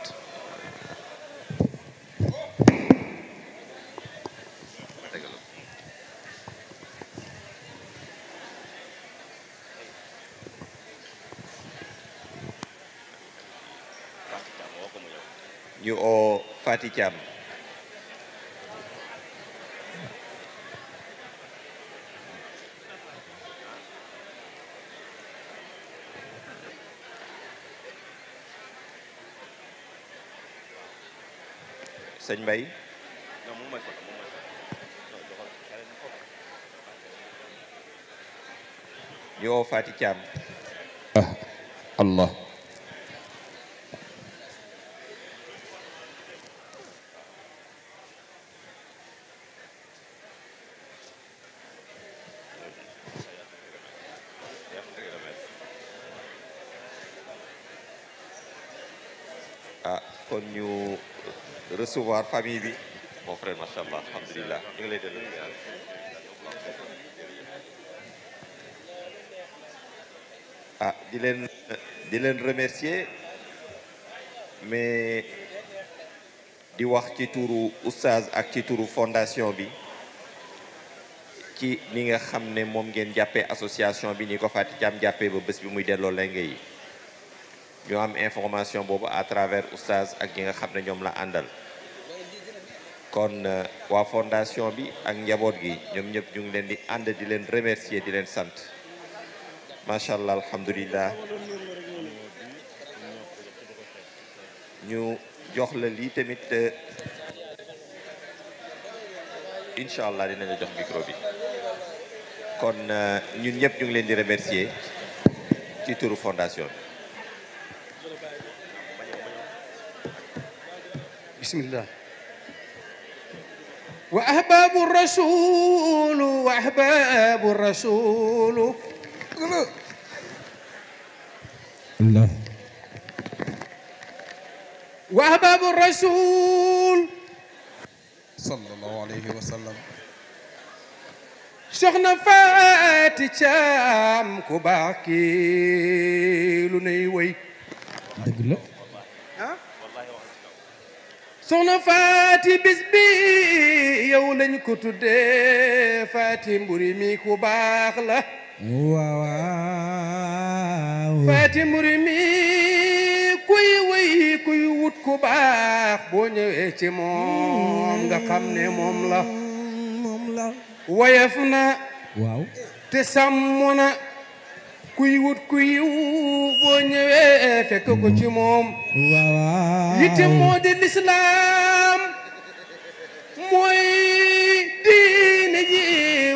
Thiam sëñ Mbaye yoo Fati Thiam ah Allah recevoir famille bi mon frère macha allah alhamdulilah ñu ngi lay dellu ah, di leen di leen remercier mais di wax ci turu oustaz ak ci turu fondation bi ci ni nga xam ne moom ngeen jàppee association bi ni ko fàtti ci jàppee ba bés bi muy delloo lenge yi ñu am information boobu à travers oustaz ak ñi nga xam ne ñoom la àndal kon euh, waa fondation bi ak njaboot gi ñoom ñëpp ñu leen di ànd di leen remercier di leen sant macha allah alhamdulilah ñu jox la lii tamit euh, incha allah dina la jox micro bi kon euh, ñun ñëpp ñu ngi leen di remercier ci fondation bi. wa ahbaabu rasuulu wa ahbaabu rasuulu wa ahbaabu rasuul sallallahu alayhi wa sallam soxna Faati Caam ku baax ki lu nay way soxna faati bis bi yow lañ ko tuddee faati mburi mi ku baax la waaw waaw faati mburi mi kuy wëy kuy wut ku baax boo ñëwee ci moom nga xam ne moom la moom na te sàmm kuy wut ku yiw boo ñëwee fekk ko ci moom waaw yitte di lislaam mooy diine ji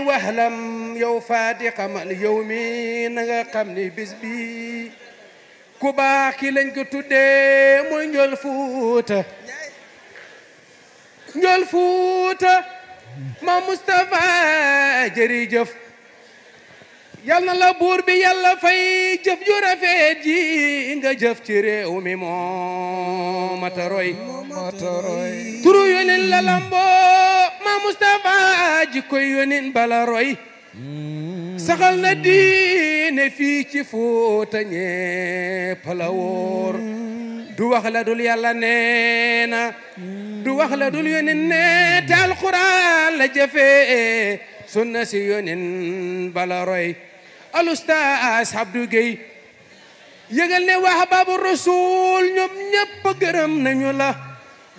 waxlam yow faati xamal yow mi na nga ni bis bi baax ki lañ ko tuddee mooy njool fuuta njool fuuta ma Moustapha jërëjëf yal na la buur bi yàlla fay jëf ju rafet ji nga jëf ci réew mi moo mata roy yonin la lambo ma Moustapha ji koy yonin bala roy saxal na diine fii ci Fuuta ñépp la wóor du wax la dul yàlla nee na du wax la dul yonin ne te alxuraan la jëfee sunna si yonin bala alustaas Abdou Guèye yëgal ne waa Hababu Rasul ñoom ñëpp gërëm nañu la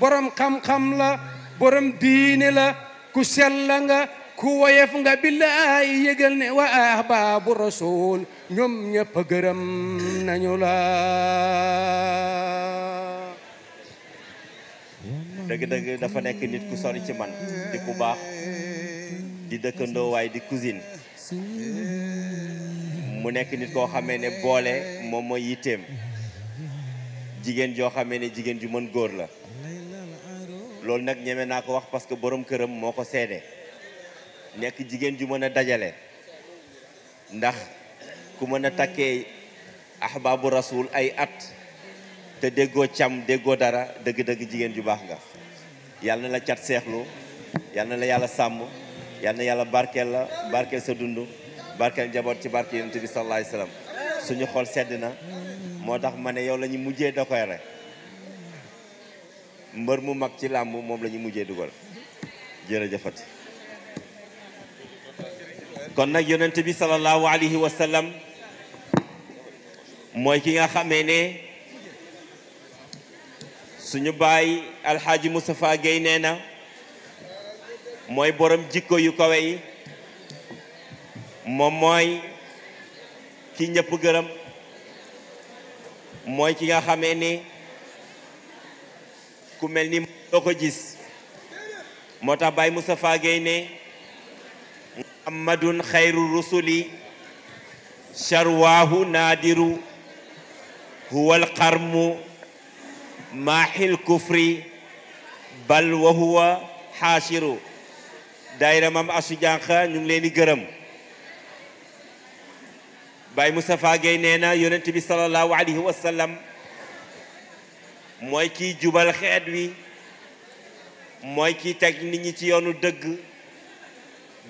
borom xam-xam la borom diine la ku sell nga ku woyef nga billaay yëgal ne waa Hababu Rasul ñoom ñëpp gërëm nañu la dëgg-dëgg dafa nekk nit ku sori ci man di ku baax di dëkkandoo waaye di cousine mu nekk nit koo xamee ne boole moom mooy yitteem jigéen joo xamee ne jigéen ju mën góor la loolu nag ñeme naa ko wax parce que borom këram moo ko seede nekk jigéen ju mën a dajale ndax ku mën a takkee ahbaabu rasuul ay at te déggoo cam déggoo dara dëgg-dëgg jigéen ju baax nga yàlla na la cat seexlu yàlla na la yàlla sàmm yal na yàlla barkeel la barkeel sa dund barkeel njaboot ci barke yonent bi sallallahu alayhi wasallam suñu xol sedd na moo tax ma ne yow la ñu mujjee dokoyre mbër mu mag ci làmb moom la ñu mujjee dugal jërëjëfati kon nag yonent bi sallallahu alayhi wa sallam mooy ki nga xamee ne suñu baay alxaaji Moustapha Guèye mooy borom jikko yu kawe yi moom mooy ki ñëpp gërëm mooy ki nga xamee ni ku mel ni doo ko gis moo tax Baye Moustapha Gueye ne muhammadun xayru rusuli sharwaahu naadiru huwal xarmu maaxil kufri bal wa huwa xaashiru daayira mam Astou Diankha ñu ngi leen di gërëm bay Moustapha Gueye nee na yonent bi sallallahu alayhi wa sallam mooy kiy jubal xeet wi mooy kiy teg nit ñi ci yoonu dëgg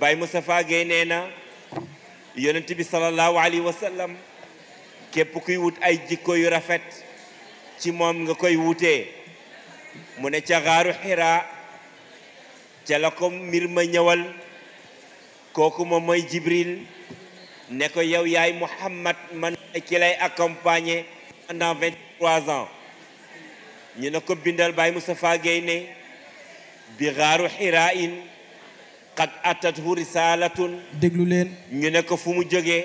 bay Moustapha Gueye nee na yonent bi sallallahu wasalam wa sallam képp kuy wut ay jikko yu rafet ci moom nga koy wutee mu ne ca xaaru xiraa ca la ko mbir ma ñëwal kooku moom mooy Jibril ne ko yow yay Muhammad man ki lay accompagner ans ñu ne ko bindal Baay Moustapha Gueye ne bi xiraa in qad atathu risaalatun déglu ñu ne ko fu mu jógee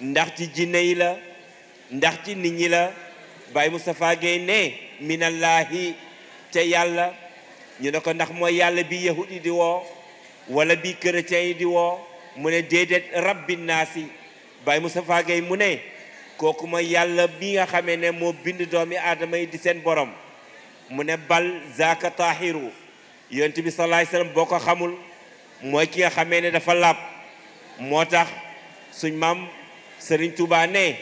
ndax ci jinne la ndax ci nit la Baay Moustapha Gueye ne minallaahi yàlla ñu ne ko ndax mooy yàlla bi yahud yi di woo wala bi chrétien yi di woo mu ne déedéet rabbi naasi Baye Moustapha yi mu ne kooku mooy yàlla bi nga xamee ne moo bind doomi aadama yi di seen borom mu ne bal zaaka tahiru yonent bi salaay salaam boo ko xamul mooy ki nga xamee ne dafa laab moo tax suñ maam Serigne Touba ne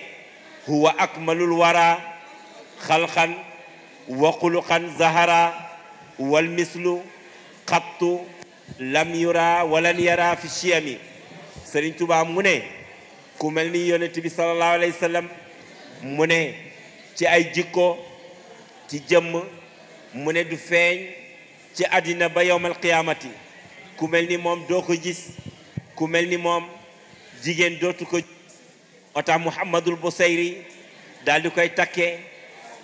huwa akmalul wara xalxan wa xuluqan zahara wal mislu xattu lam yura walan yara fi chiyami Sëriñ Tuubaa mu ne ku mel ni yonent bi sallallahu alayhi wa sallam mu ne ci ay jikko ci jëmm mu ne du feeñ ci àddina ba yowmal qiyaamati ku mel ni moom doo ko gis ku mel ni moom jigéen dootu ko ota Muhammadul Busayri daal koy takke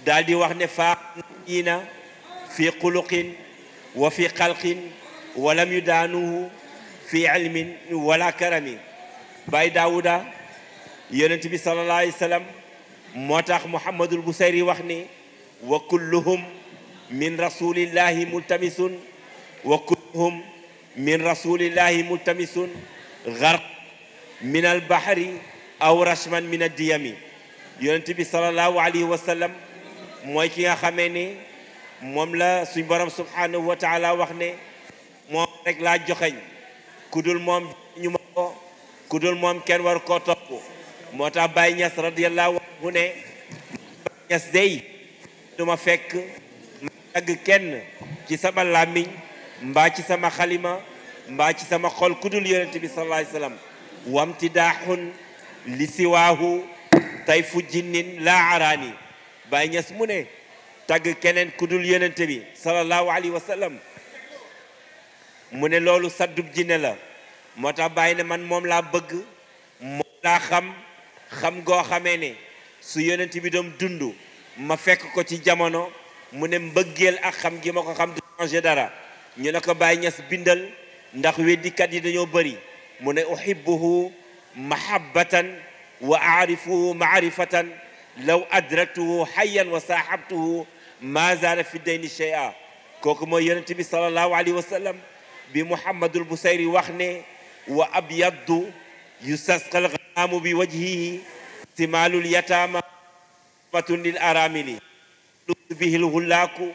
daldi wax ne faa iina fi xuluqin wa fi xalqin wa lam yudaanuhu fi ilmin wala karami Baay Daawuda yonent bi sallallahu alayhi wa sallam moo tax Muhammadul Busayri wax ni wa kulluhum min rasulillahi multamisun wa kulluhum min rasulillahi multamisun garq min albahri aw rashman min addiyami yonent bi sallallahu alayhi wa sallam mooy ki nga xamee ni moom la suñ borom subhanahu wa taala wax ne moom rek laa joxeñ ku dul moom ñu ma moom kenn war koo topp moo tax Baye Niass radiyallahu anhu ne Niass day du ma fekk ma dagg kenn ci sama làmmiñ mbaa ci sama xalima mbaa ci sama xol ku dul yonent bi sallallahu alayhi wa sallam wamtidaaxun li siwaahu tayfu jinnin laa araani Baye Niass mu ne tagg keneen ku dul yenente bi sallallahu alayhi wa sallam mu ne loolu saddub jinne la moo tax bàyyi ne man moom laa bëgg moom laa xam xam goo xamee ne su yenent bi doom dund ma fekk ko ci jamono mu ne mbëggeel ak xam gi ma ko xam du changé dara ñu ne ko bàyyi ñas bindal ndax weddikat yi dañoo bari mu ne uhibbuhu mahabbatan wa aarifuhu maarifatan law adraktuhu hayyan wa saaxabtuhu ma zaala fi dayni shay'a kooku mooy yonent bi sallallahu alayhi wa sallam bi Muhammadul Busayri wax ne wa abyaddu yustasqal ghamaamu bi wajhihi simaalul yataama fatun lil aramili bihil hullaaku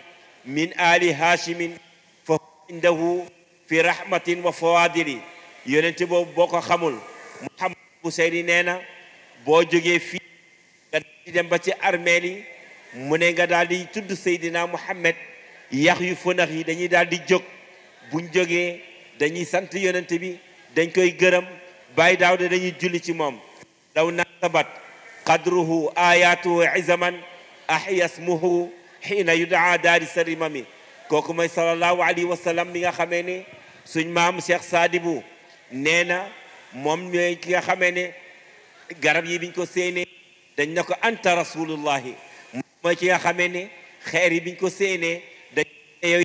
min aali haashimin fa indahu fi rahmatin wa fawaadili yonent boobu boo ko xamul Muhammadul Busayri nee na boo jógee fii nga dem ba ci armeel yi mu ne nga daal di tudd Seydina Muhammad yax yu fënax yi dañuy daal di jóg buñ jógee dañuy sant yonent bi dañ koy gërëm bay daaw dañuy julli ci moom law nasabat qadruhu ayatuhu izaman ahyasmuhu xiina yudaa daari sarimami kooku mooy salallahu alayhi wa sallam mi nga xamee ne suñ maam Cheikh Sadibou nee na moom ñooy ki nga xamee ne garab yi biñ ko seene dañ na ko anta rasulullahi mooy ki nga xamee ne xeer yi biñ ko séenee dañ yow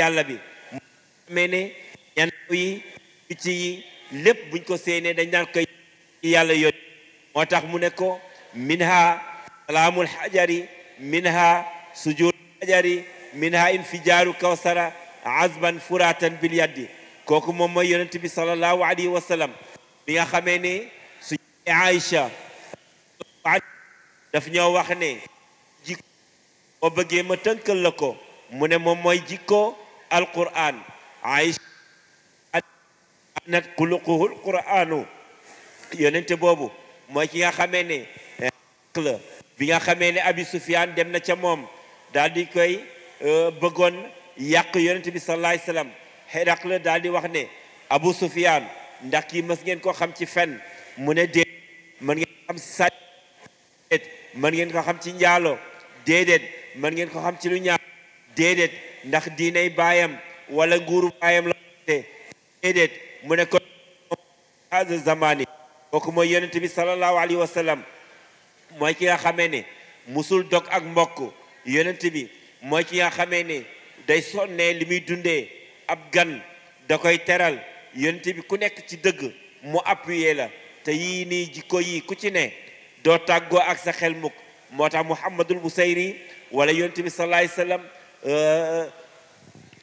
yàlla bi moo xamee buñ ko séenee dañ daan koy yàlla yoon moo tax mu ne ko minha salaamul xajari minha sujud xajari minha infijaaru kawsara azban furatan bil yaddi kooku moom mooy yonent bi salallahu alayhi wa sallam bi nga xamee ne suñu daf ñoo wax boo bëggee ma tënkal la ko mu ne moom mooy jikko alquran aïcha nag xuluquhul quranu yonente boobu mooy ki nga xamee ne eh, bi nga xamee ne abi sufyaan dem na ca moom dal di koy eh, bëggoon yàq yonente bi sallallahu alayhi wasallam xeraq la daal di wax ne abu sufyaan ndax kii mas ngeen ko xam ci fen mu ne déet mën ngeen ko xam ci mën ngeen ko ci njaalo déedéet mën ngeen ko xam ci lu ñaaw déedéet ndax diinay baayam wala nguuru baayam la te déedéet mu ne ko haaza zamani kooku mooy yonent bi sallallahu alayhi wa sallam mooy ki nga xamee ne musul dog ak mbokk yonent bi mooy ki nga xamee ne day sonnee li muy dundee ab gan da koy teral yonent bi ku nekk ci dëgg mu appuyer la te yii nii jikko yi ku ci ne doo tàggoo ak sa xel mukk moo tax Muhammadul Busayri wala yonent bi sallallahu alayhi wasallam euh,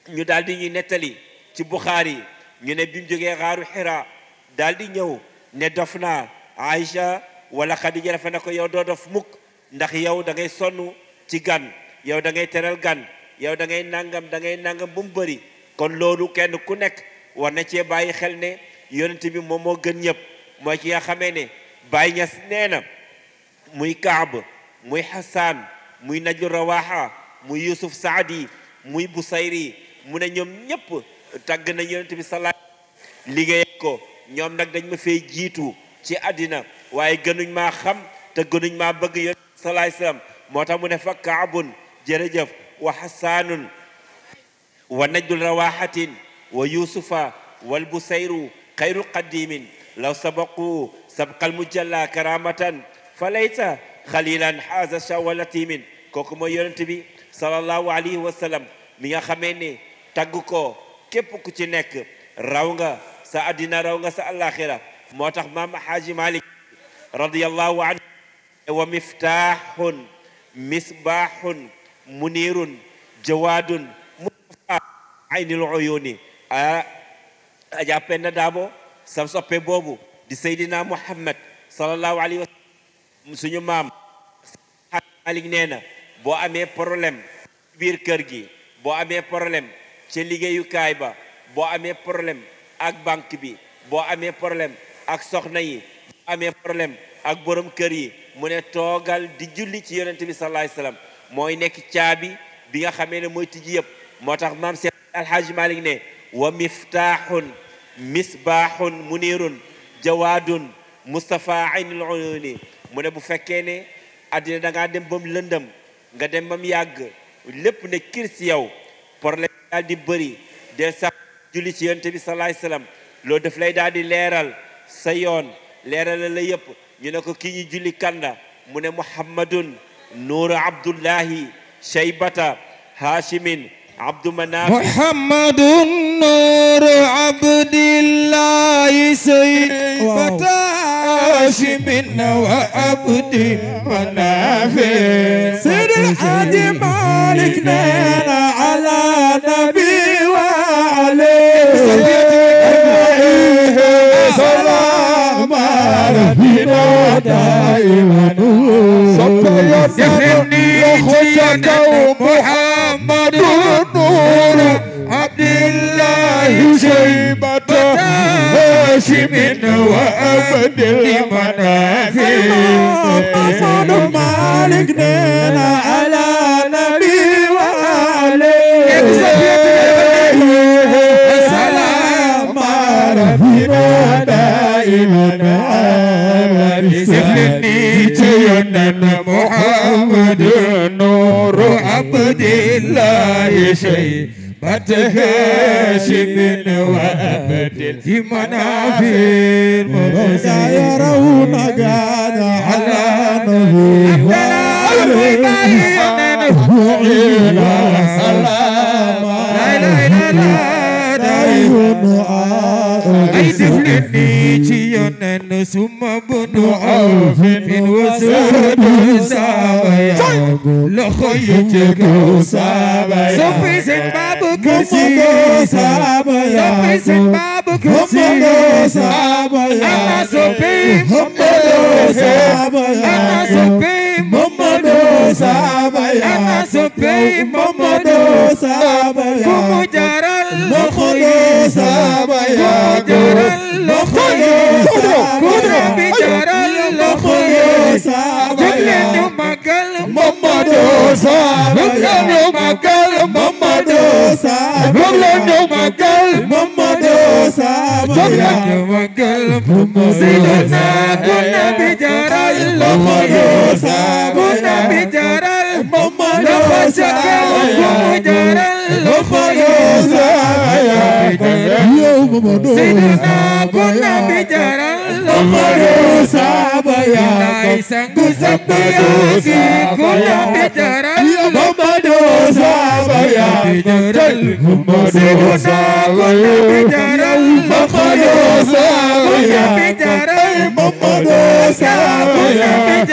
ñu daal di ñuy nettali ci Bukhari ñu ne bi mu jógee xaaru Hira daal di ñëw ne dof naa Aïcha wala Khadija dafa ne ko yow doo dof mukk ndax yow da ngay sonn ci gan yow dangay ngay teral gan yow da ngay nangam dangay nangam bu mu bëri kon loolu kenn ku nekk war na cee bàyyi xel ne yonent bi moom moo gën ñëpp mooy ci nga xamee ne Baye Niass nee na muy Kaab muy Hassan muy najlu rawaha muy yusuf saadi muy busayri mu ne ñoom ñépp tàgg nañ yonent bi liggéey ko ñoom nag dañ ma fee jiitu ci àddina waaye gënuñ maa xam te gënuñ maa bëgg yonent bi salaay moo tax mu ne fa kaabun jërëjëf wa hasanun wa najlu rawahatin wa yusufa wal busayru xayru qadimin law sabaqu sabqal mujalla karamatan fa layta xalilan xaaza shawalatimin kooku mooy yonent bi sallallahu alayhi wa sallam mi nga xamee ne tagg ko képp ku ci nekk raw nga sa àddina raw nga sa àllaaxira moo tax maam Haaji Malik radiyallahu anhu wa miftaaxun misbaaxun muniirun jawaadun mustafa aynil uyuni a Aja boobu di Seydina Muhammad sallallahu alayhi wa sallam suñu maam Haaji Malik nee na boo amee problème biir kër gi boo amee problème ci liggéeyukaay ba boo amee problème ak banque bi boo amee problème ak soxna yi boo amee problème ak borom kër yi mu ne toogal di julli ci yonent bi sallallahu alayhi mooy nekk caabi bi nga xamee ne mooy tijji yëpp moo tax maam Seex Alxaaji Maalik ne wa miftaaxun misbaaxun muniirun jawaadun mustafa aynul uyuni mu ne bu fekkee ne àddina da ngaa dem ba mu lëndëm nga dem bam yàgg lépp ne kir si yow problème daal di bëri del sax julli ci yonte bi salaay salaam loolu daf lay daal di leeral sa yoon leeral la yëpp ñu ne ko kii ñu julli kanda mu ne muhammadun nuuru abdullahi shaybata haashimin abdu manaaf muhammadun nuuru abdullahi shaybata هاشم وعبد منافع سيد الحاج مالك نانا على نبي وعليه سلام ربنا دائما يخني يخشك محمد نور عبد الله شيبان هاشم وأبد المنافع مصعد مالك دينا على نبي وعليه سلام ربنا دائما سفلني جينا محمد نور عبد الله شيء فتكاشف وأبد المنافير مغزى يرون قاد على نهي إلى سلام لا إله إلا الله ay def leen ni ci yonen suma bunu aw fin wasudu saabaya loxo yi ci kaw saabaya soppay seen baabu kursi saabaya soppay seen baabu kursi saabaya ana soppay muhammadu saabaya ana soppay muhammadu saabaya ana soppay muhammadu saabaya kumu jara مخلي سما يا قدر مخلي قدر بجر مخلي سما جبل مقل مما دوسا جبل مقل مما دوسا جبل مقل مما دوسا جبل مقل سيدنا كنا بجر مخلي سما كنا بجر Sidina kunna bi jaral Lomoro saba ya Nai sangu sabba ya ki Kunna bi jaral Lomoro saba ya Jaral Sidina kunna bi jaral Lomoro saba ya Jaral يا رسول الله يا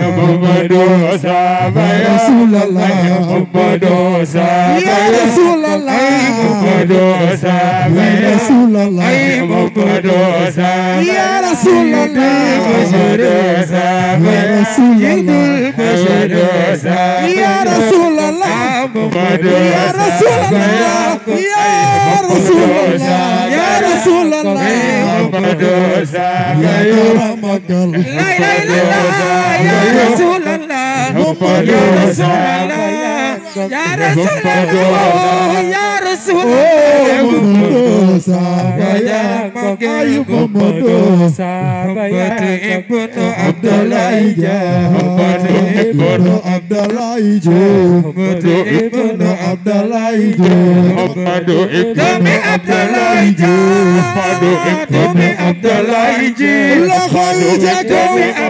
محمد وصحابه يا رسول الله يا محمد وصحابه يا رسول الله يا محمد وصحابه يا رسول الله يا محمد وصحابه يا رسول الله يا محمد وصحابه يا رسول الله يا محمد وصحابه يا رسول الله يا محمد وصحابه يا رسول الله الله يا رسول الله يا رسول الله يا رمض الله لا اله الا الله يا رسول الله يا رسول الله يا رسول الله Modosa Bayang Makayu Modosa Bayang Ibnu Abdullah Muhammad Ibnu Abdullah Muhammad Ibnu Abdullah Muhammad Ibnu Abdullah Muhammad Ibnu Abdullah Muhammad Ibnu Abdullah Muhammad Ibnu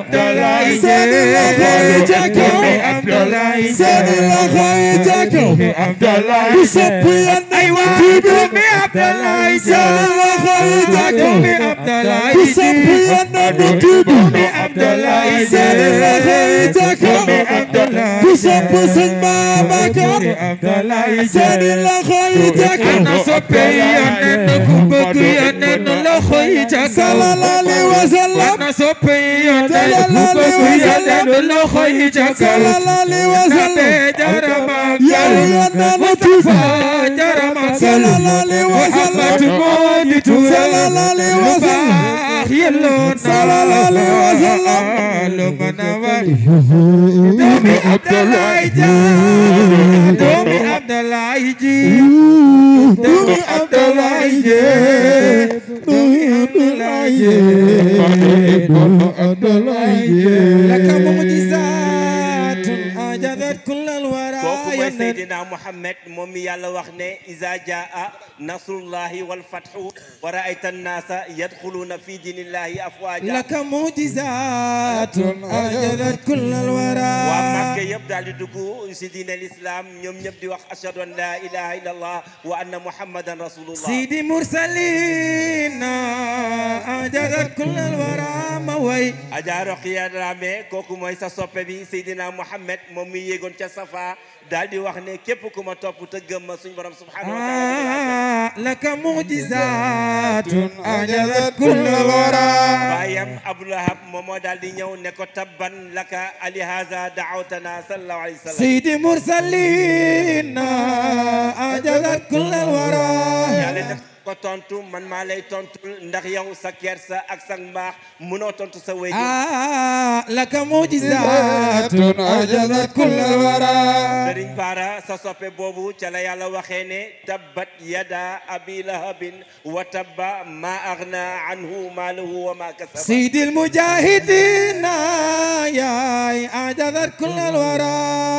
Abdullah Muhammad Ibnu Abdullah aywa ci doomi Abdoulaye Sy waxoon ca doomi Abdoulaye Sy ku sopp Yonent bi doomi Abdoulaye Sy waxoon ca doomi Abdoulaye ku sopp sëñ Babacar seeni loxo yi ca kaw na soppe Yonent ku bëgg Yonent loxo yi ca kaw sallallahu alayhi wa sallam na soppe Yonent ku bëgg Yonent loxo yi ca kaw sallallahu alayhi wa sallam يا متفا جرما صلى الله عليه وسلم صلى الله عليه وسلم صلى الله عليه وسلم لمنا دومي عبد الله دومي عبد الله دومي عبد الله دومي عبد الله دومي عبد الله لك مجلس mooy Seydina Muhammad moom mi yàlla wax ne iza jaa nasrullahi wal fathu wa ra'ayta an-nasa yadkhuluna fi dinillahi afwaja laka mu'jizatun ajabat kullal wara waa Makka yëpp daal di dugg si diine l'islam ñoom ñëpp di wax ashhadu an la ilaha illallah wa anna muhammadan rasulullah sidi mursalin ajabat kullal wara ma way Aja Roqiya Dramé kooku mooy sa soppe bi Seydina Muhammad moom mi yéegoon ca Safa daal di wax ne képp ku ma topp te gëm ma suñu borom subhanahu wa taala ah, laka mu'jizatun ajalat kulla wara moom moo ñëw ne ko tabban laka alihaza da'awtana sallallahu alayhi wasallam sayyidi mursalin ajalat kulla wara ko tontu man maa lay tontu ndax yow sa kersa ak sa mbaax mënoo tontu sa wéy ah, laka mujizatun ajazat kull wara sëriñ Bara sa soppe boobu ca la yàlla waxee ne tabbat yada abi lahabin wa tabba ma aghna anhu maaluhu wa ma kasaba sayyidil mujahidina yaay ajazat kull wara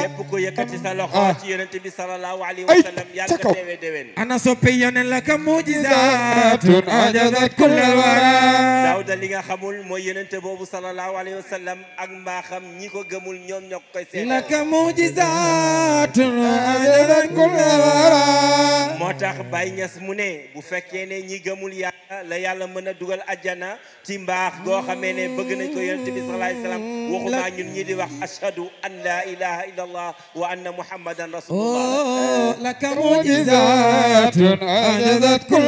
képp ku yëkkati sa loxo ah. ci yonent bi sallallahu alayhi wa sallam yàlla ko dewe dewen ana soppe yonen laka mujizatun ذات أجدت كل الورى xamul mooy yonente boobu sallallahu alayhi wa sallam ak mbaaxam ñi ko gëmul ñoom ñoo koy seede laka mujizatun ajadat kull wara moo tax Baye Niass mu ne bu fekkee ne ñi gëmul yàlla la yàlla mën a dugal ajjana ci mbaax goo xamee ne bëgg nañ ko yonente bi sallallahu alayhi wa sallam ñi di wax ashhadu an la ilaha illa allah wa anna muhammadan rasulullah laka oh, mujizatun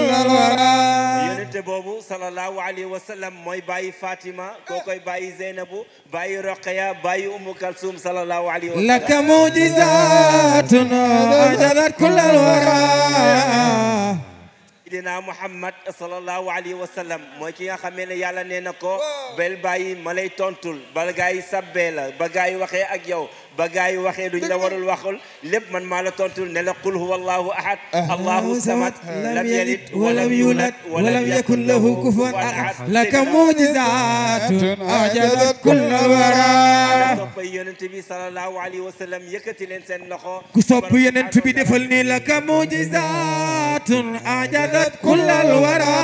yonente boobu sallallahu alayhi wa sallam mooy bàyyi Fatima koo koy bàyyi Zeynabu bàyyi Roqeya bàyyi Umu Kalsum sallallahu alayhi wa sallam laka mujizatun ajalat kullal wara dina Muhammad sallallahu alayhi wa sallam mooy ki nga xamee ne yàlla nee na ko bel bàyyi ma lay tontul ba gaay sabbee la ba gaay waxee ak yow ba gars yi waxee luñ la warul waxul lépp man maa la tontul ne la qul huwa allahu ahad ah. allahu samad lam yalid walam yulad walam yakun lahu kufuwan ahad laka mujizatun ajabat kulla wara sopp yonent bi sallallahu alayhi wa sallam yëkkati leen seen loxo ku sopp yonent bi defal ni laka mujizatun ajabat kulla wara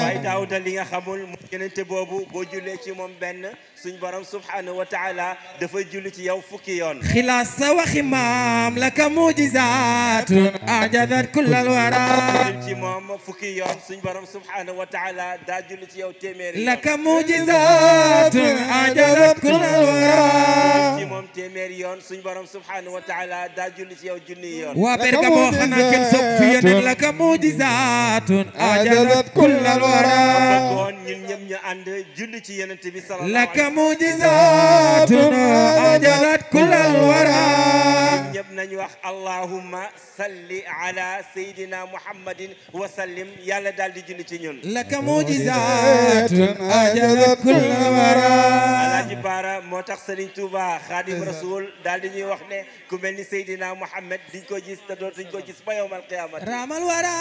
waaye daaw da li nga xamul yonent boobu boo jullee ci moom benn suñ borom subhanahu wa taala dafay julli ci yow fukki yoon xilaas sa waxi maam laka mujizaatun ajazat kullal wara ci moom fukki yoon suñ borom subhanahu wa taala daa julli ci yow téeméeri laka mujizaatun ajazat kullal wara ci moom téeméeri yoon suñ borom subhanahu wa taala daa julli ci yow junni yoon waa Bergamo xanaa kenn soog fi yeneen laka mujizaatun ajazat kullal wara kon ñun ñëpp ñu ànd julli ci yeneen bi معجزاتنا أجلت كل الورى ñëpp nañu wax allahumma salli ala sayyidina muhammadin wa sallim yàlla daal di julli ci ñun laka mu'jizatun ajalat kull wara alaaji baara moo tax sëriñ tuuba xaadim rasul daal di ñuy wax ne ku mel ni sayyidina muhammad diñ ko gis te dootuñ ko gis ba yawmal qiyaamati ramal wara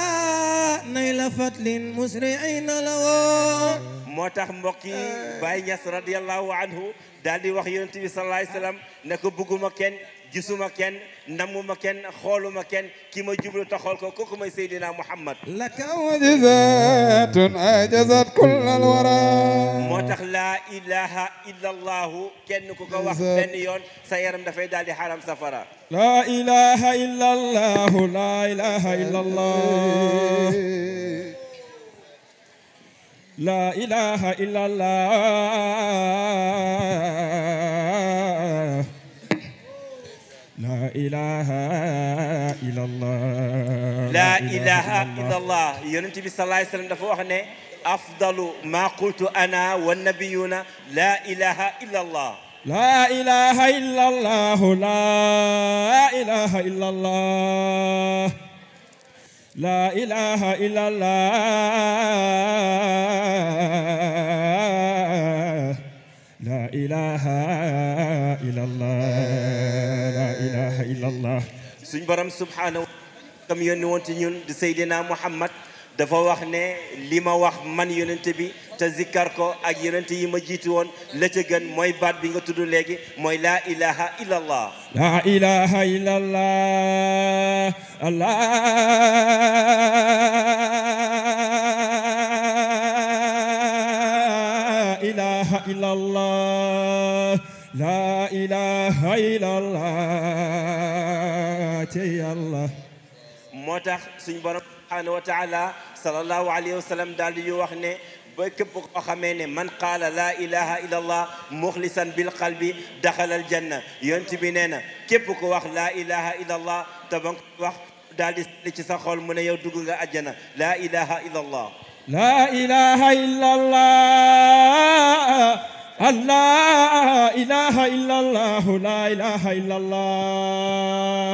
nayla fatlin musri'ina law moo tax mbokk yi Baay Ñas radiyallahu radiallahu anhu daal di wax yonent bi sallallahu alayhi wasallam ne ko bëgguma kenn gisuma kenn namuma kenn xooluma kenn ki ma jublu ta xool ko kooku may seydina muhammad laka mu'jizatun ajazat kullal wara moo tax laa ilaha illa allahu kenn ku ko wax benn yoon sa yaram dafay daal di xaram safara laa ilaha illa allahu laa ilaha illa allah لا إله إلا الله لا إله إلا الله لا إله إلا الله يونتي صلى الله عليه وسلم دافو وخني أفضل ما قلت أنا والنبيون لا إله إلا الله لا إله إلا الله لا إله إلا الله لا إله إلا الله لا إله إلا الله لا إله إلا الله سن برم سبحانه كم ينون تنين دي سيدنا محمد dafa wax ne li ma wax man yonent bi te zikkar ko ak yonent yi ma jiit woon la ca gën mooy baat bi nga tudd léegi mooy laa ilaha illa allah laa ilaha illa allah moo tax suñu borom subhanahu wa taala sallallahu alayhi wa sallam daal di ñu wax ne ba képp koo xamee ne man qaala laa ilaha illa allah muxlisan bil qalbi daxala al janna yont bi nee na képp ko wax laa ilaha illa allah te ba nga wax daal di sell ci sa xol mu ne yow dugg nga àjjana laa ilaha illa allah laa ilaha illa allah allah ilaha illa allah laa ilaha illa allah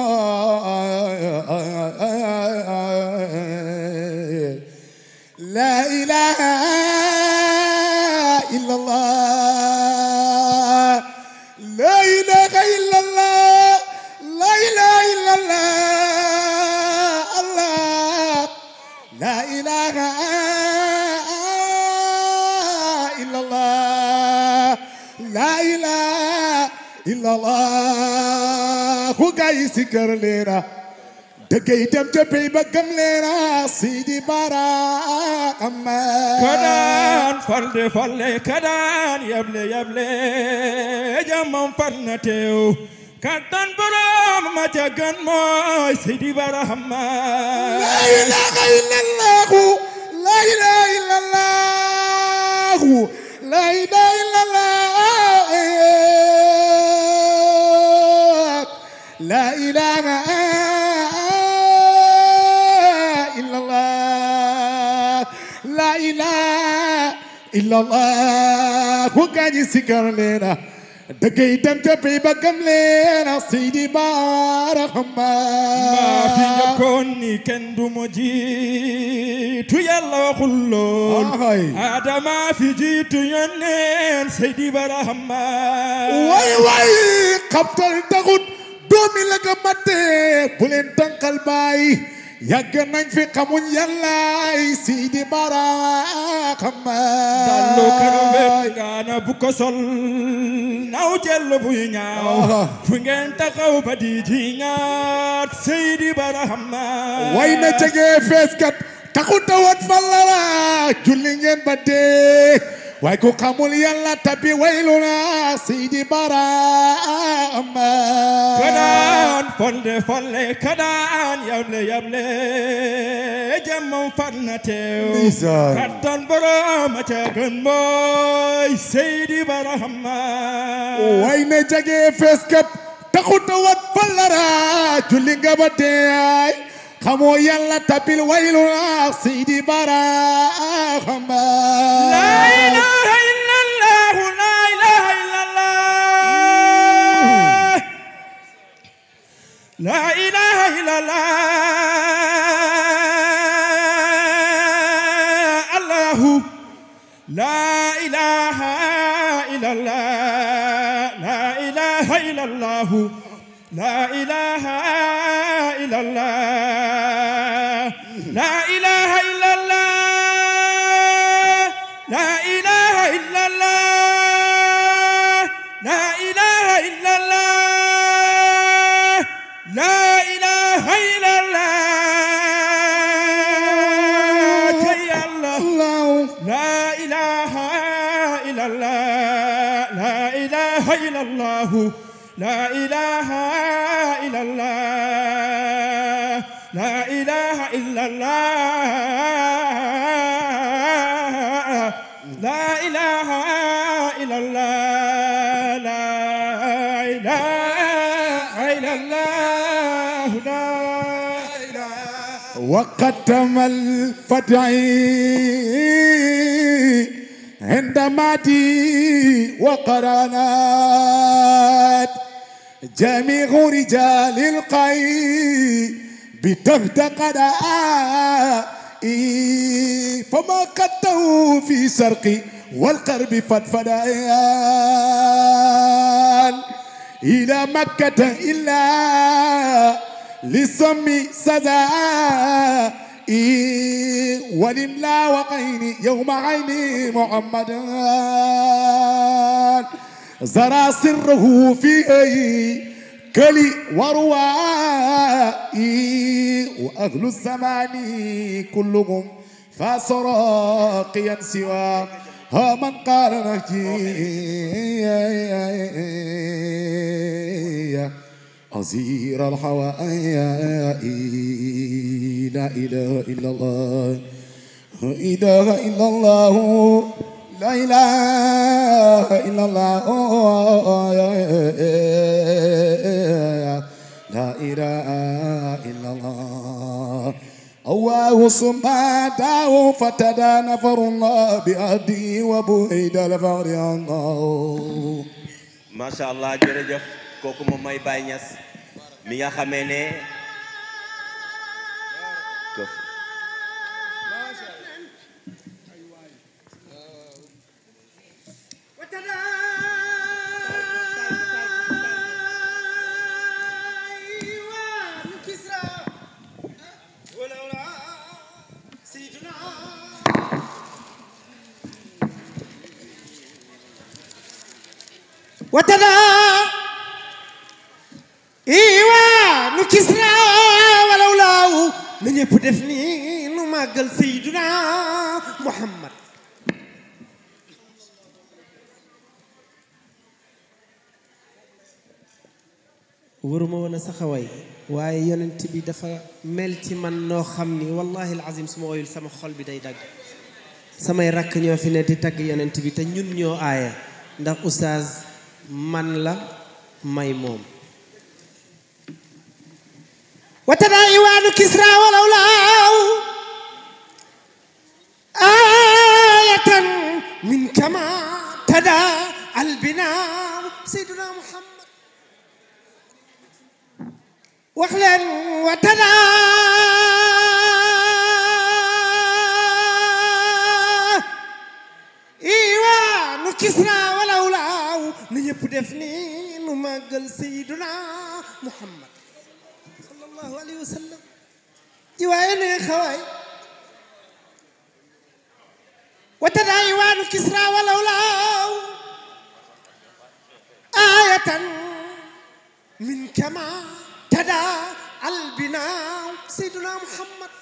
kër leena dëggay dem ca pey ba gëm leena Sidi Bara amma kadaan fal de falle kadaan yable yable jamam fal na teew kattan borom ma ca gën mooy Sidi Bara amma la ilaha illallahu illallah ku gaañi sikar leena dëggay dem ca pey leena seydi baarahma maa fi njëkkoon ni kenn du ma jiitu yàlla waxul lool ah, adama fi jiitu yonneen seydi baarahma way way xabtal taxut doomi la ka bu leen tànkal bàyyi yàgg nañ fi xamuñ yàllaay Sidi Baraxama dallu karambe gaana bu ko sol naw jël buy ñaaw fu ngeen taxaw ba di ji ñaat Sidi Baraxama way na jege fees kat taxu tawat fallala julli ngeen ba waaye ku xamul yàlla tabi wayluna sidi barama kadaan folle folle kadaan yable yable jammam far na teew kattan borom ca gën mooy sidi barama way na jage fees këpp taxut a wat fallara ba teey xamoo la seydi bara xamba الله لا إله إلا الله لا إله إلا الله لا إله إلا الله لا إله إلا الله لا إله وقد تم الفتح عندماتي وقرانات جميع رجال القي بتفتقد فما قدته في سرقي والقرب فدفدان إلى مكة إلا لسمي سزا ولن لا وقين يوم عيني محمدا زرى سره في أي كلي وروائي وأهل الزمان كلهم فسراقيا سوى ها من قال نهجي أزير الحوائي لا إله إلا الله لا إله إلا الله لا إله إلا الله لا إله إلا الله الله سمعته فتدى نفر الله بأهدي وبعيد الفقر عنه ما شاء الله جرجف kooku moom mooy Baye Niass mi nga xamee ne watana iwa nu kisra walaw laaw na ñëpp def ni nu màggal sayduna muhammad waruma woon a saxawaay waaye yonent bi dafa mel ci man noo xam ni wallahi alazim su ma woyul sama xol bi day dagg samay rakk ñoo fi ne di tagg yonent bi te ñun ñoo aaya ndax oustaz man la may moom وتدا إيوان كسرى ولولاو آية من كما تدا البناء سيدنا محمد وخلا وتدا إيوان كسرى ولولاو نيب دفني نمجل سيدنا محمد sallallahu alayhi wa sallam jiwaaye ne xawaay watadaa iwaanu kisra walaw laaw aayatan min kama tadaa albinaaw sayduna muhammad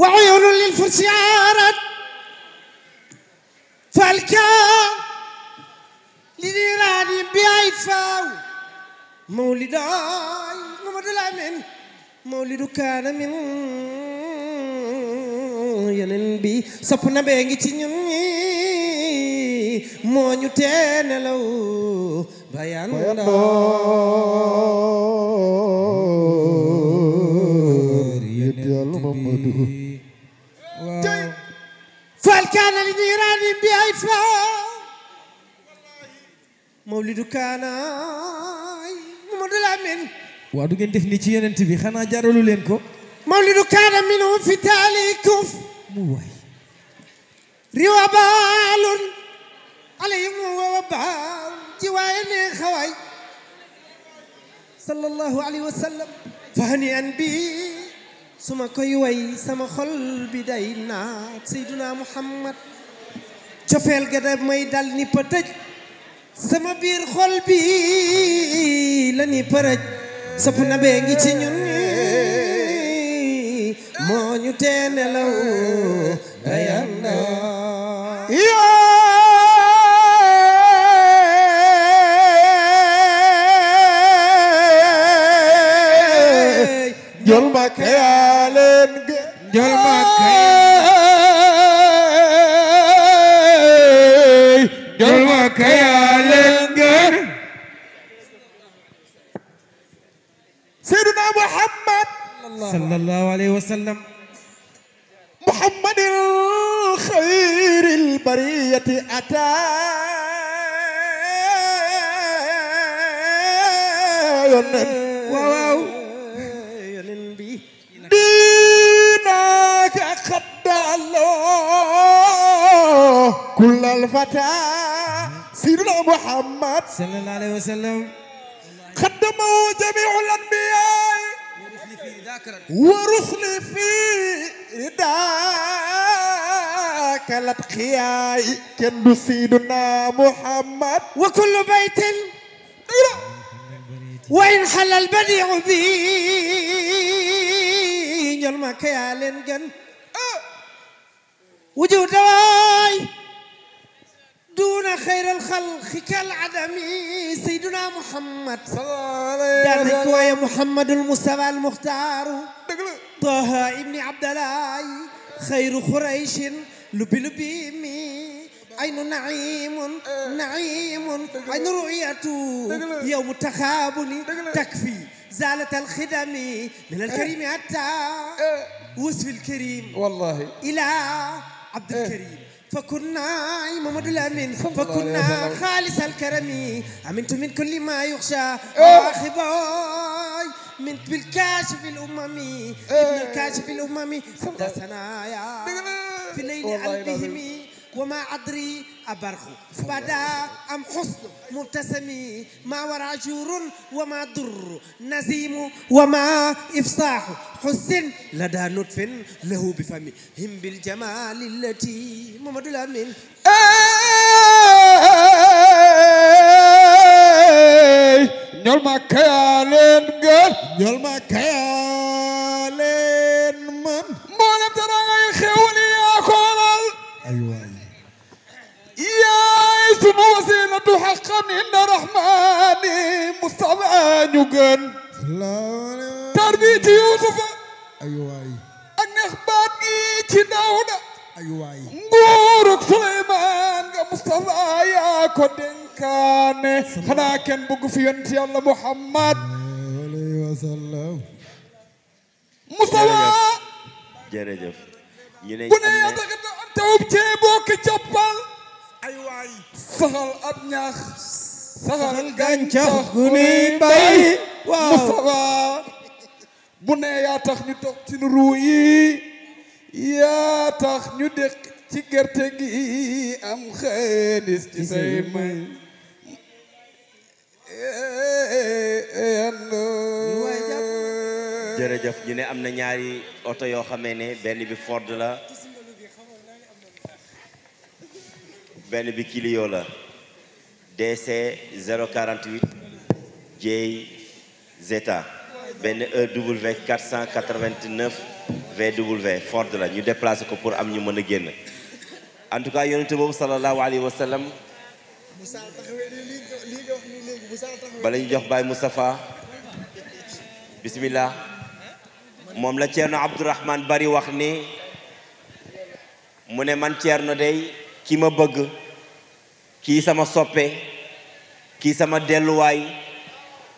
wa uyunu lil fursi aarat falka li niiraani bi ay faaw مولد محمد الأمين مولد bi sopp na bee ci ñun moo ñu tee nelaw bayandoor yal li niiraani bi ay min waaw du ngeen def ni ci yeneen bi xanaa jaralu leen ko mawlidu kaana minhu fi taali kuf mu waay riwa baalun alayhim wa baal ji waaye ne xawaay sallallahu alayhi wa sallam fa hani an bi su ma koy way sama xol bi day naat sayduna muhammad cofeel ga da may dal ni patëj sama biir xol bi la ni përëj sopp na bee ngi ci ñun moo ñu tee nelaw dayanda jol ma kayaleen jol ma صلى الله عليه وسلم محمد الخير البرية أتى واو دينك خد الله كل الفتى سيدنا محمد صلى الله عليه وسلم خدمه جميع الأنبياء ورثني في رداك لتقياي كن سيدنا محمد وكل بيت وإن حل البديع بي يلمك يا لنجن وجوداي duuna xayral xalqi kal adami sayduna muhammad daan nañ ko waaye muhammadul mustafa al muxtaaru taha ibni abdalaay xayru xurayshin lubi lubi mi aynu naimun naimun aynu ru'yatu yowmu taxaabuni takfi zaalat al xidami min al karimi hatta wasfi al karim wallahi ila abdul karim فكنا محمد الأمين فكنا خالص الكرم أمنت من كل ما يخشى أخباي من بالكاشف الأممي ابن الكاشف الأممي سبت سنايا في ليل قلبهم وما أدري أبرخ بدا أم حسن مبتسمي ما ورع جور وما در نزيم وما إفصاح حسن لدى نطف له بفمي هم بالجمال التي محمد الأمين ñol ma kayaleen ngeen ñol ma kayaleen man mboolem dara ngay xewali yaa koolal ay waay yaay sunu wasilatu xaqan inda rahmani mustafa ñu gën tarbi ci yusufa ay waay ak neex baat ay waay nguuruk suleymaan nga mustafa yaa ko dénkaane xanaa kenn bëgg fi yonent yàlla muhammad alayhi wa sallam mustafa jërëjëf bu ne yaa taxit na am tawub cee ay waay ab ñax saxal gàncax gu bay waaw bu ne yaa tax ñu toog ci ruu yi yaa ñu dëkk ci gerte gi am xaalis ci say may jërëjëf ñu ne am na ñaari oto yoo xamee ne benn bi Ford la benn bi kiliyoo la DC 048 JZ benn EW 489 VW Ford la ñu déplacé ko pour am ñu mën a génn en tout cas yonente boobu sallallahu alayhi wa bala ñu jox Baye Moustapha bismillah moom la Ceerno Abdourahman Bari wax ni mu ne man Ceerno day ki ma bëgg kii sama soppe kii sama delluwaay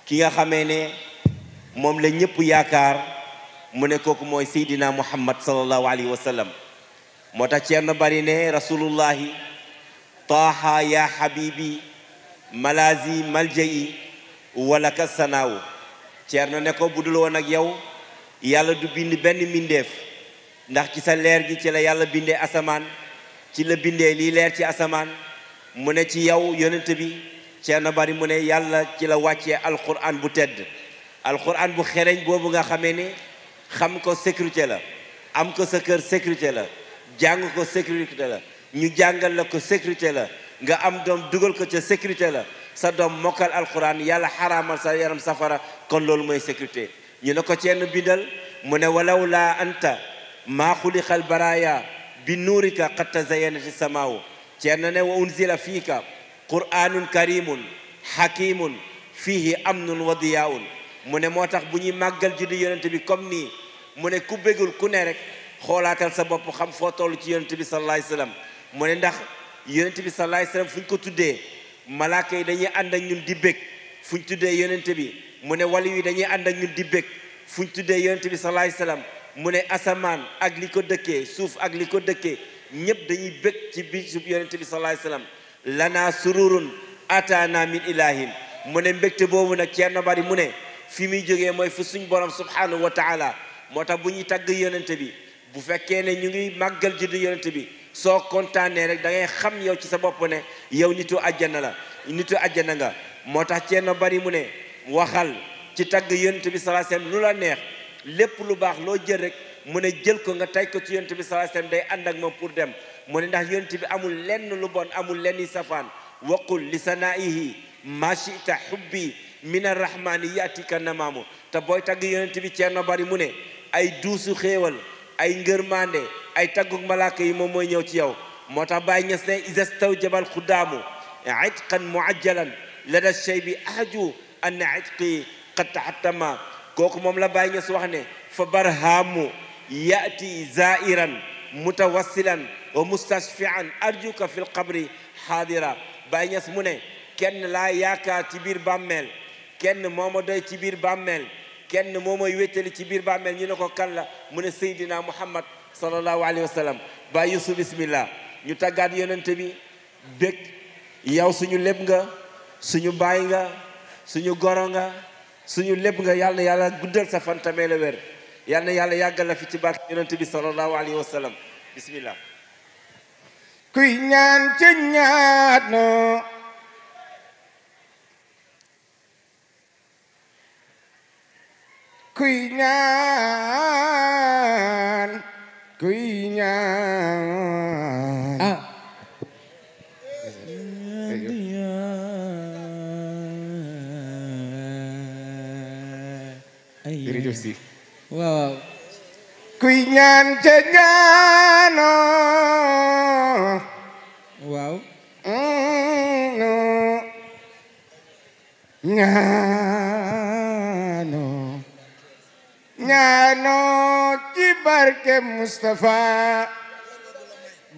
ki nga xamee ne moom la ñëpp yaakaar mu ne kooku mooy seydina muhammad sallallahu alayhi wa moo tax ceerno bari ne rasulullahi taaha ya habibi malazi malja'i wala ka sanaawu ceerno ne ko bu woon ak yow yàlla du bind benn mbindeef ndax ci sa leer gi ci la yàlla bindee asamaan ci la bindee lii leer ci asamaan mu ne ci yow yonent bi Ceerno Bari mu ne yàlla ci la wàccee alquran bu tedd alquran bu xereñ boobu nga xamee ni xam ko sécurité la am ko sa kër sécurité la jàng ko sécurité la ñu jàngal la ko sécurité la nga am doom dugal ko ca sécurité la sa doom mokkal alquran yàlla xaraamal sa yaram safara kon loolu mooy sécurité ñu ne ko ceen bindal mu ne walaw laa anta maa xuliqal baraaya bi nuurika qad tazayanati samaawu na ne wa unzila fiika qur'anun karimun hakimun fihi amnun wa diyaun mu ne moo tax bu ñuy màggal juddu yonent bi comme nii mu ne ku bégul ku ne rek xoolaatal sa bopp xam foo toll ci yonent bi sallallahu alayhi mu ne ndax yonent bi sallallahu alayhi wasallam fu ñu ko tuddee malaaka yi dañuy ànd ak ñun di bég fu ñu tuddee yonent bi mu ne wali yi dañuy ànd ak ñun di bég fu tuddee yonent bi sallallahu alayhi mu ne asamaan ak li ko dëkkee suuf ak li ko dëkkee ñëpp dañuy bëgg ci bisub yonente bi sallallahu alayhi wa sallam lana sururun ataana min ilahin mu ne mbégte boobu nag ceerno bari mu ne fi muy jógee mooy fu suñ borom subhanahu wa taala moo tax bu ñuy tàgg yonente bi bu fekkee ne ñu ngi màggal juddu yonente bi soo kontaanee rek dangay xam yow ci sa bopp ne yow nitu àjjana la nitu àjjana nga moo tax ceerno bari mu ne waxal ci tàgg yonente bi sallallahu alayhi wa lu la neex lépp lu baax loo jël rek mu ne jël ko nga tey ko ci yonent bi sallallahu alayhi day ànd ak moom pour dem mu ne ndax yonent bi amul lenn lu bon amul lenn safaan waqul li sanaihi ma shita hubbi min arrahmani yaatika namaamu te booy tagg yonent bi ceerno bari mu ne ay duusu xéewal ay ngërmande ay tagguk malaaka yi moom mooy ñëw ci yow moo tax bàyyi ñes ne istaw jabal xuddaamu itqan muajjalan lada chey bi ahaju an itqi qad taxattama kooku moom la bàyyi ñes wax ne fa barhaamu yati zairan mutawassilan wa mustashfian arjuka fi lqabri xaadira Baay Ñas mu ne kenn laa yaakaar ci biir bàmmeel kenn moo ma doy ci biir bàmmeel kenn moo may wéttali ci biir bàmmeel ñu ne ko kalla la mu ne Seydina Muhammad sallallahu alayhi wa sallam Baay Yuusu bismillah ñu tàggaat yonente bi bég yow suñu lépp nga suñu baay nga suñu goro nga suñu lépp nga yàlla yàlla guddal sa fan tamee la wér yal na yàlla yàggal la fi ci barke yonent bi sallallahu alayhi wa sallam bismillah waaw kuy ñaan ca ñaano waaw ñaano ñaano ci barke Mustafa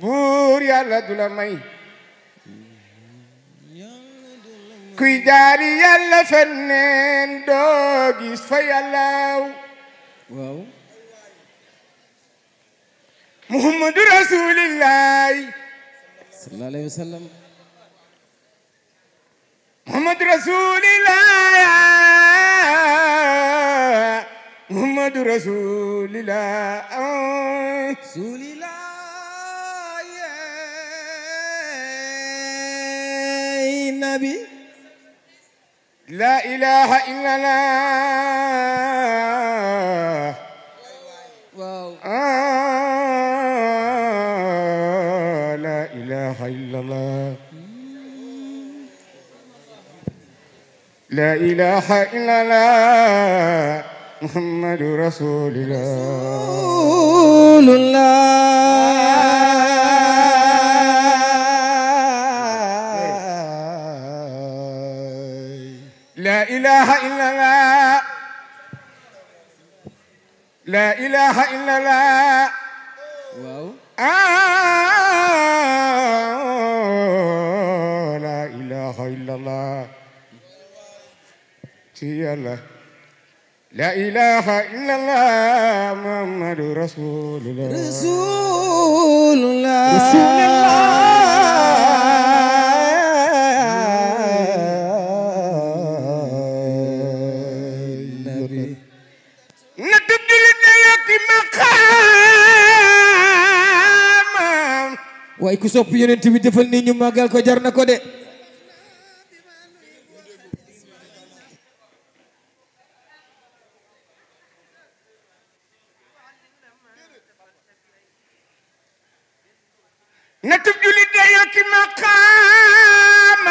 buur yàlla du la may kuy jaari yàlla feneen doo gis fa yàllaw waaw muhammadu rasulillahi sallallahu alayhi wa sallam muhammadu rasulillahi muhammadu rasulillahi nabi لا إله إلا الله آه لا إله إلا الله لا إله إلا الله محمد رسول الله رسول الله لا إله إلا الله لا إله إلا الله واو لا إله إلا الله تي الله لا إله إلا الله محمد رسول الله رسول الله رسول الله di maqaama waaye ku sopp yonent bi defal nii ñu màggal ko jar na ko de natub julit day yokki maqaamam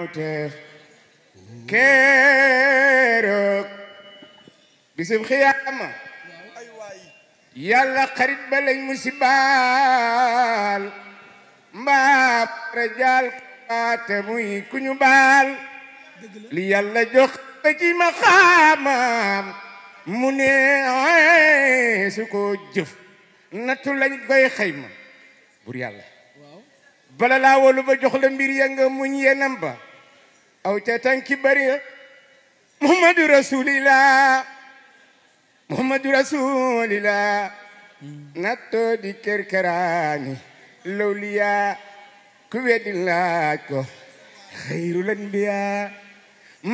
ñaawteef keroog bisub xiyaama yàlla xarit ba lañ musibaal mbaa rajaal te muy ku baal li yàlla jox ba ci ma xaamaam mu ne su ko jëf nattu lañ koy xayma bur yàlla bala laa wolu ba jox la mbir ya muñ yenam ba aw ca tànki bari na muhammadu rasulillah muhammadu rasulillah natto di kerkeraani lawliya ku weddi ko xayrul anbiya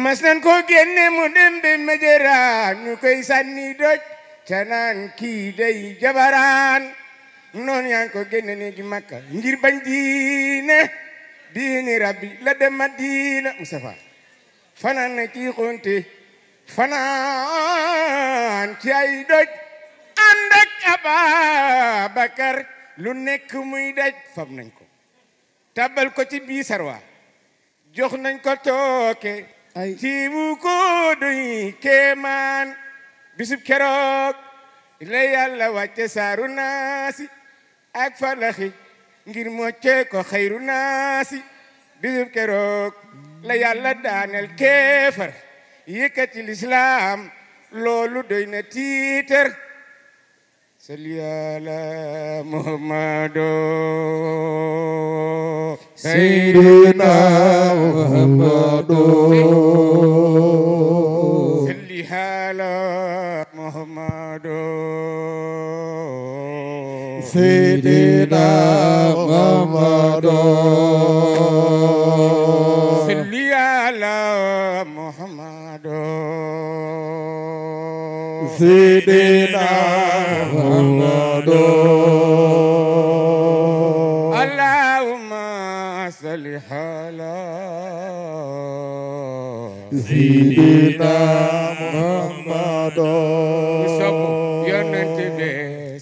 mas nan ko génne mu dembe mejeraan ñu koy sànni doj ca naan kii day jabaraan noonu yaa ngi ko génne ne gi makka ngir bañ diine diini rabbi la dem Madina Mustafa fanaan na ci fanaan ci ay doj ànd ak Ababakar lu nekk muy daj fab nañ ko tabal ko ci bii sarwa jox nañ ko tooke ci bu ko doy kéemaan bisub keroog la yàlla wàcce saaru naasi ak falaxi ngir moccee ko xayru naasi bisub keroog la yàlla daaneel kéefar yëkkati lislaam loolu doy na tiitër salli ala muhammado سيدنا محمد صلي على محمد سيدنا محمد اللهم صل على سيدنا محمد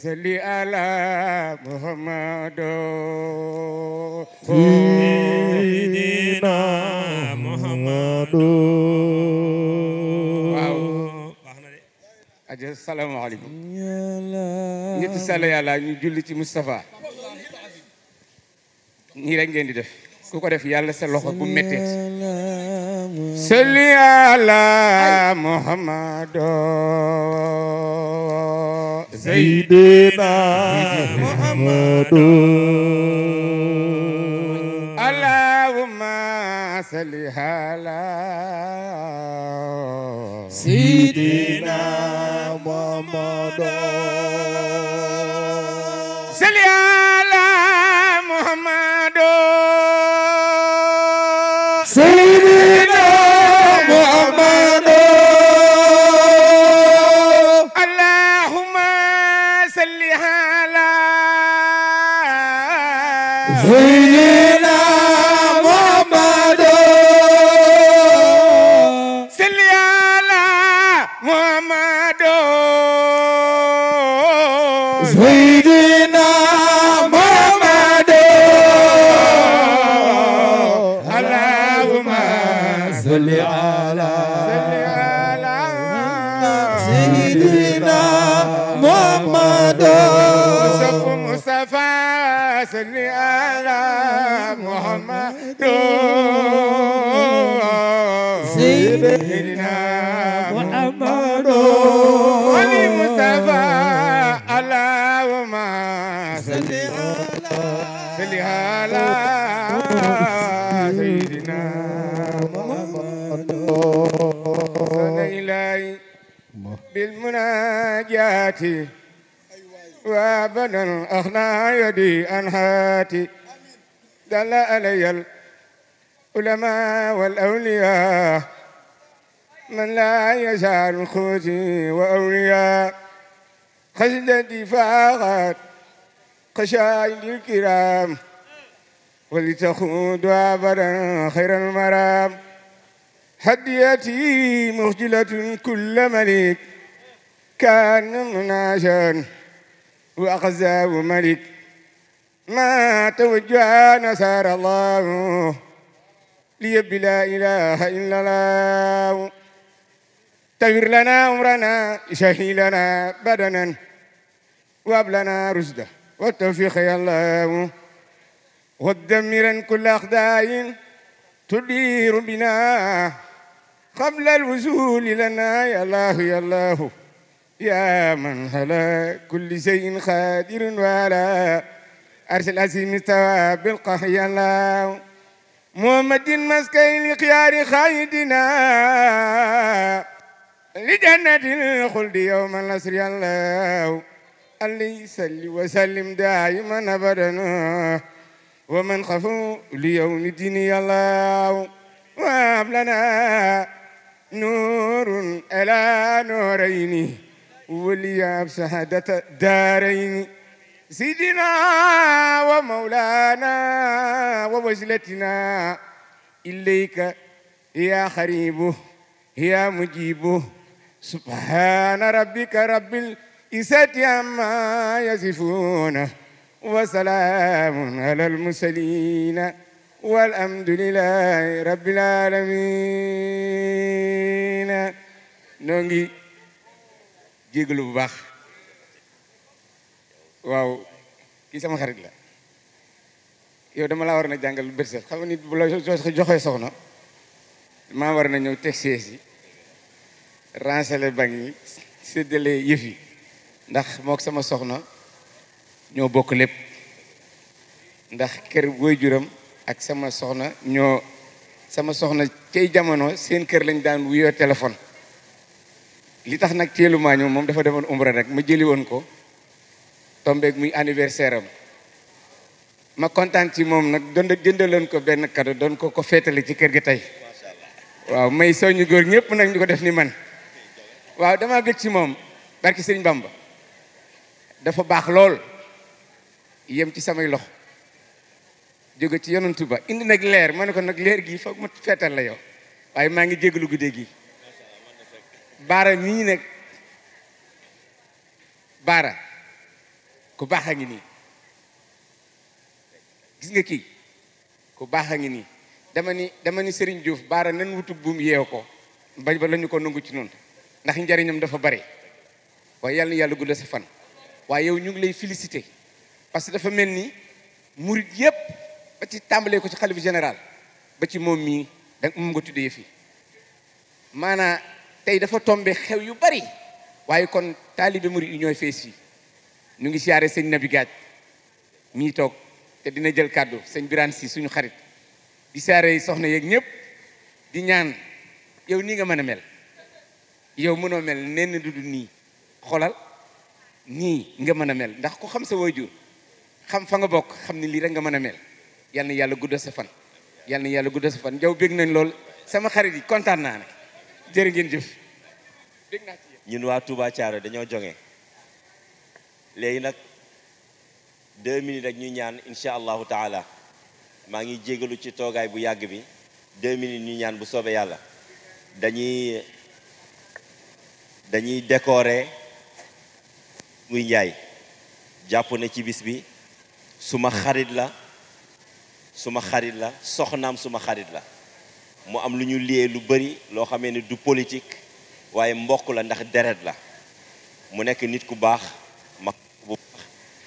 صل على محمد سيدنا محمد asalaamaaleykum ñetti sàll yàlla ñu julli ci Moustapha nii rek ngeen di def ku ko def yàlla sa loxo bu metteet salli ala Muhammad sayyidina Muhammad allahumma salli ala sayyidina Muhammad we need سيدنا محمد علي مصطفى اللهم صل على على سيدنا محمد صل إلهي بالمناجاة وابدا أخنا يدي أنهاتي دل علي العلماء والأولياء من لا يزال خوتي وأولياء خسدتي فاغت قشائد الكرام ولتخوض عبرا خير المرام هديتي مخجلة كل ملك كان مناشا وأخزاب ملك ما توجه نصر الله ليب لا إله إلا الله استغفر لنا عمرنا سهل لنا بدنا وهب لنا رشدا والتوفيق يا الله ودمرا كل أخداع تدير بنا قبل الوصول لنا يا الله يا الله يا من على كل شيء قادر وعلى أرش العزيم استوى بالقهر يا الله محمد مسكين لخيار خايدنا li jannatil xuldi yawma nasri allah alli salli wa sallim daayiman abadan wa man xafu li yawmi dini allah waab lana nuurun ala nuurayni waliyaab sahadata daarayni sidina wa mawlana wa wasilatina ilayka ya xaribu ya mujibu subhaana rabbika rabbil izzati amma yasifuuna wa salaamun alal mursaliina walhamdulillahi rabbil aalamiina noo ngi jéglu bu baax waaw kii sama xarit la yow dama laa war na jàngal bët set xam nga nit bu la joxee soxna maa war na ñëw teg seesi ransale bag yi séddale yëf ndax mook sama soxna ñoo bokk lépp ndax kër booy juram ak sama soxna ñoo sama soxna cey jamono seen kër lañ daan wuyoo téléphone li tax nag teelu maa ñëw moom dafa demoon umra rek ma jëli woon ko tombeeg muy anniversaire am ma kontaan ci moom nag doon jëndaloon ko benn cadeau doon ko ko féetale ci kër gi tey waaw may soññu góor ñëpp nag ñu ko def ni man waaw dama bëgg ci moom barki sëriñ Bamba dafa baax lool yem ci samay loxo jóge ci yonantu ba indi nag leer ma ne ko nag leer gi foog ma feetal la yow waaye maa ngi jégalu guddee gi baara nii nag baara ku baax a ngi gis nga kii ku baax a ngi nii dama ni dama ni sëriñ Diouf baara nan wutub buum yeew ko bañ ba la ko nangu ci noonu ndax njariñam dafa bari waaye yàlla na yàlla guddal sa fan waaye yow ñu ngi lay félicité parce que dafa mel ni murit yépp ba ci tàmbalee ko ci xalifa général ba ci moom mii da moom nga tuddee fii maanaa tey dafa tombe xew yu bari waaye kon taalibe murit yi ñooy fees yi ñu ngi siyaare sëñ Nabi Gaaj mii toog te dina jël kàddu sëñ Birane si suñu xarit di siyaare soxna yeeg ñëpp di ñaan yow nii nga mën a mel yow mënoo mel nenn du du nii xoolal nii nga mën a mel ndax ku xam sa jur xam fa nga bokk xam ni lii rek nga mën a mel yal na yàlla guddal sa fan yal na yàlla guddal sa fan jaw bég nañ lool sama xarit yi kontaan naa nag jërë ngeen jëf bég naa dañoo joŋee léegi nag deux minutes rek ñu ñaan incha allahu taala maa ngi jégalu ci toogaay bu yàgg bi deux minutes ñu ñaan bu soobee yàlla dañuy dañuy décorer muy njaay jàpp na ci bis bi suma xarit la suma xarit la soxnaam suma xarit la mu am lu ñu liyee lu bari loo xamee ne du politique waaye mbokk la ndax deret la mu nekk nit ku baax ma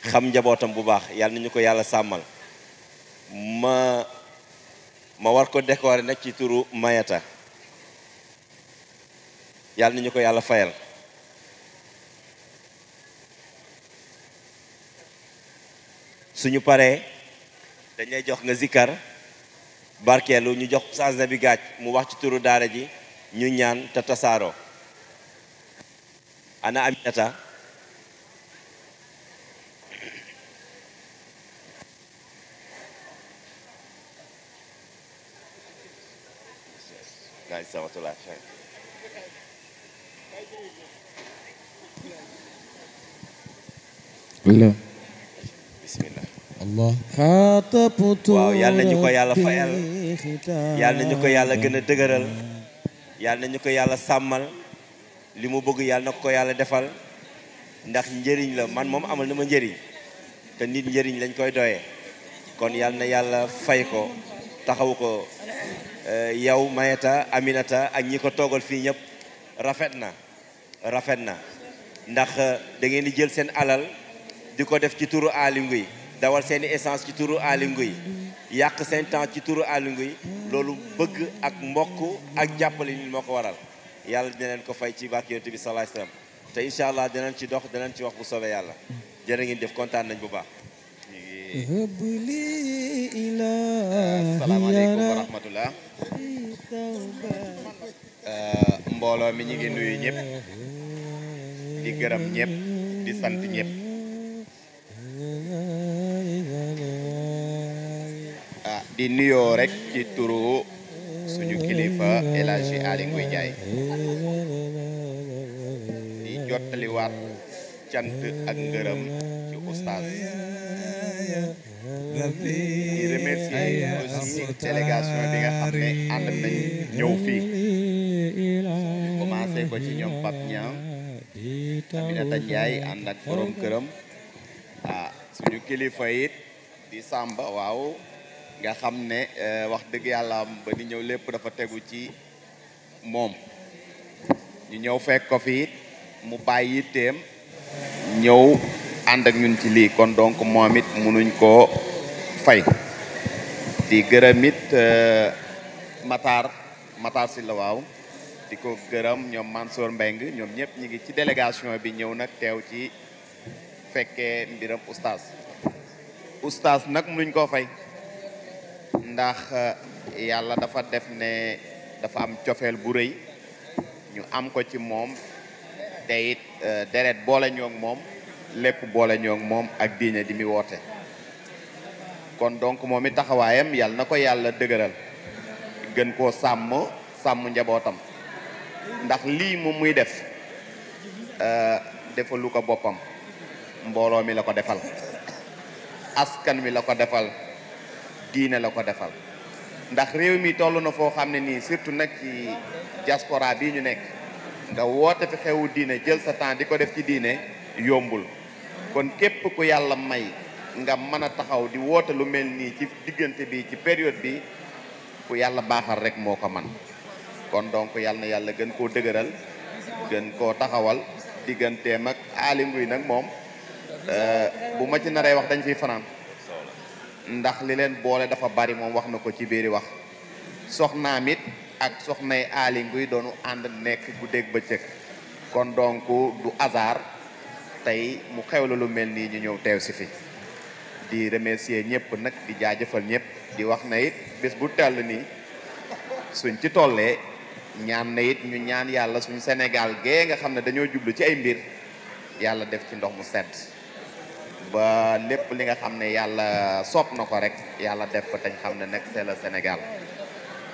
xam njabootam bu baax yàlla nañu ko yàlla sàmmal ma ma war ko décorer nag ci turu Mayata yàlla na ñu ko yàlla fayal suñu paree dañ lay jox nga zikkar barkeelu ñu jox Oustaz bi Gaaj mu wax ci turu daara ji ñu ñaan te tasaaroo ana Aminata bismillah allah waaw yal na ñu ko yàlla fayal yal na ñu ko yàlla gën a dëgëral yal na ñu ko yàlla sàmmal li mu bëgg yal na ko yàlla defal ndax njëriñ la man moom amal na ma njariñ te nit njëriñ lañ koy doye kon yal na yàlla fay ko taxaw ko eh, yow Mayeta Aminata ak ñi ko toogal fii ñëpp rafet na rafet na ndax eh, da di jël seen alal di ko def ci turu Aly Ngouille dawal seen i essence ci turu Aly Ngouille yàq seen temps ci turu Aly Ngouille loolu bëgg ak mbokk ak jàppale nit moo ko waral yàlla dina leen ko fay ci barke yonent bi sallallahu alayhi wasallam te incha allah dinañ ci dox dinañ ci wax bu soobee yàlla jërë ngeen def kontaan nañ bu baax. salaamaaleykum euh, mbooloo mi di nuyoo rek ci turu suñu kilifa El Hadj Aly Ngouille Ndiaye di jottaliwaat cant ak ngërëm ci oustaz di remercier aussi délégation bi nga ànd nañ ñëw fii ñu commencé ko ci ñoom Pape Niang Aminata Ndiaye ànd ak borom këram ah suñu kilifa it di Samba waaw nga xam ne euh, wax dëgg yàlla am ba di ñëw lépp dafa tegu ci moom ñu ñëw fekk ko fii mu bàyyi yitteem ñëw ànd ak ñun ci lii kon donc moom it mënuñ koo fay di gërëmit it euh, Matar Matar si la waaw di ko gërëm ñoom Mansour Mbeng ñoom ñëpp ñi ngi ci délégation bi ñëw nag teew ci fekkee mbiram oustaz oustaz nag mënuñ koo fay ndax eh, yàlla dafa def ne dafa am cofeel bu rëy ñu am ko ci moom te eh, deret boole ñoog moom lépp boole ñoog moom ak diine di muy woote kon donc moom i taxawaayam yàlla na ko yàlla dëgëral gën koo sàmm sàmm njabootam ndax lii moom muy def eh, defalu ko boppam mbooloo mi la ko defal askan wi la ko defal diine la ko defal ndax réew mi toll na foo xam ne nii surtout nag ci diaspora bii ñu nekk nga woote fi xewu diine jël sa temps di ko def ci diine yombul kon képp ku yàlla may nga mën a taxaw di woote lu mel nii ci diggante bi ci période bi ku yàlla baaxal rek moo ko man kon donc yàlla na yàlla gën koo dëgëral gën koo taxawal digganteem ak aalim yi nag moom euh, bu ma ci naree wax dañ fiy fanaan ndax li leen boole dafa bari moom wax na ko ci biiri wax soxnaam it ak soxnay aali nguy doonu ànd nekk guddeeg bëccëg kon donc du hasard tey mu xewla lu mel nii ñu ñëw teew si fi di remercier ñëpp nag di jaajëfal ñëpp di wax na it bés bu tàll nii suñ ci tollee ñaan na it ñu ñaan yàlla suñu Sénégal gee nga xam ne dañoo jublu ci ay mbir yàlla def ci ndox mu sedd ba lépp li nga xam ne yàlla sopp na ko rek yàlla def ko te xam ne nag c'est le Sénégal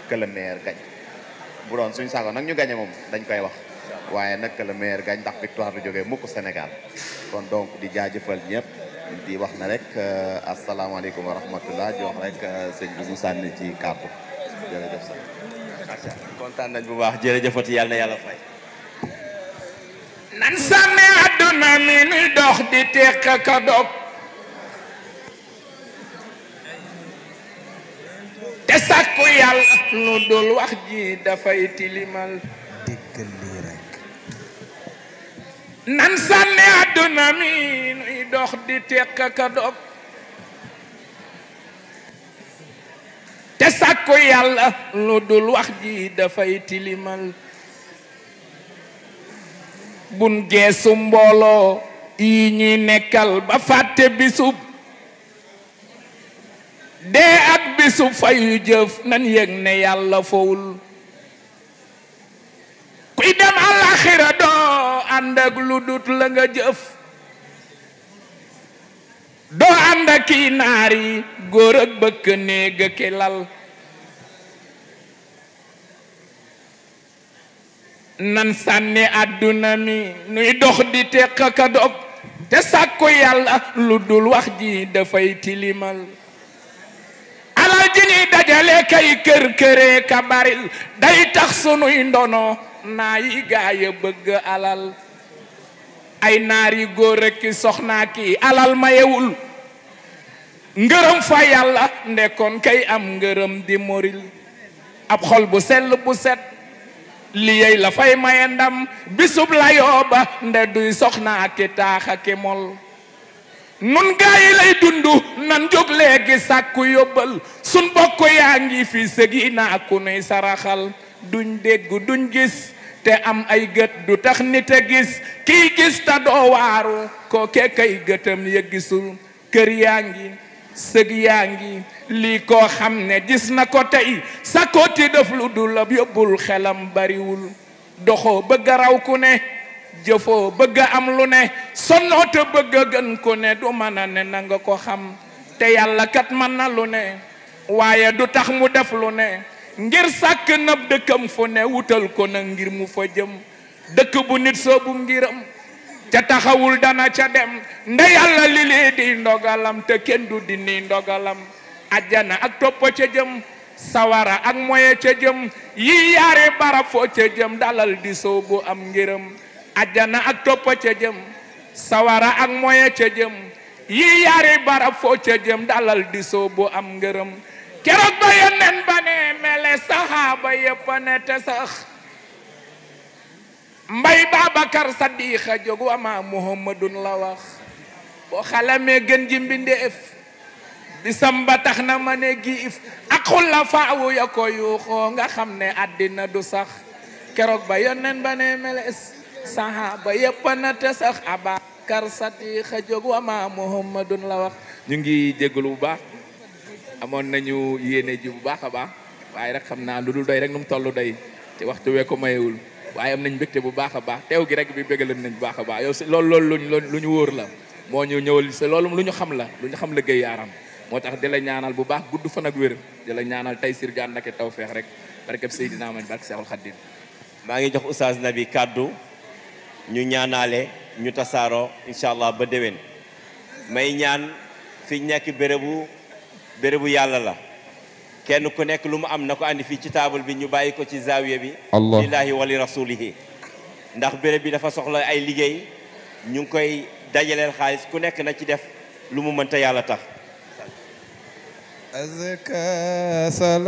que le meilleur bu doon suñu saako nag ñu gañe moom dañ koy wax waaye nag que le meilleur gagne ndax victoire du jógee mukk Sénégal kon donc di jaajëfal ñëpp di wax na rek euh, asalaamaaleykum wa rahmatullah di wax rek euh, sëñ bi mu sànni ci kàddu jërëjëf sax macha allah bu baax jërëjëfati yàlla yàlla fay. nan sànnee duna nan sànni àdduna mi nuy dox di teq ka dog te sàkku yàlla lu dul wax ji dafay tilimal bun geesu mbooloo yi ñuy nekkal ba fàtte bisub dee ak bisub fayu jëf nan yëg ne yàlla fowul kuy dem àlaxira doo ànd ak lu dut la nga jëf doo ànd ak kii naar yi góor ak bëkk néeg ki lal nan sànni àdduna mi nuy dox di teq ka dog te sàkku yàlla lu dul wax ji dafay tilimal alal ji ñuy dajale kay kër këree ka baril day tax sunuy ndono naa yi gaaya bëgg alal ay naar yi góor ak ki soxnaa ki alal mayewul ngërëm fa yàlla ndekoon kay am ngërëm di moril ab xol bu sell bu set liyey la fay maye ndam bisub la yooba nde duy soxna ki taaxa ki mol nun gaa lay dundu nan jóg léegi sàkku yóbbal sun bokk yaa ngi fi sëgi naa ku nuy saraxal duñ dégg duñ gis te am ay gët du tax nit a gis kiy gis ta doo waaru koo ke kay gëtam ya kër yaa ngi sëg yaa ngi lii koo xam ne gis na ko tey sa kooti def lu dul ab yóbbul xelam bariwul doxoo bëgg a raw ku ne jëfoo bëgg a am lu ne sonnoo te bëgg a gën ku ne du mën a ne na ko xam te yàlla kat mën na lu ne waaye du tax mu def lu ne ngir sàkk na dëkkam fu ne wutal ko na ngir mu fa jëm dëkk bu nit soobu ngiram te taxawul dana ca dem nda yàlla li lii ndogalam te kenn du di ndogalam ajjana ak toppa ca jëm sawara ak moye ca jëm yi yaari barab foo ca jëm dalal di soo bu am ngërëm ajjana ak topp ca jëm sawara ak moye ca jëm yi yaari barab foo ca jëm dalal di soo bu am ngërëm keroog ba yónneen ba ne mele saxaaba yëpp ne te sax mbay Babacar Sadiqa jóg wama muhammadun la wax boo xalamee gën ji mbindeef bisam ba tax na ma ne giif ak xulafaawu ya ko yuuxoo nga xam ne àddina du sax keroog ba yonnen ba ne meles sahaba yépp na te sax Abakar Sadiqa jóg wama muhammadun la wax ñu ngi jégalu bu baax amoon nañu yéene ji bu baax a baax waaye rek xam naa lu dul doy rek nu mu toll doy te waxtu wee ko mayewul waaye am nañ mbégte bu baax a baax teew gi rek bi bégalan nañ bu baax a baax yow si loolu loolu luñ lu ñu wóor la moo ñu ñëwal si loolu lu ñu xam la lu ñu xam la géey yaaram moo tax di la ñaanal bu baax gudd fan ak wér la ñaanal tey sir gaan nake taw feex rek barkeb Seydina Amane barke Seexul Xaddim maa ngi jox Oustaz Nabi kàddu ñu ñaanaale ñu tasaaroo incha allah ba déwén may ñaan fi nekk bérébu bérébu yàlla la kenn ku nekk lu mu am na ko andi fii ci taabal bi ñu bàyyi ko ci zaawiya bi lillahi wa li rasulihi ndax béréb bi dafa soxla ay liggéey ñu ngi koy dajaleel xaalis ku nekk na ci def lu mu mënta yàlla tax azka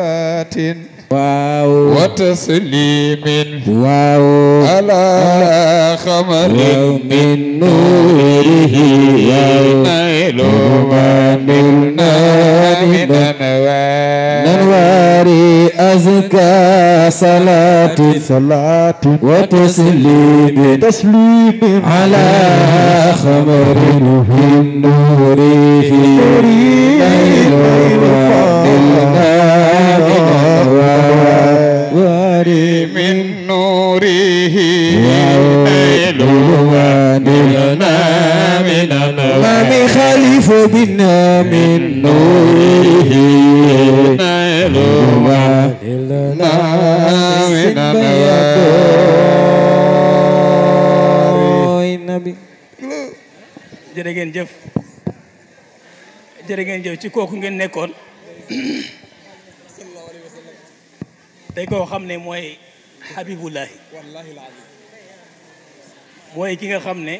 waaw wa ala xamari min nurihi waaw على صلاة صلاة وتسليم تسليم على خمر من نوره ليل من نوره ليل ونلنا من النار خليف بنا من نوره ليل jërë ngeen jëf jërë ngeen jëf ci kooku ngeen nekkoon day koo xam ne mooy Habibullahi mooy ki nga xam ne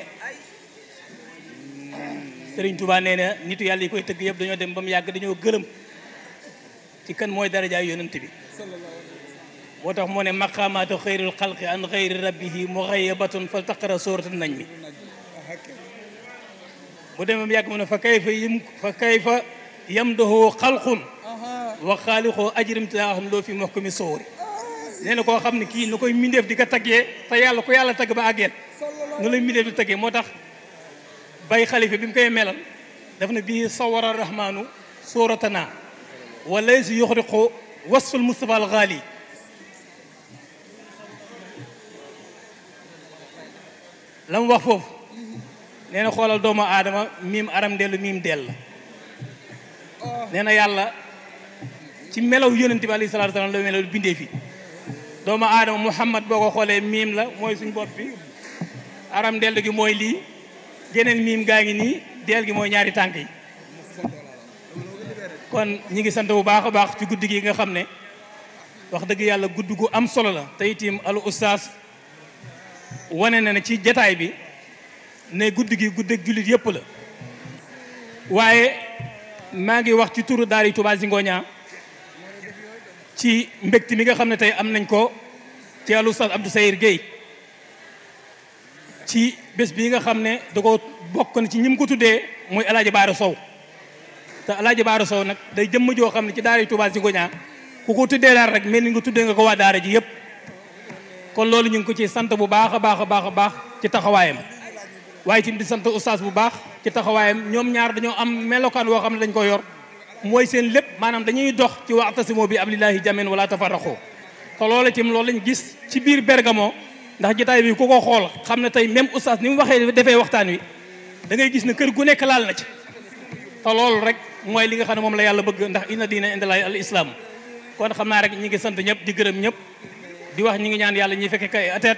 Serigne Touba nee na nitu yàlla yi koy tëgg yëpp dañoo dem ba mu yàgg dañoo gërëm ci kan mooy darajaayu yonent bi moo tax mu ne maqaamaatu xayril xalqi an xayri rabbihi muxayabatun fa taqra suuratu najmi mu demam yàgg mu ne fa kayfa yim fa kayfa yamdahu xalqun wa xaaliqoo ajrimtilaahum loo fi muxkumi suuri nee na koo xam ne kii nu koy mindeef di ko taggee te yàlla ku yàlla tagg ba àggeen nu lay mindeef di taggee moo tax bay xalifa bi mu koy melal daf na bii sawara rahmaanu sóoratana wa laysa yuxriqu wasful Moustapha al Ghali la mu wax foofu nee xoolal doomu aadama miim aram dellu miim dell nee na yàlla ci melaw yonent bi alayhi salaatu salaam la melaw bindee fi doomu aadama Muhammad boo ko xoolee miim la mooy suñ bopp bi aram gi mooy lii geneen miim gaa ngi nii del gi mooy ñaari tànk yi kon ñi ngi sant bu baax a baax ci guddi gi nga xam ne wax dëgg yàlla gudd gu am solo la te itim al ustaas wane na ne ci jataay bi ne guddi gi guddeeg jullit yépp la waaye maa ngi wax ci turu daari Touba Zingoña ci mbégti mi nga xam ne tey am nañ ko ci al ustaas Abdou Sayir Guèye ci bés bi nga xam ne da ko bokk na ci ñim ko tuddee muy El Hadj Baara Sow te alaaji Baara Sow nag day jëmm joo xam ne ci daara yi Touba Zingoña ku ko tuddee daal rek mel ni nga tuddee nga ko waa daara ji yëpp kon loolu ñu ngi ko ci sant bu baax a baax a baax a baax ci taxawaayam waaye tim di sant oustaz bu baax ci taxawaayam ñoom ñaar dañoo am melokaan woo xam ne dañ ko yor mooy seen lépp maanaam dañuy dox ci waxtasimo bi ablillahi jamen wala tafarraqo te loola tim loolu lañ gis ci biir Bergamo ndax jotaay bi ku ko xool xam ne tey même oustaz ni mu waxee defee waxtaan wi dangay gis ne kër gu nekk laal na ci te loolu rek mooy li nga xam ne moom la yàlla bëgg ndax inna diina indalaay al islam kon xam naa rek ñi ngi sant ñëpp di gërëm ñëpp di wax ñi ngi ñaan yàlla ñi fekke kay ateet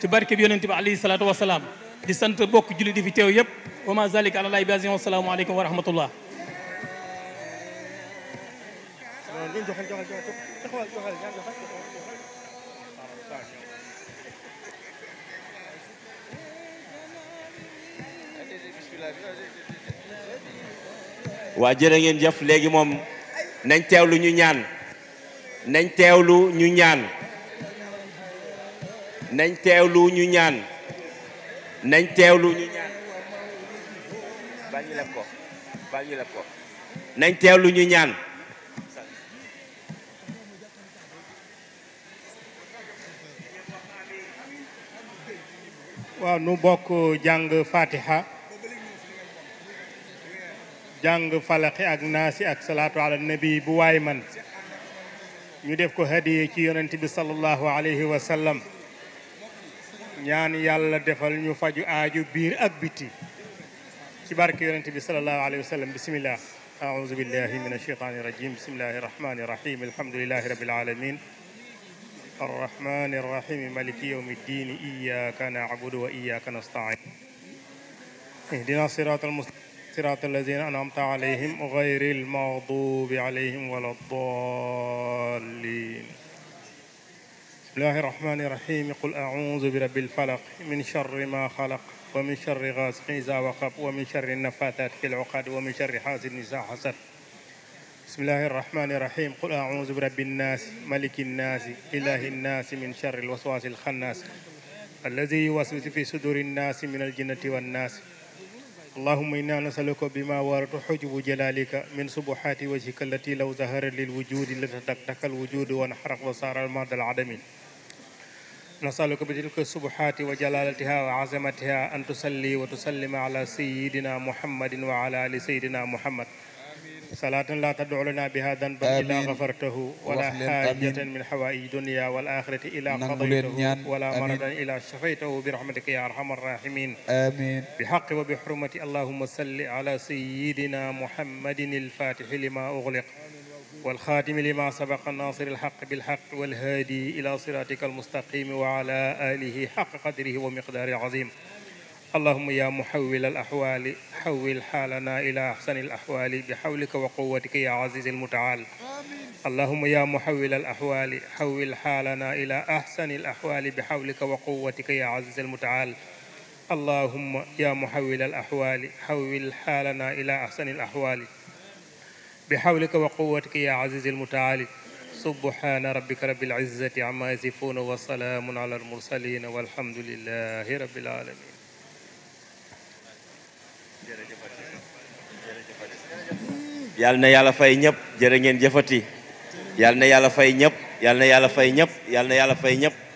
ci barke bi yonente bi alayhi salaatu wasalaam di sant bokk julli di fi teew yëpp wa ma zalika ala laahi bi aziim wasalaamu aleykum wa rahmatullah joxal waa jërë ngeen jëf léegi moom nañ teewlu ñu ñaan nañ teewlu ñu ñaan nañ teewlu ñu ñaan nañ teewlu ñu ñaan baa ñu leb ko baa ñu leb ko nañ teewlu ñu ñaan waaw nu bokk jàng fatiha jàng falaxi ak naasi ak salaatu ala nabi bu waay man ñu def ko hadiye ci yonent bi sallallahu alayhi wa sallam ñaan yàlla defal ñu faju aaju biir ak biti ci barke yonent bi sallallahu alayhi wa sallam bismillah أعوذ بالله من الشيطان الرجيم بسم الله الرحمن الرحيم الحمد لله رب العالمين الرحمن الرحيم مالك يوم الدين إياك نعبد وإياك نستعين اهدنا الصراط المستقيم صراط الذين أنعمت عليهم غير المغضوب عليهم ولا الضالين بسم الله الرحمن الرحيم قل أعوذ برب الفلق من شر ما خلق ومن شر غاسق إذا وقب ومن شر النفاثات في العقد ومن شر حاسد إذا حسد بسم الله الرحمن الرحيم قل أعوذ برب الناس ملك الناس إله الناس من شر الوسواس الخناس الذي يوسوس في صدور الناس من الجنة والناس اللهم إنا نسألك بما ورد حجب جلالك من سبحات وجهك التي لو ظهر للوجود لتدقدق الوجود وانحرق وصار المرض العدمي نسألك بتلك السبحات وجلالتها وعظمتها أن تصلي وتسلم على سيدنا محمد وعلى آل سيدنا محمد salaatan laa tad'u lanaa bihaa danban illaa gafartahu wala xaajatan min xawaaiji dunya wal aaxirati illaa qadaytahu wala maradan illaa shafaytahu bi rahmatika yaa arhamar raahimiin amiin bi xaqi wa bi xurmati allahumma salli ala sayyidina muhammadin al-faatixi limaa ughliq wal xaatimi limaa sabaqa naasiri al-xaqqi bil-xaqqi wal haadi ilaa siraatika al-mustaqiim wa ala aalihi xaqqa qadrihi wa miqdaarihi al-aziim allahuma ya muhawil al axwaali xawil xaalana ila axsani al axwaali bi xawlika wa quwatika ya aziz al mutaal allahuma ya muhawil al axwaali xawil xaalana ila axsani al axwaali bi xawlika wa quwatika ya aziz al mutaal allahuma ya muhawil al axwaali xawil xaalana ila axsani al axwaali bi xawlika wa quwatika ya aziz al mutaal subhaana rabbika rabbil izzati amma yasifuuna wa salaamun ala al mursaliina walhamdulillahi rabbil aalamiin yal na yàlla fay ñëpp jërë ngeen jëfati yal na yàlla fay ñëpp yal na yàlla fay ñëpp yal na yàlla fay ñëpp